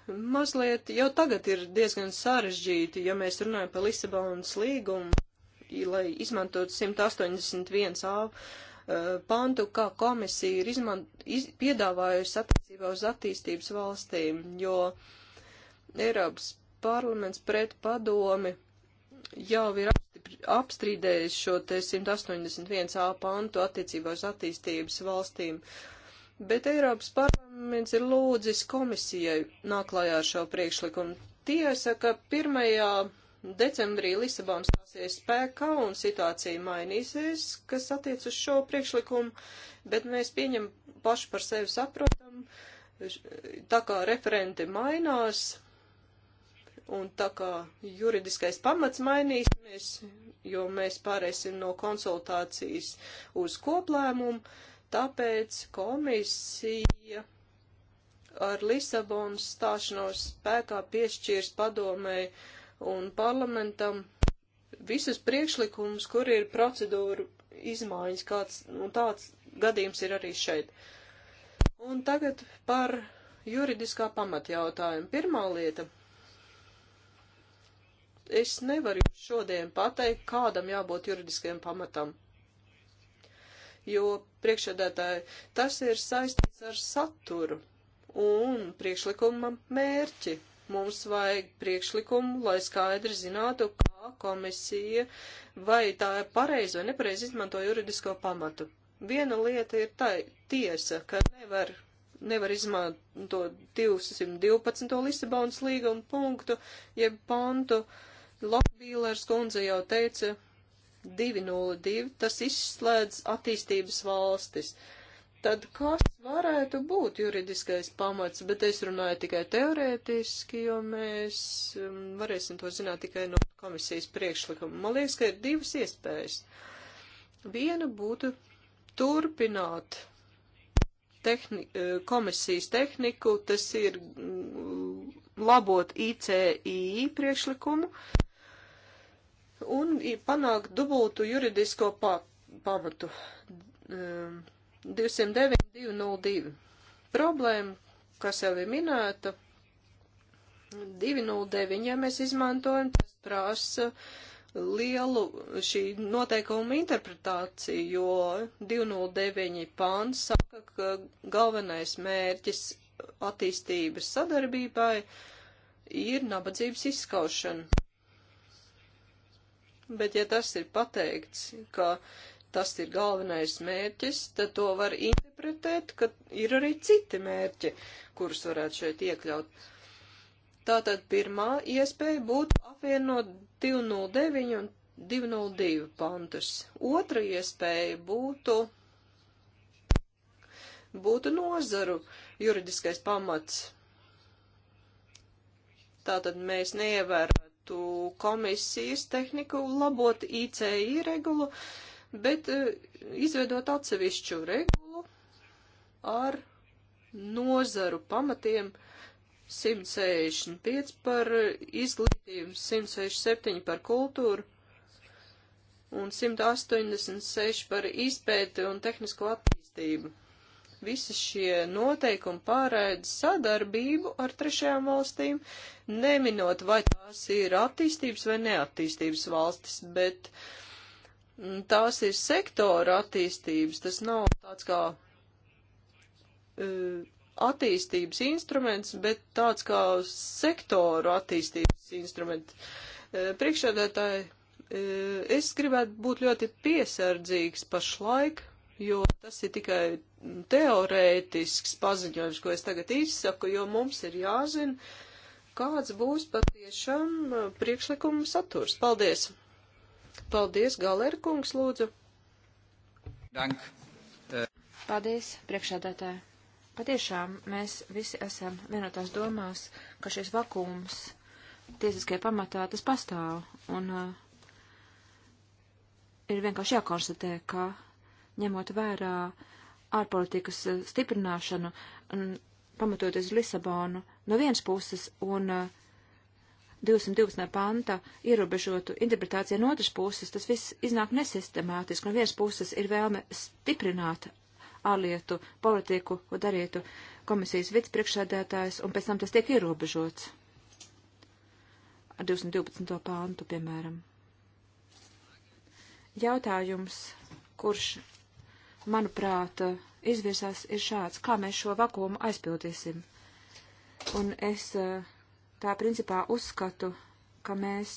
Mazliet jau tagad ir diezgan sarežģīti, ja mēs runājam par Lisabonas līgumu, lai izmantotu 181a eh, pantu, kā komisija ir izmant, iz, piedāvājusi attiecībā uz attīstības valstīm, jo Eiropas parlaments pret padomi jau ir apstrīdējis šo te 181a pantu attiecībā uz attīstības valstīm, bet Eiropas parlaments ir lūdzis komisijai nāklājā ar šo priekšlikumu. Tiesa, ka 1. decembrī Lisabona stāsies spēkā un situācija mainīsies, kas attiec uz šo priekšlikumu, bet mēs pieņem paši par sevi saprotam, tā kā referenti mainās, Un tā kā juridiskais pamats mainīsies, jo mēs pārēsim no konsultācijas uz koplēmumu, tāpēc komisija ar Lisabonas stāšanos spēkā piešķirs padomēji un parlamentam visus priekšlikumus, kur ir procedūru izmaiņas, kāds, un tāds gadījums ir arī šeit. Un tagad par juridiskā pamata jautājumu. Pirmā lieta es nevaru šodien pateikt, kādam jābūt juridiskajam pamatam. Jo priekšsēdētāji, tas ir saistīts ar saturu un priekšlikuma mērķi. Mums vajag priekšlikumu, lai skaidri zinātu, kā komisija vai tā ir pareizi vai nepareizi izmanto juridisko pamatu. Viena lieta ir tā tiesa, ka nevar, nevar izmantot 212. Lisabonas līguma punktu, jeb pantu, uh, Lokbīlers kundze jau teica 202, tas izslēdz attīstības valstis. Tad kas varētu būt juridiskais pamats, bet es runāju tikai teorētiski, jo mēs um, varēsim to zināt tikai no komisijas priekšlikuma. Man liekas, ka ir divas iespējas. Viena būtu turpināt tehni eh, komisijas tehniku, tas ir mm, labot ICI priekšlikumu, uh, un panākt dubultu juridisko pamatu 209.202. Ehm, Problēma, kas jau ir minēta, 209, ja mēs izmantojam, tas prasa lielu šī noteikuma interpretāciju, jo 209 pāns saka, ka galvenais mērķis attīstības sadarbībai ir nabadzības izskaušana bet ja tas ir pateikts, ka tas ir galvenais mērķis, tad to var interpretēt, ka ir arī citi mērķi, kurus varētu šeit iekļaut. Tātad pirmā iespēja būtu apvienot 209 un 202 pantus. Otra iespēja būtu būtu nozaru juridiskais pamats. Tātad mēs neievēr lūgtu komisijas tehniku labot ICI regulu, bet eh, izveidot atsevišķu regulu ar nozaru pamatiem 165 par izglītību, 167 par kultūru un 186 par izpēti un tehnisko attīstību visi šie noteikumi pārēdz sadarbību ar trešajām valstīm, neminot, vai tās ir attīstības vai neattīstības valstis, bet mm, tās ir sektora attīstības, tas nav tāds kā uh, attīstības instruments, bet tāds kā sektoru attīstības instruments. Uh, e, Priekšādētāji, e, es gribētu būt ļoti piesardzīgs pašlaik jo tas ir tikai teorētisks paziņojums, ko es tagad izsaku, jo mums ir jāzina, kāds būs patiešām uh, priekšlikuma saturs. Paldies! Paldies, Galerkungs, lūdzu! Dank! Eh. Paldies, priekšādātāji! Patiešām mēs visi esam vienotās domās, ka šis vakums tiesiskajā pamatā tas pastāv, un uh, ir vienkārši jākonstatē, ka ņemot vērā ārpolitikas stiprināšanu, pamatoties Lisabonu no vienas puses un 212. Uh, panta ierobežotu interpretāciju no otras puses, tas viss iznāk nesistemātiski. No vienas puses ir vēlme stiprināt ārlietu politiku, ko darītu komisijas vicepriekšsēdētājs, un pēc tam tas tiek ierobežots ar 212. pāntu, piemēram. Jautājums, kurš manuprāt, izvirsās ir šāds, kā mēs šo vakumu aizpildīsim. Un es eh, tā principā uzskatu, ka mēs,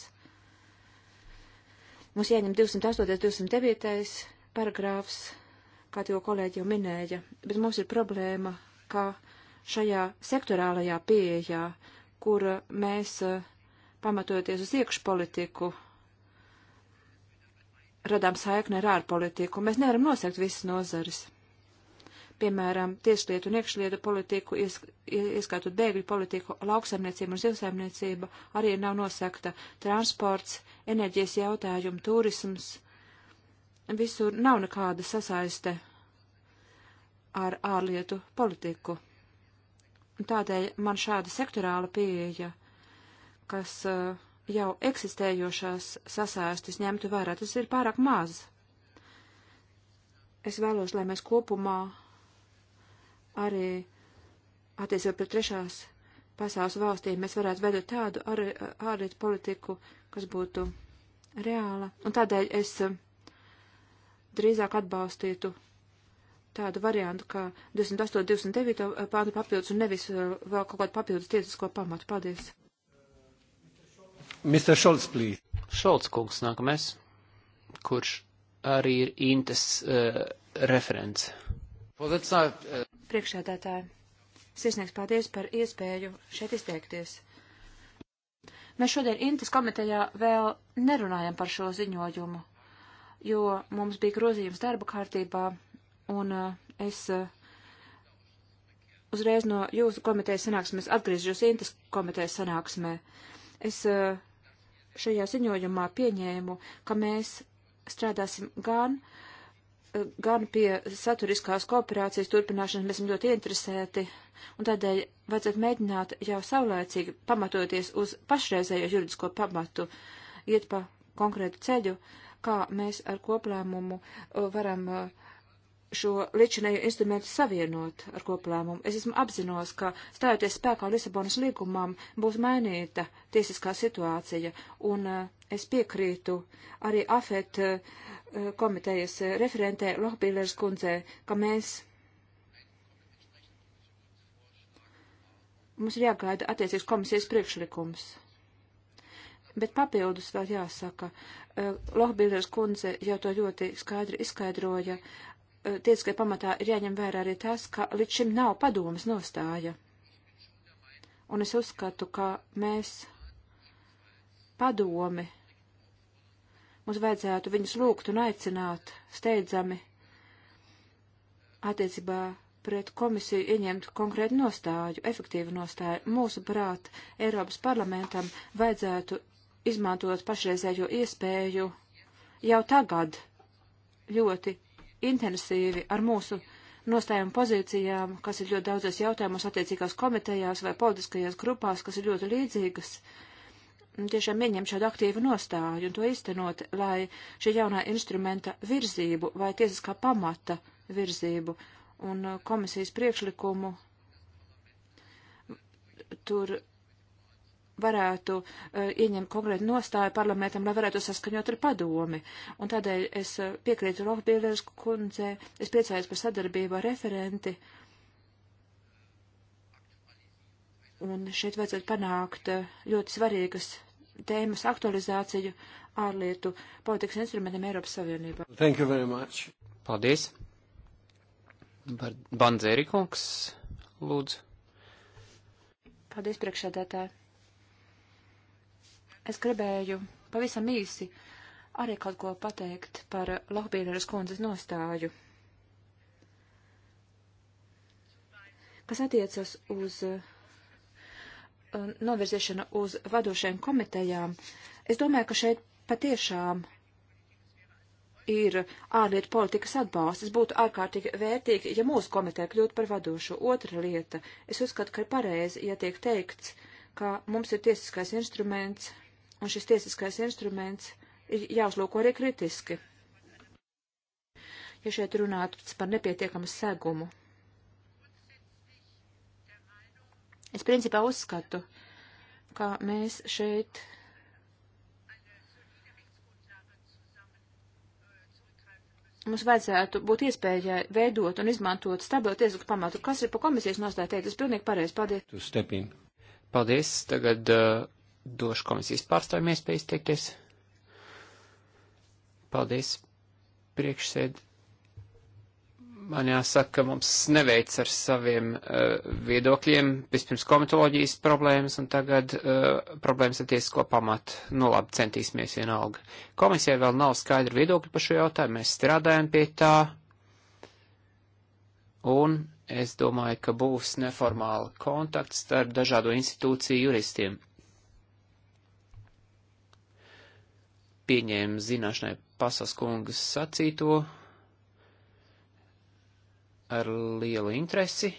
mums jāņem 208. 209. paragrāfs, kā jau kolēģi jau minēja, bet mums ir problēma, ka šajā sektorālajā pieejā, kur mēs eh, pamatojoties uz iekšpolitiku, radām saikni ar ārpolitiku, un mēs nevaram nosegt visas nozares. Piemēram, tieslietu un iekšlietu politiku, ies, ieskaitot bēgļu politiku, lauksaimniecību un zivsaimniecību, arī nav nosekta transports, enerģijas jautājumi, turisms. Visur nav nekāda sasaiste ar ārlietu politiku. Un tādēļ man šāda sektorāla pieeja, kas uh, jau eksistējošās sasaistes ņemtu vērā. Tas ir pārāk maz. Es vēlos, lai mēs kopumā arī attiecībā pret trešās pasaules valstīm mēs varētu veidot tādu ārlietu politiku, kas būtu reāla. Un tādēļ es eh, drīzāk atbalstītu tādu variantu, kā 28, 29 pāntu papildus un nevis eh, vēl kaut kādu papildus tiesisko pamatu. Paldies! Mr. Šolts, please. Šolts kungs nākamais, kurš arī ir Intes uh, referents. Priekšsēdētāji, sirsnieks paldies par iespēju šeit izteikties. Mēs šodien Intes komitejā vēl nerunājam par šo ziņojumu, jo mums bija grozījums darba kārtībā, un uh, es uh, uzreiz no jūsu komitejas sanāksmes atgriežos Intes komitejas sanāksmē. Es uh, šajā ziņojumā pieņēmu, ka mēs strādāsim gan, gan pie saturiskās kooperācijas turpināšanas, mēs esam ļoti interesēti, un tādēļ vajadzētu mēģināt jau saulēcīgi, pamatoties uz pašreizējo juridisko pamatu, iet pa konkrētu ceļu, kā mēs ar koplēmumu varam uh, šo ličinēju instrumentu savienot ar koplēmumu. Es esmu apzinos, ka stājoties spēkā Lisabonas līgumam būs mainīta tiesiskā situācija, un eh, es piekrītu arī AFET eh, komitejas referentē Lohbīlers kundzē, ka mēs. Mums ir jāgaida attiecīgs komisijas priekšlikums. Bet papildus vēl jāsaka, eh, Lohbīlers kundze jau to ļoti skaidri izskaidroja Eh, tiesiskajā pamatā ir jāņem vērā arī tas, ka līdz šim nav padomas nostāja. Un es uzskatu, ka mēs padomi, mums vajadzētu viņus lūgt un aicināt steidzami attiecībā pret komisiju ieņemt konkrētu nostāju, efektīvu nostāju. Mūsuprāt, Eiropas parlamentam vajadzētu izmantot pašreizējo iespēju jau tagad ļoti intensīvi ar mūsu nostājumu pozīcijām, kas ir ļoti daudzos jautājumos attiecīgās komitejās vai politiskajās grupās, kas ir ļoti līdzīgas, tiešām ieņem šādu aktīvu nostāju un to iztenot, lai šī jaunā instrumenta virzību vai tiesiskā pamata virzību un uh, komisijas priekšlikumu tur varētu uh, ieņemt konkrētu nostāju parlamentam, lai varētu saskaņot ar padomi. Un tādēļ es uh, piekrītu Lohbīlers kundze, es priecājos par sadarbību ar referenti. Un šeit vajadzētu panākt uh, ļoti svarīgas tēmas aktualizāciju ārlietu politikas instrumentiem Eiropas Savienībā. Thank you very much. Paldies. Bandzēri kungs, lūdzu. Paldies, priekšsēdētāji. Es gribēju pavisam īsi arī kaut ko pateikt par Lohbīleres kundzes nostāju, kas attiecas uz uh, novirziešanu uz vadošajām komitejām. Es domāju, ka šeit patiešām ir ārlietu politikas atbalsts. Būtu ārkārtīgi vērtīgi, ja mūsu komiteja kļūtu par vadošo. Otra lieta. Es uzskatu, ka ir pareizi, ja tiek teikts, ka mums ir tiesiskais instruments un šis tiesiskais instruments ir jāuzlūko arī kritiski. Ja šeit runātu par nepietiekamu segumu. Es principā uzskatu, ka mēs šeit mums vajadzētu būt iespējai veidot un izmantot stabilu tiesisku pamatu. Kas ir pa komisijas nostāja teikt? Tas pilnīgi pareizi. Paldies. Paldies. Tagad uh, došu komisijas pārstāvjiem iespēju izteikties. Paldies, priekšsēd. Man jāsaka, ka mums neveic ar saviem uh, viedokļiem, vispirms komitoloģijas problēmas un tagad uh, problēmas ar tiesisko pamatu. Nu labi, centīsimies vienalga. Komisijai vēl nav skaidra viedokļa par šo jautājumu, mēs strādājam pie tā. Un es domāju, ka būs neformāli kontakts starp dažādo institūciju juristiem. pieņēma zināšanai pasas kungas sacīto ar lielu interesi.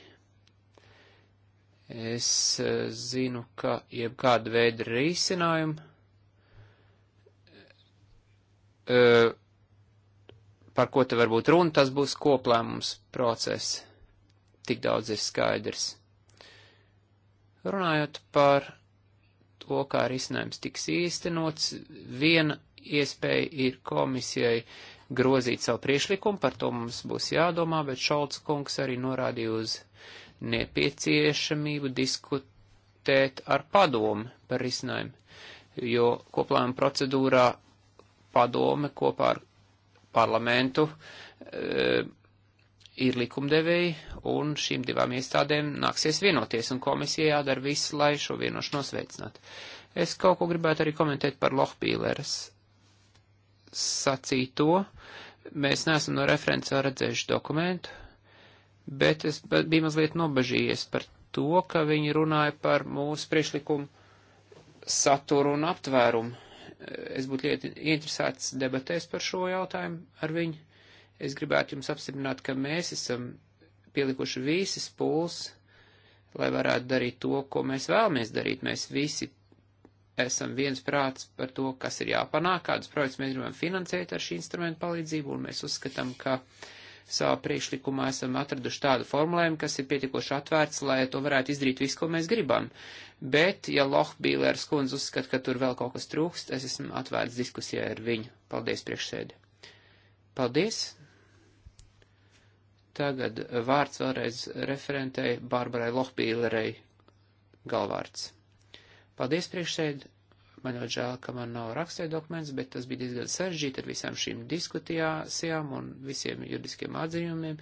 Es eh, zinu, ka jebkāda veida risinājuma, eh, par ko te varbūt runa, tas būs koplēmums process. Tik daudz ir skaidrs. Runājot par to, kā risinājums tiks īstenots, viena iespēja ir komisijai grozīt savu priešlikumu, par to mums būs jādomā, bet Šolts kungs arī norādīja uz nepieciešamību diskutēt ar padomu par risinājumu, jo koplājuma procedūrā padome kopā ar parlamentu e, ir likumdevēji, un šīm divām iestādēm nāksies vienoties, un komisija jādara viss, lai šo vienošanos veicinātu. Es kaut ko gribētu arī komentēt par Lohpīleres sacīto. Mēs neesam no referents redzējuši dokumentu, bet es biju mazliet nobežījies par to, ka viņi runāja par mūsu priekšlikumu saturu un aptvērumu. Es būtu ļoti interesēts debatēs par šo jautājumu ar viņu. Es gribētu jums apstiprināt, ka mēs esam pielikuši visas pūles, lai varētu darīt to, ko mēs vēlamies darīt. Mēs visi esam viens prāts par to, kas ir jāpanāk, kādus projekts mēs gribam finansēt ar šī instrumenta palīdzību, un mēs uzskatām, ka savā priekšlikumā esam atraduši tādu formulējumu, kas ir pietiekoši atvērts, lai to varētu izdarīt visu, ko mēs gribam. Bet, ja Lohbīlērs kundze uzskata, ka tur vēl kaut kas trūkst, es esmu atvērts diskusijai ar viņu. Paldies, priekšsēdi. Paldies. Tagad vārds vēlreiz referentei Bārbarai Lohbīlerei galvārds. Paldies priekšsēd, man ļoti žēl, ka man nav rakstē dokuments, bet tas bija diezgan sarežģīti ar visām šīm diskutijām un visiem juridiskiem atziņumiem,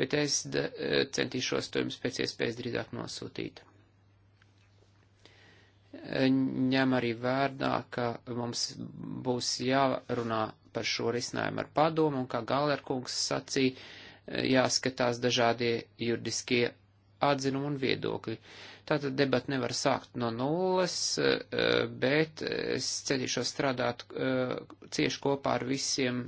bet es eh, centīšos to jums pēc iespējas drīzāk nosūtīt. Eh, ņem arī vērdā, ka mums būs jārunā par šo risinājumu ar padomu, un kā Galerkungs sacīja, eh, jāskatās dažādie juridiskie atzinumi un viedokļi. Uh, Tātad debat nevar sākt no nulles, eh, bet es ceļīšos strādāt eh, cieši kopā ar visiem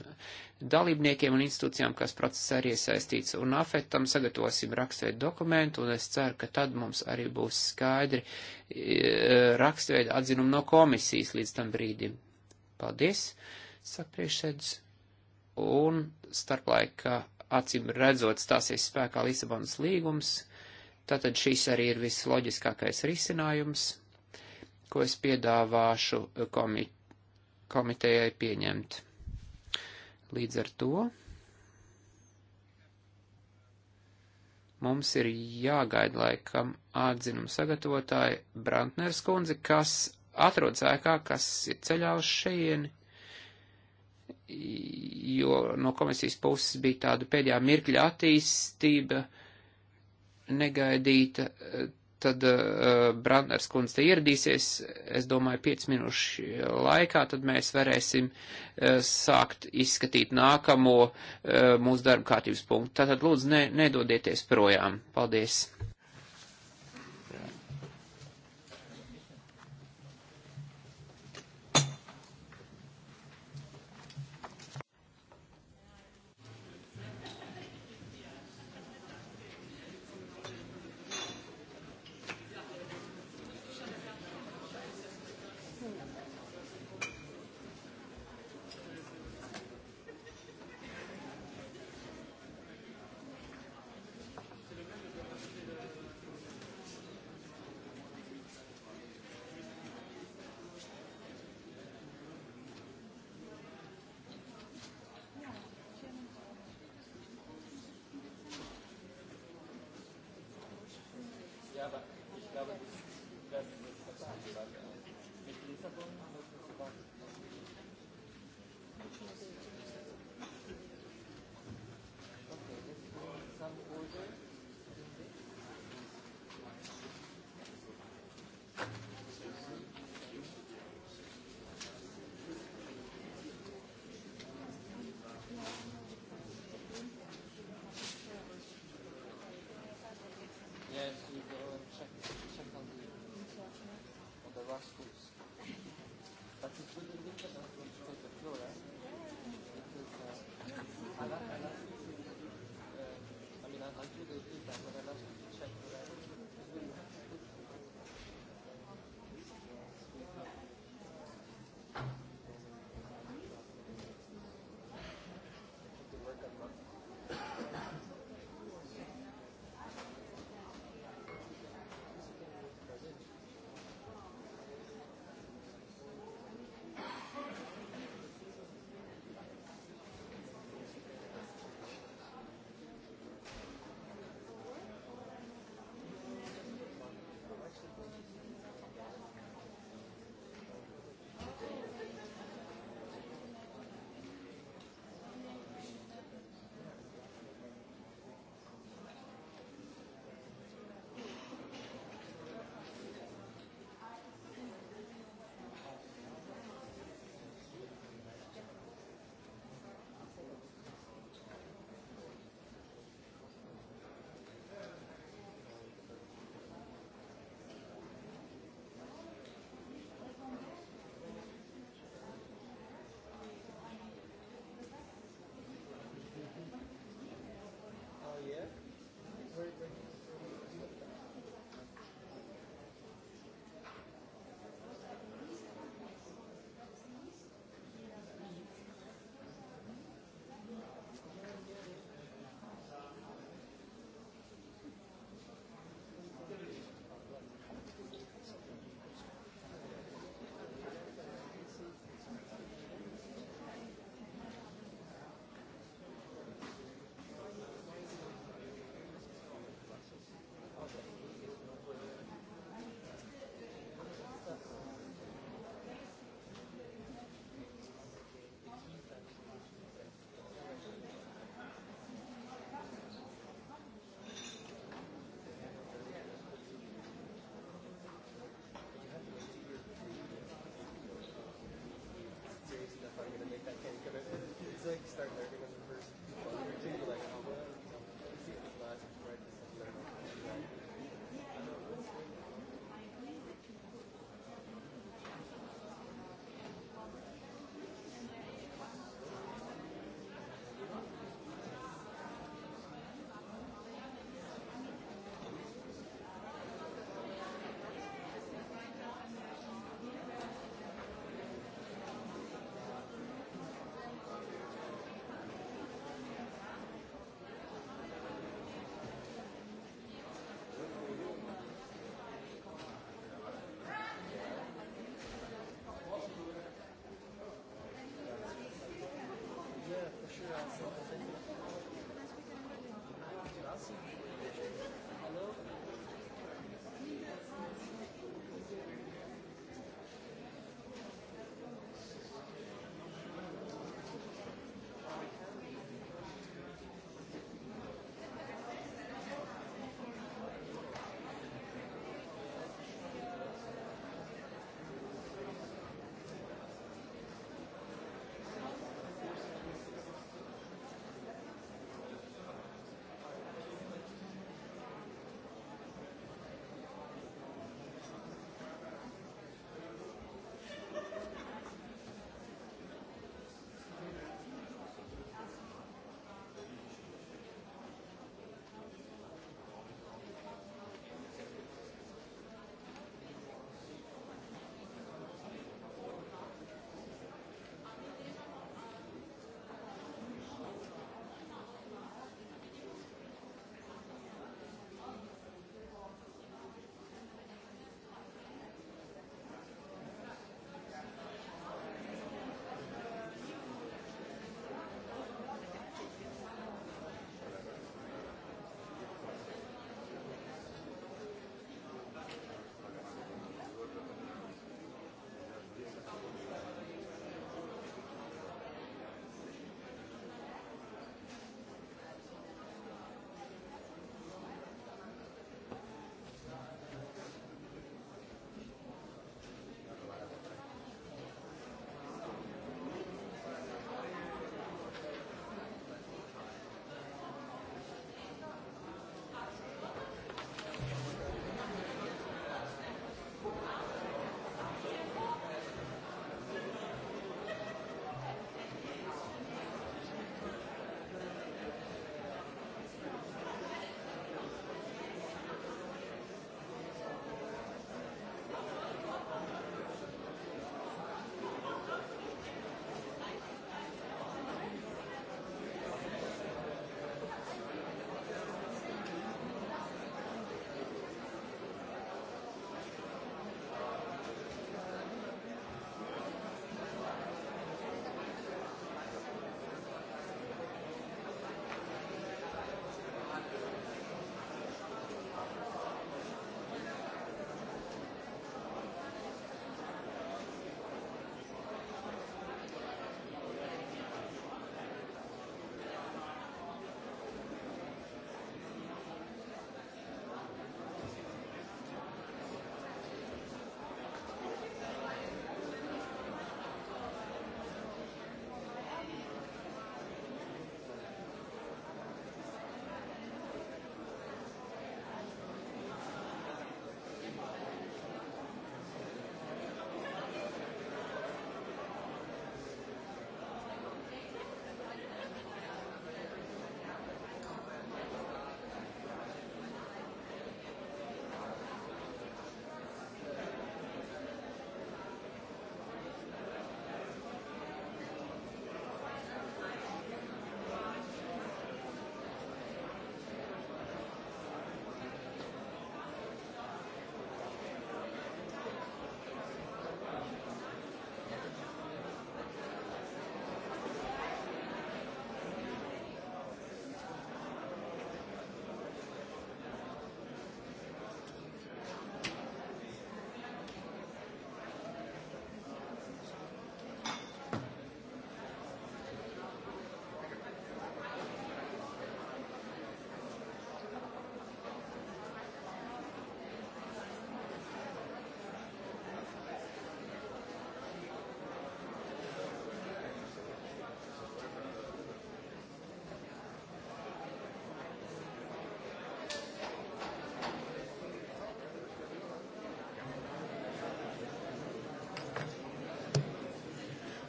dalībniekiem un institūcijām, kas procesā ir iesaistīts. Un afetam sagatavosim rakstveidu dokumentu, un es ceru, ka tad mums arī būs skaidri eh, rakstveidu atzinumi no komisijas līdz tam brīdim. Paldies, saka priekšsēdus. Un starplaikā acīm redzot stāsies spēkā Lisabonas līgums, Tātad šis arī ir visloģiskākais risinājums, ko es piedāvāšu komi komitejai pieņemt. Līdz ar to mums ir jāgaida laikam atzinumu sagatavotāji Brantners kundze, kas atrodas ēkā, kas ir ceļā uz šeieni, jo no komisijas puses bija tāda pēdējā mirkļa attīstība, uh, negaidīta, tad uh, Brandners kundze te ieradīsies, es domāju, 5 minūšu laikā, tad mēs varēsim uh, sākt izskatīt nākamo uh, mūsu darba kārtības punktu. Tātad lūdzu, ne, nedodieties projām. Paldies! Özbekistan'da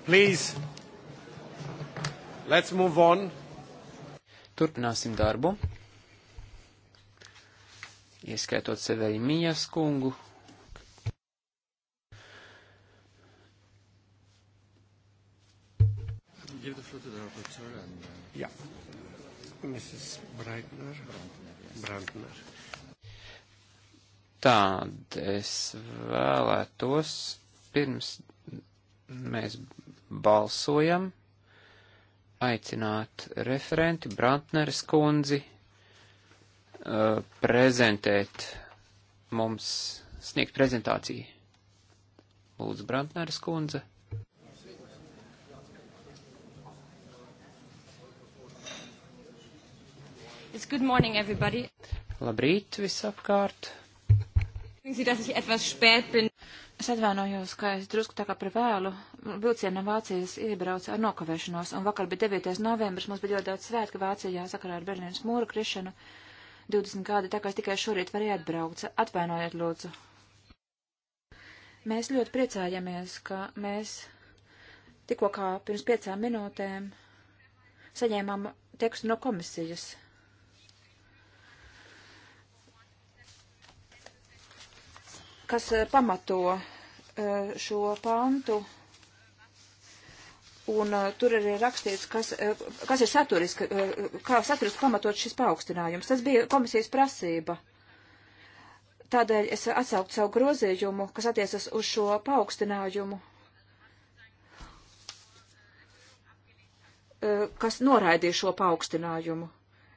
Please, let's move on. Turpināsim darbu. Ieskaitot sevēju Mijas kungu. Give the floor to the rapporteur and... Uh... Yeah. Mrs. Breitner. Brandner. Yes. Brandner. Tād es vēlētos pirms balsojam, aicināt referenti Brantneres kundzi uh, prezentēt mums, sniegt prezentāciju. Lūdzu, Brantneres kundze. It's good morning, everybody. Labrīt visapkārt. Es atvainojos, ka es drusku tā kā par vēlu vilciena Vācijas iebrauca ar nokavēšanos, un vakar bija 9. novembris, mums bija ļoti daudz svētku Vācijā sakarā ar Berlīnas mūra krišanu. 20 gadi, tā kā es tikai šorīt varēju atbraukt. Atvainojiet, lūdzu. Mēs ļoti priecājamies, ka mēs tikko kā pirms piecām minūtēm saņēmām tekstu no komisijas. kas eh, pamato eh, šo pantu un uh, tur arī rakstīts, kas, uh, kas ir saturiski, uh, kā saturiski pamatot šis paaugstinājums. Tas bija komisijas prasība. Tādēļ es atsaukt savu grozījumu, kas attiecas uz šo paaugstinājumu, uh, kas noraidīja šo paaugstinājumu.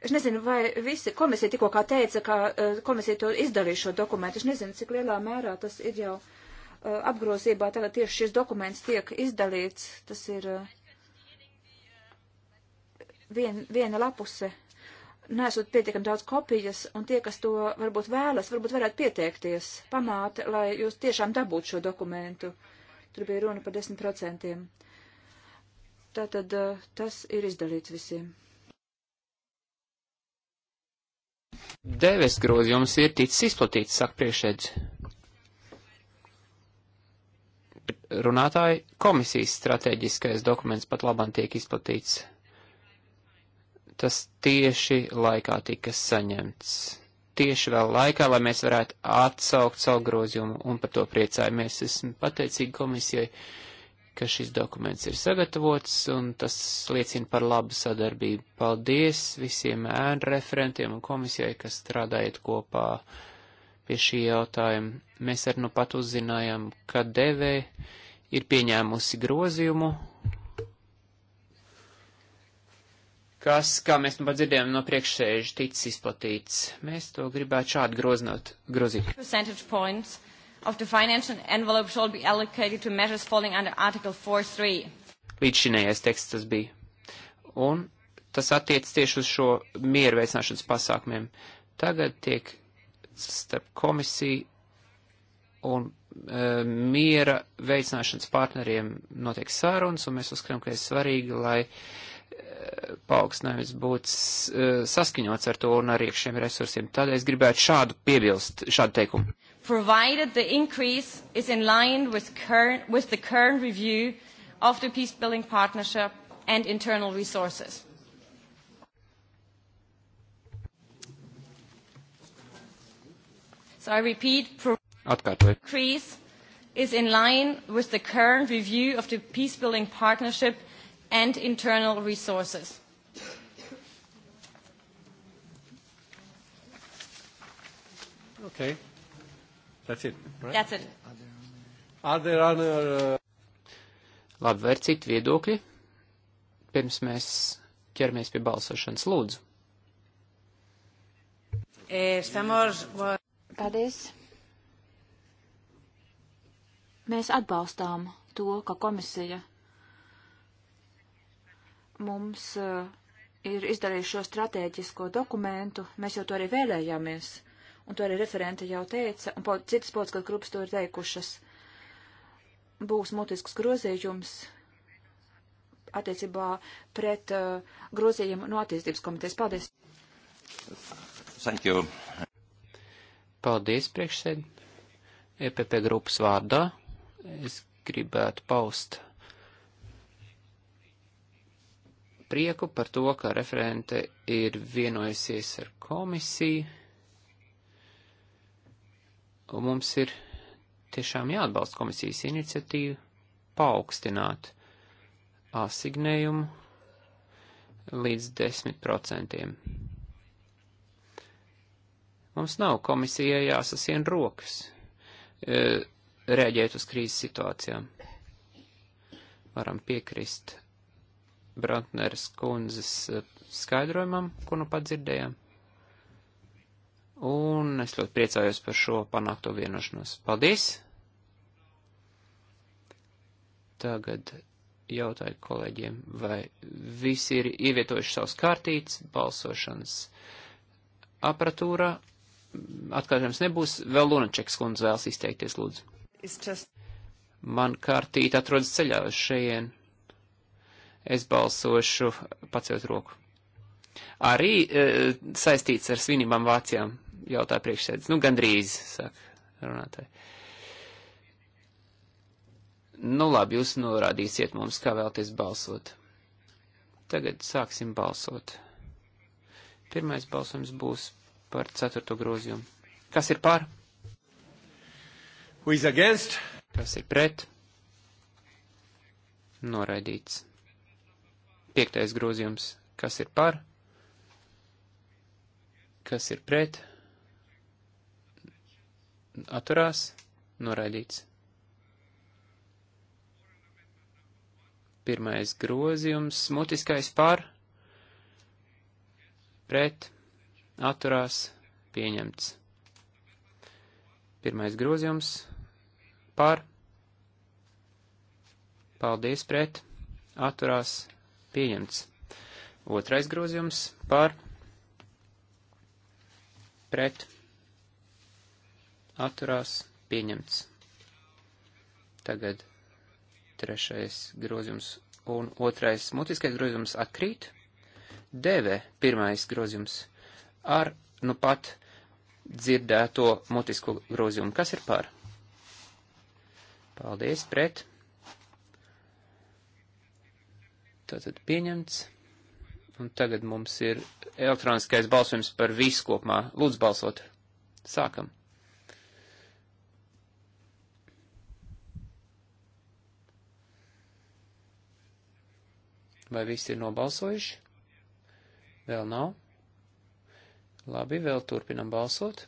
Es nezinu, vai visi komisija tikko kā teica, ka uh, komisija to izdarīja šo dokumentu. Es nezinu, cik lielā mērā tas ir jau. Uh, Eh, apgrozībā tagad tieši šis dokuments tiek izdalīts. Tas ir eh, vien, viena lapuse. Nesot pietiekami daudz kopijas, un tie, kas to varbūt vēlas, varbūt varētu pieteikties, pamāt, lai jūs tiešām dabūtu šo dokumentu. Tur bija runa par 10%. Tātad eh, tas ir izdalīts visiem. Deves grozījums ir ticis izplatīts, saka priekšēdz runātāji, komisijas strateģiskais dokuments pat labam tiek izplatīts. Tas tieši laikā tika saņemts. Tieši vēl laikā, lai mēs varētu atsaukt savu grozījumu, un par to priecājamies. Esmu pateicīgi komisijai, ka šis dokuments ir sagatavots, un tas liecina par labu sadarbību. Paldies visiem ēnu referentiem un komisijai, kas strādājat kopā pie šī jautājuma. Mēs arī nu pat uzzinājām, ka DV ir pieņēmusi grozījumu, kas, kā mēs nu pat dzirdējām, no priekšsēža ticis izplatīts. Mēs to gribētu šādi groznot, grozīt. of the financial envelope shall be allocated to measures falling under Article 4.3. Līdzšinējais teksts tas bija. Un tas attiec tieši uz šo mieru veicināšanas pasākumiem. Tagad tiek starp komisiju un e, miera veicināšanas partneriem notiek sarunas, un mēs uzskatām, ka ir svarīgi, lai e, paaugstinājums būtu e, saskaņots ar to un ar iekšiem resursiem. Tādēļ es gribētu šādu piebilst, šādu teikumu. Provided the increase is in line with, current, with the current review of the peace building partnership and internal resources. So I repeat, Atkārtoju. increase is in line with the current review of the peace-building partnership and internal resources. Okay. That's it, right? That's it. Are there other... Uh, Labi, vai ir citi viedokļi? Pirms mēs ķeramies pie balsošanas, lūdzu. Eh, estamos... Paldies! Mēs atbalstām to, ka komisija mums uh, ir izdarījuši šo strateģisko dokumentu. Mēs jau to arī vēlējāmies, un to arī referente jau teica, un citas politiskās grupas to ir teikušas. Būs mutisks grozījums attiecībā pret uh, grozījumu no attīstības komitejas. Paldies! Thank you. Paldies, priekšsēd. EPP grupas vārdā es gribētu paust prieku par to, ka referente ir vienojusies ar komisiju. Un mums ir tiešām jāatbalsta komisijas iniciatīva paaugstināt asignējumu līdz 10%. Mums nav komisijai jāsasien rokas e, rēģēt uz krīzes situācijām. Varam piekrist Brantneres kundzes e, skaidrojumam, ko nu pat dzirdējām. Un es ļoti priecājos par šo panākto vienošanos. Paldies! Tagad jautāju kolēģiem, vai visi ir ievietojuši savus kārtītes balsošanas apatūrā atkārtojums nebūs. Vēl Lunačeks kundze vēlas izteikties, lūdzu. Just... Man kārtīt atrodas ceļā uz šajien. Es balsošu pacelt roku. Arī e, saistīts ar svinībām Vācijām, jautā priekšsēdus. Nu, gandrīz, saka runātāji. Nu, labi, jūs norādīsiet mums, kā vēlties balsot. Tagad sāksim balsot. Pirmais balsojums būs par ceturto grozījumu. Kas ir par? Who is against? Kas ir pret? Noraidīts. Piektais grozījums. Kas ir par? Kas ir pret? Atturās. Noraidīts. Pirmais grozījums. Mutiskais par? Pret? atturās pieņemts. Pirmais grozījums par, paldies pret, atturās pieņemts. Otrais grozījums par, pret, atturās pieņemts. Tagad trešais grozījums un otrais mutiskais grozījums atkrīt. Deve pirmais grozījums ar nu pat dzirdēto mutisku grozījumu. Kas ir par? Paldies, pret. Tātad pieņemts. Un tagad mums ir elektroniskais balsojums par visu kopumā. Lūdzu, balsot. Sākam. Vai visi ir nobalsojuši? Vēl nav. Labi, vēl turpinam balsot.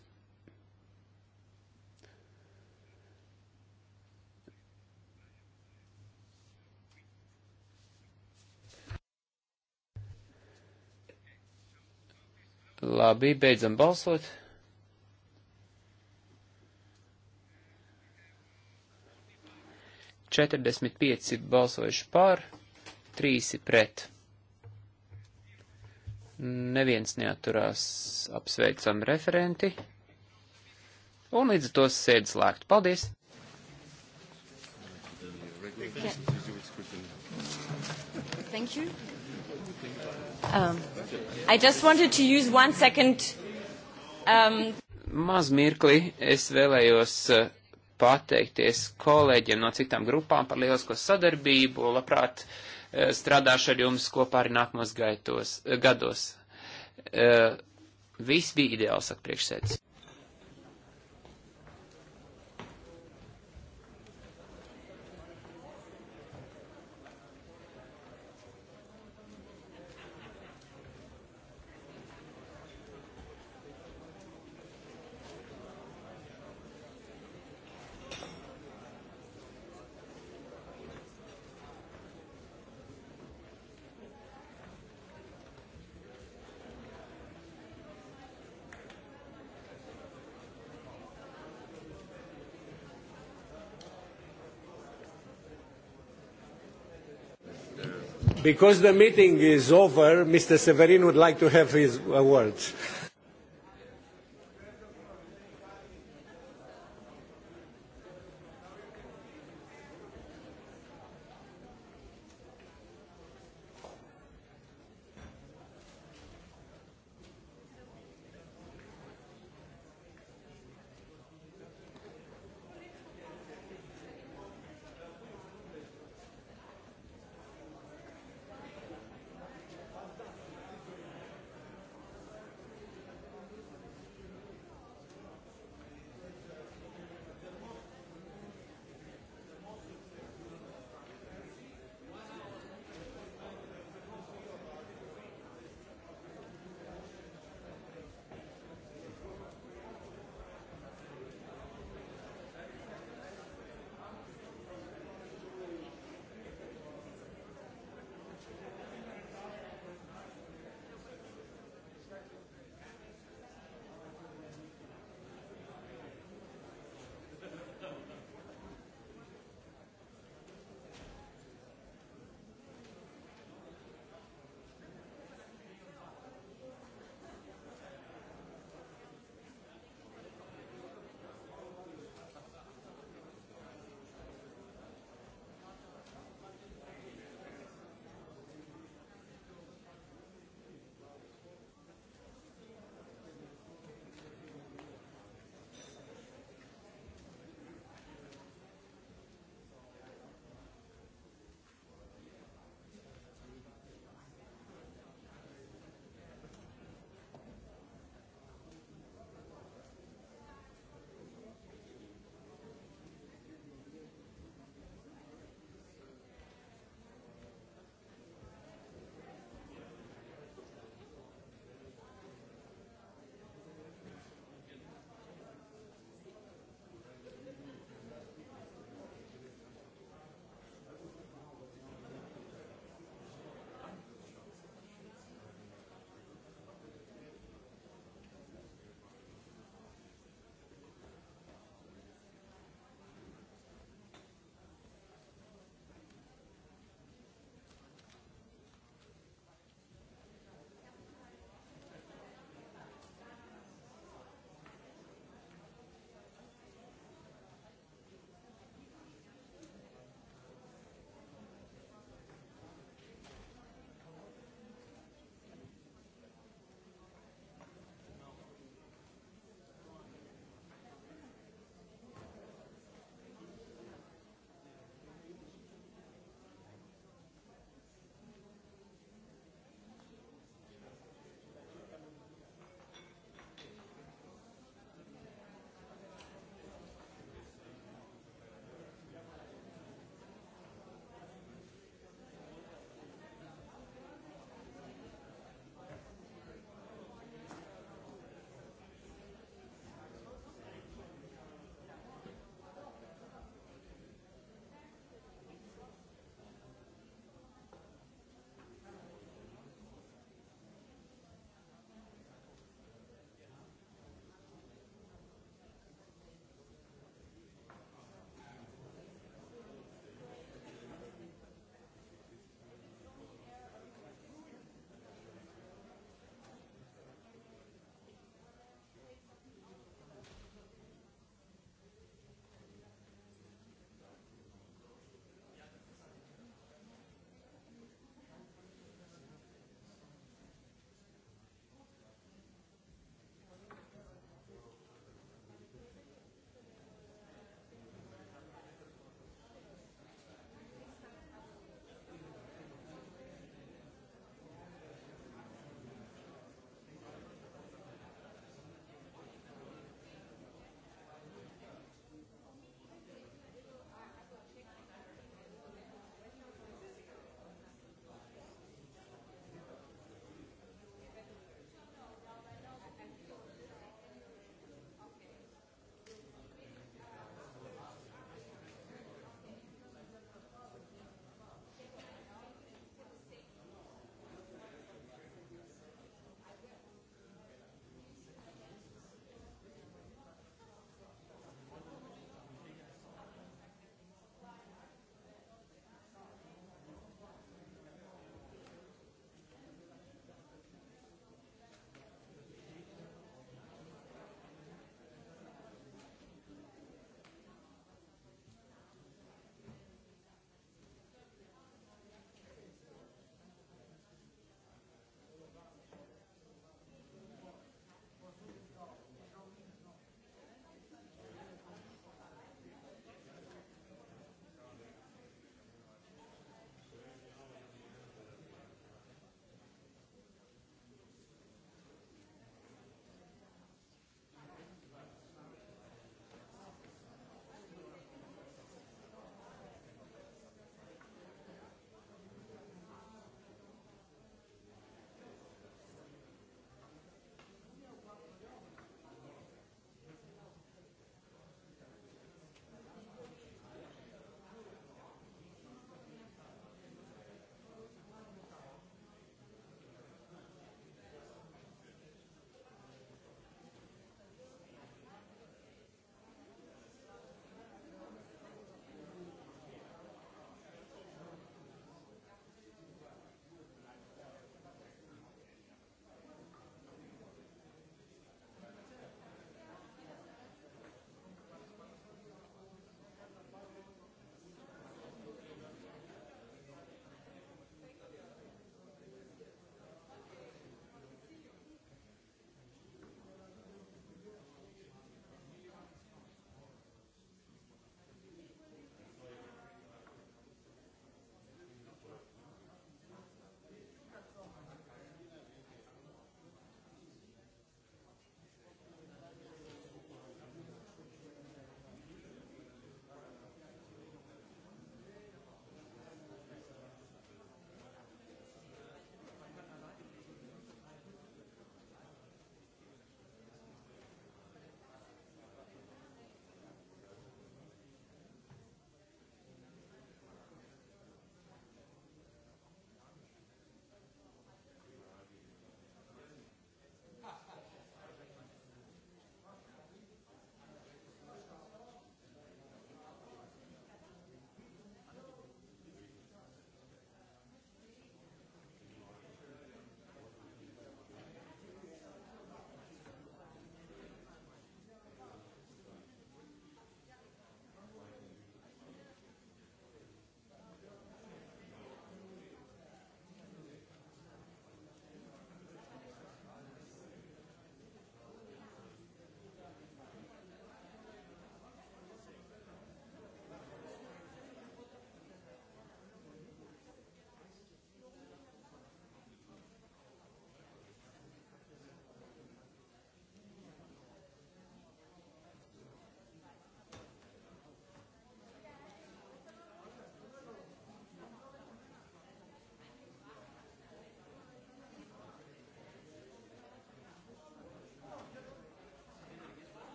Labi, beidzam balsot. Četrdesmit pieci balsojuši pār, trīsi pret neviens neaturās apsveicam referenti. Un līdz ar to sēdz slēgt. Paldies! Yeah. Thank you. Um, I just wanted to use one second. Um... Maz mirkli es vēlējos uh, pateikties kolēģiem no citām grupām par lielisko sadarbību. Labprāt, uh, Eh, strādāšu ar jums kopā arī nākamos gaitos, eh, gados. Eh, viss bija ideāls, saka priekšsēdis. Because the meeting is over, Mr. Severin would like to have his uh, words.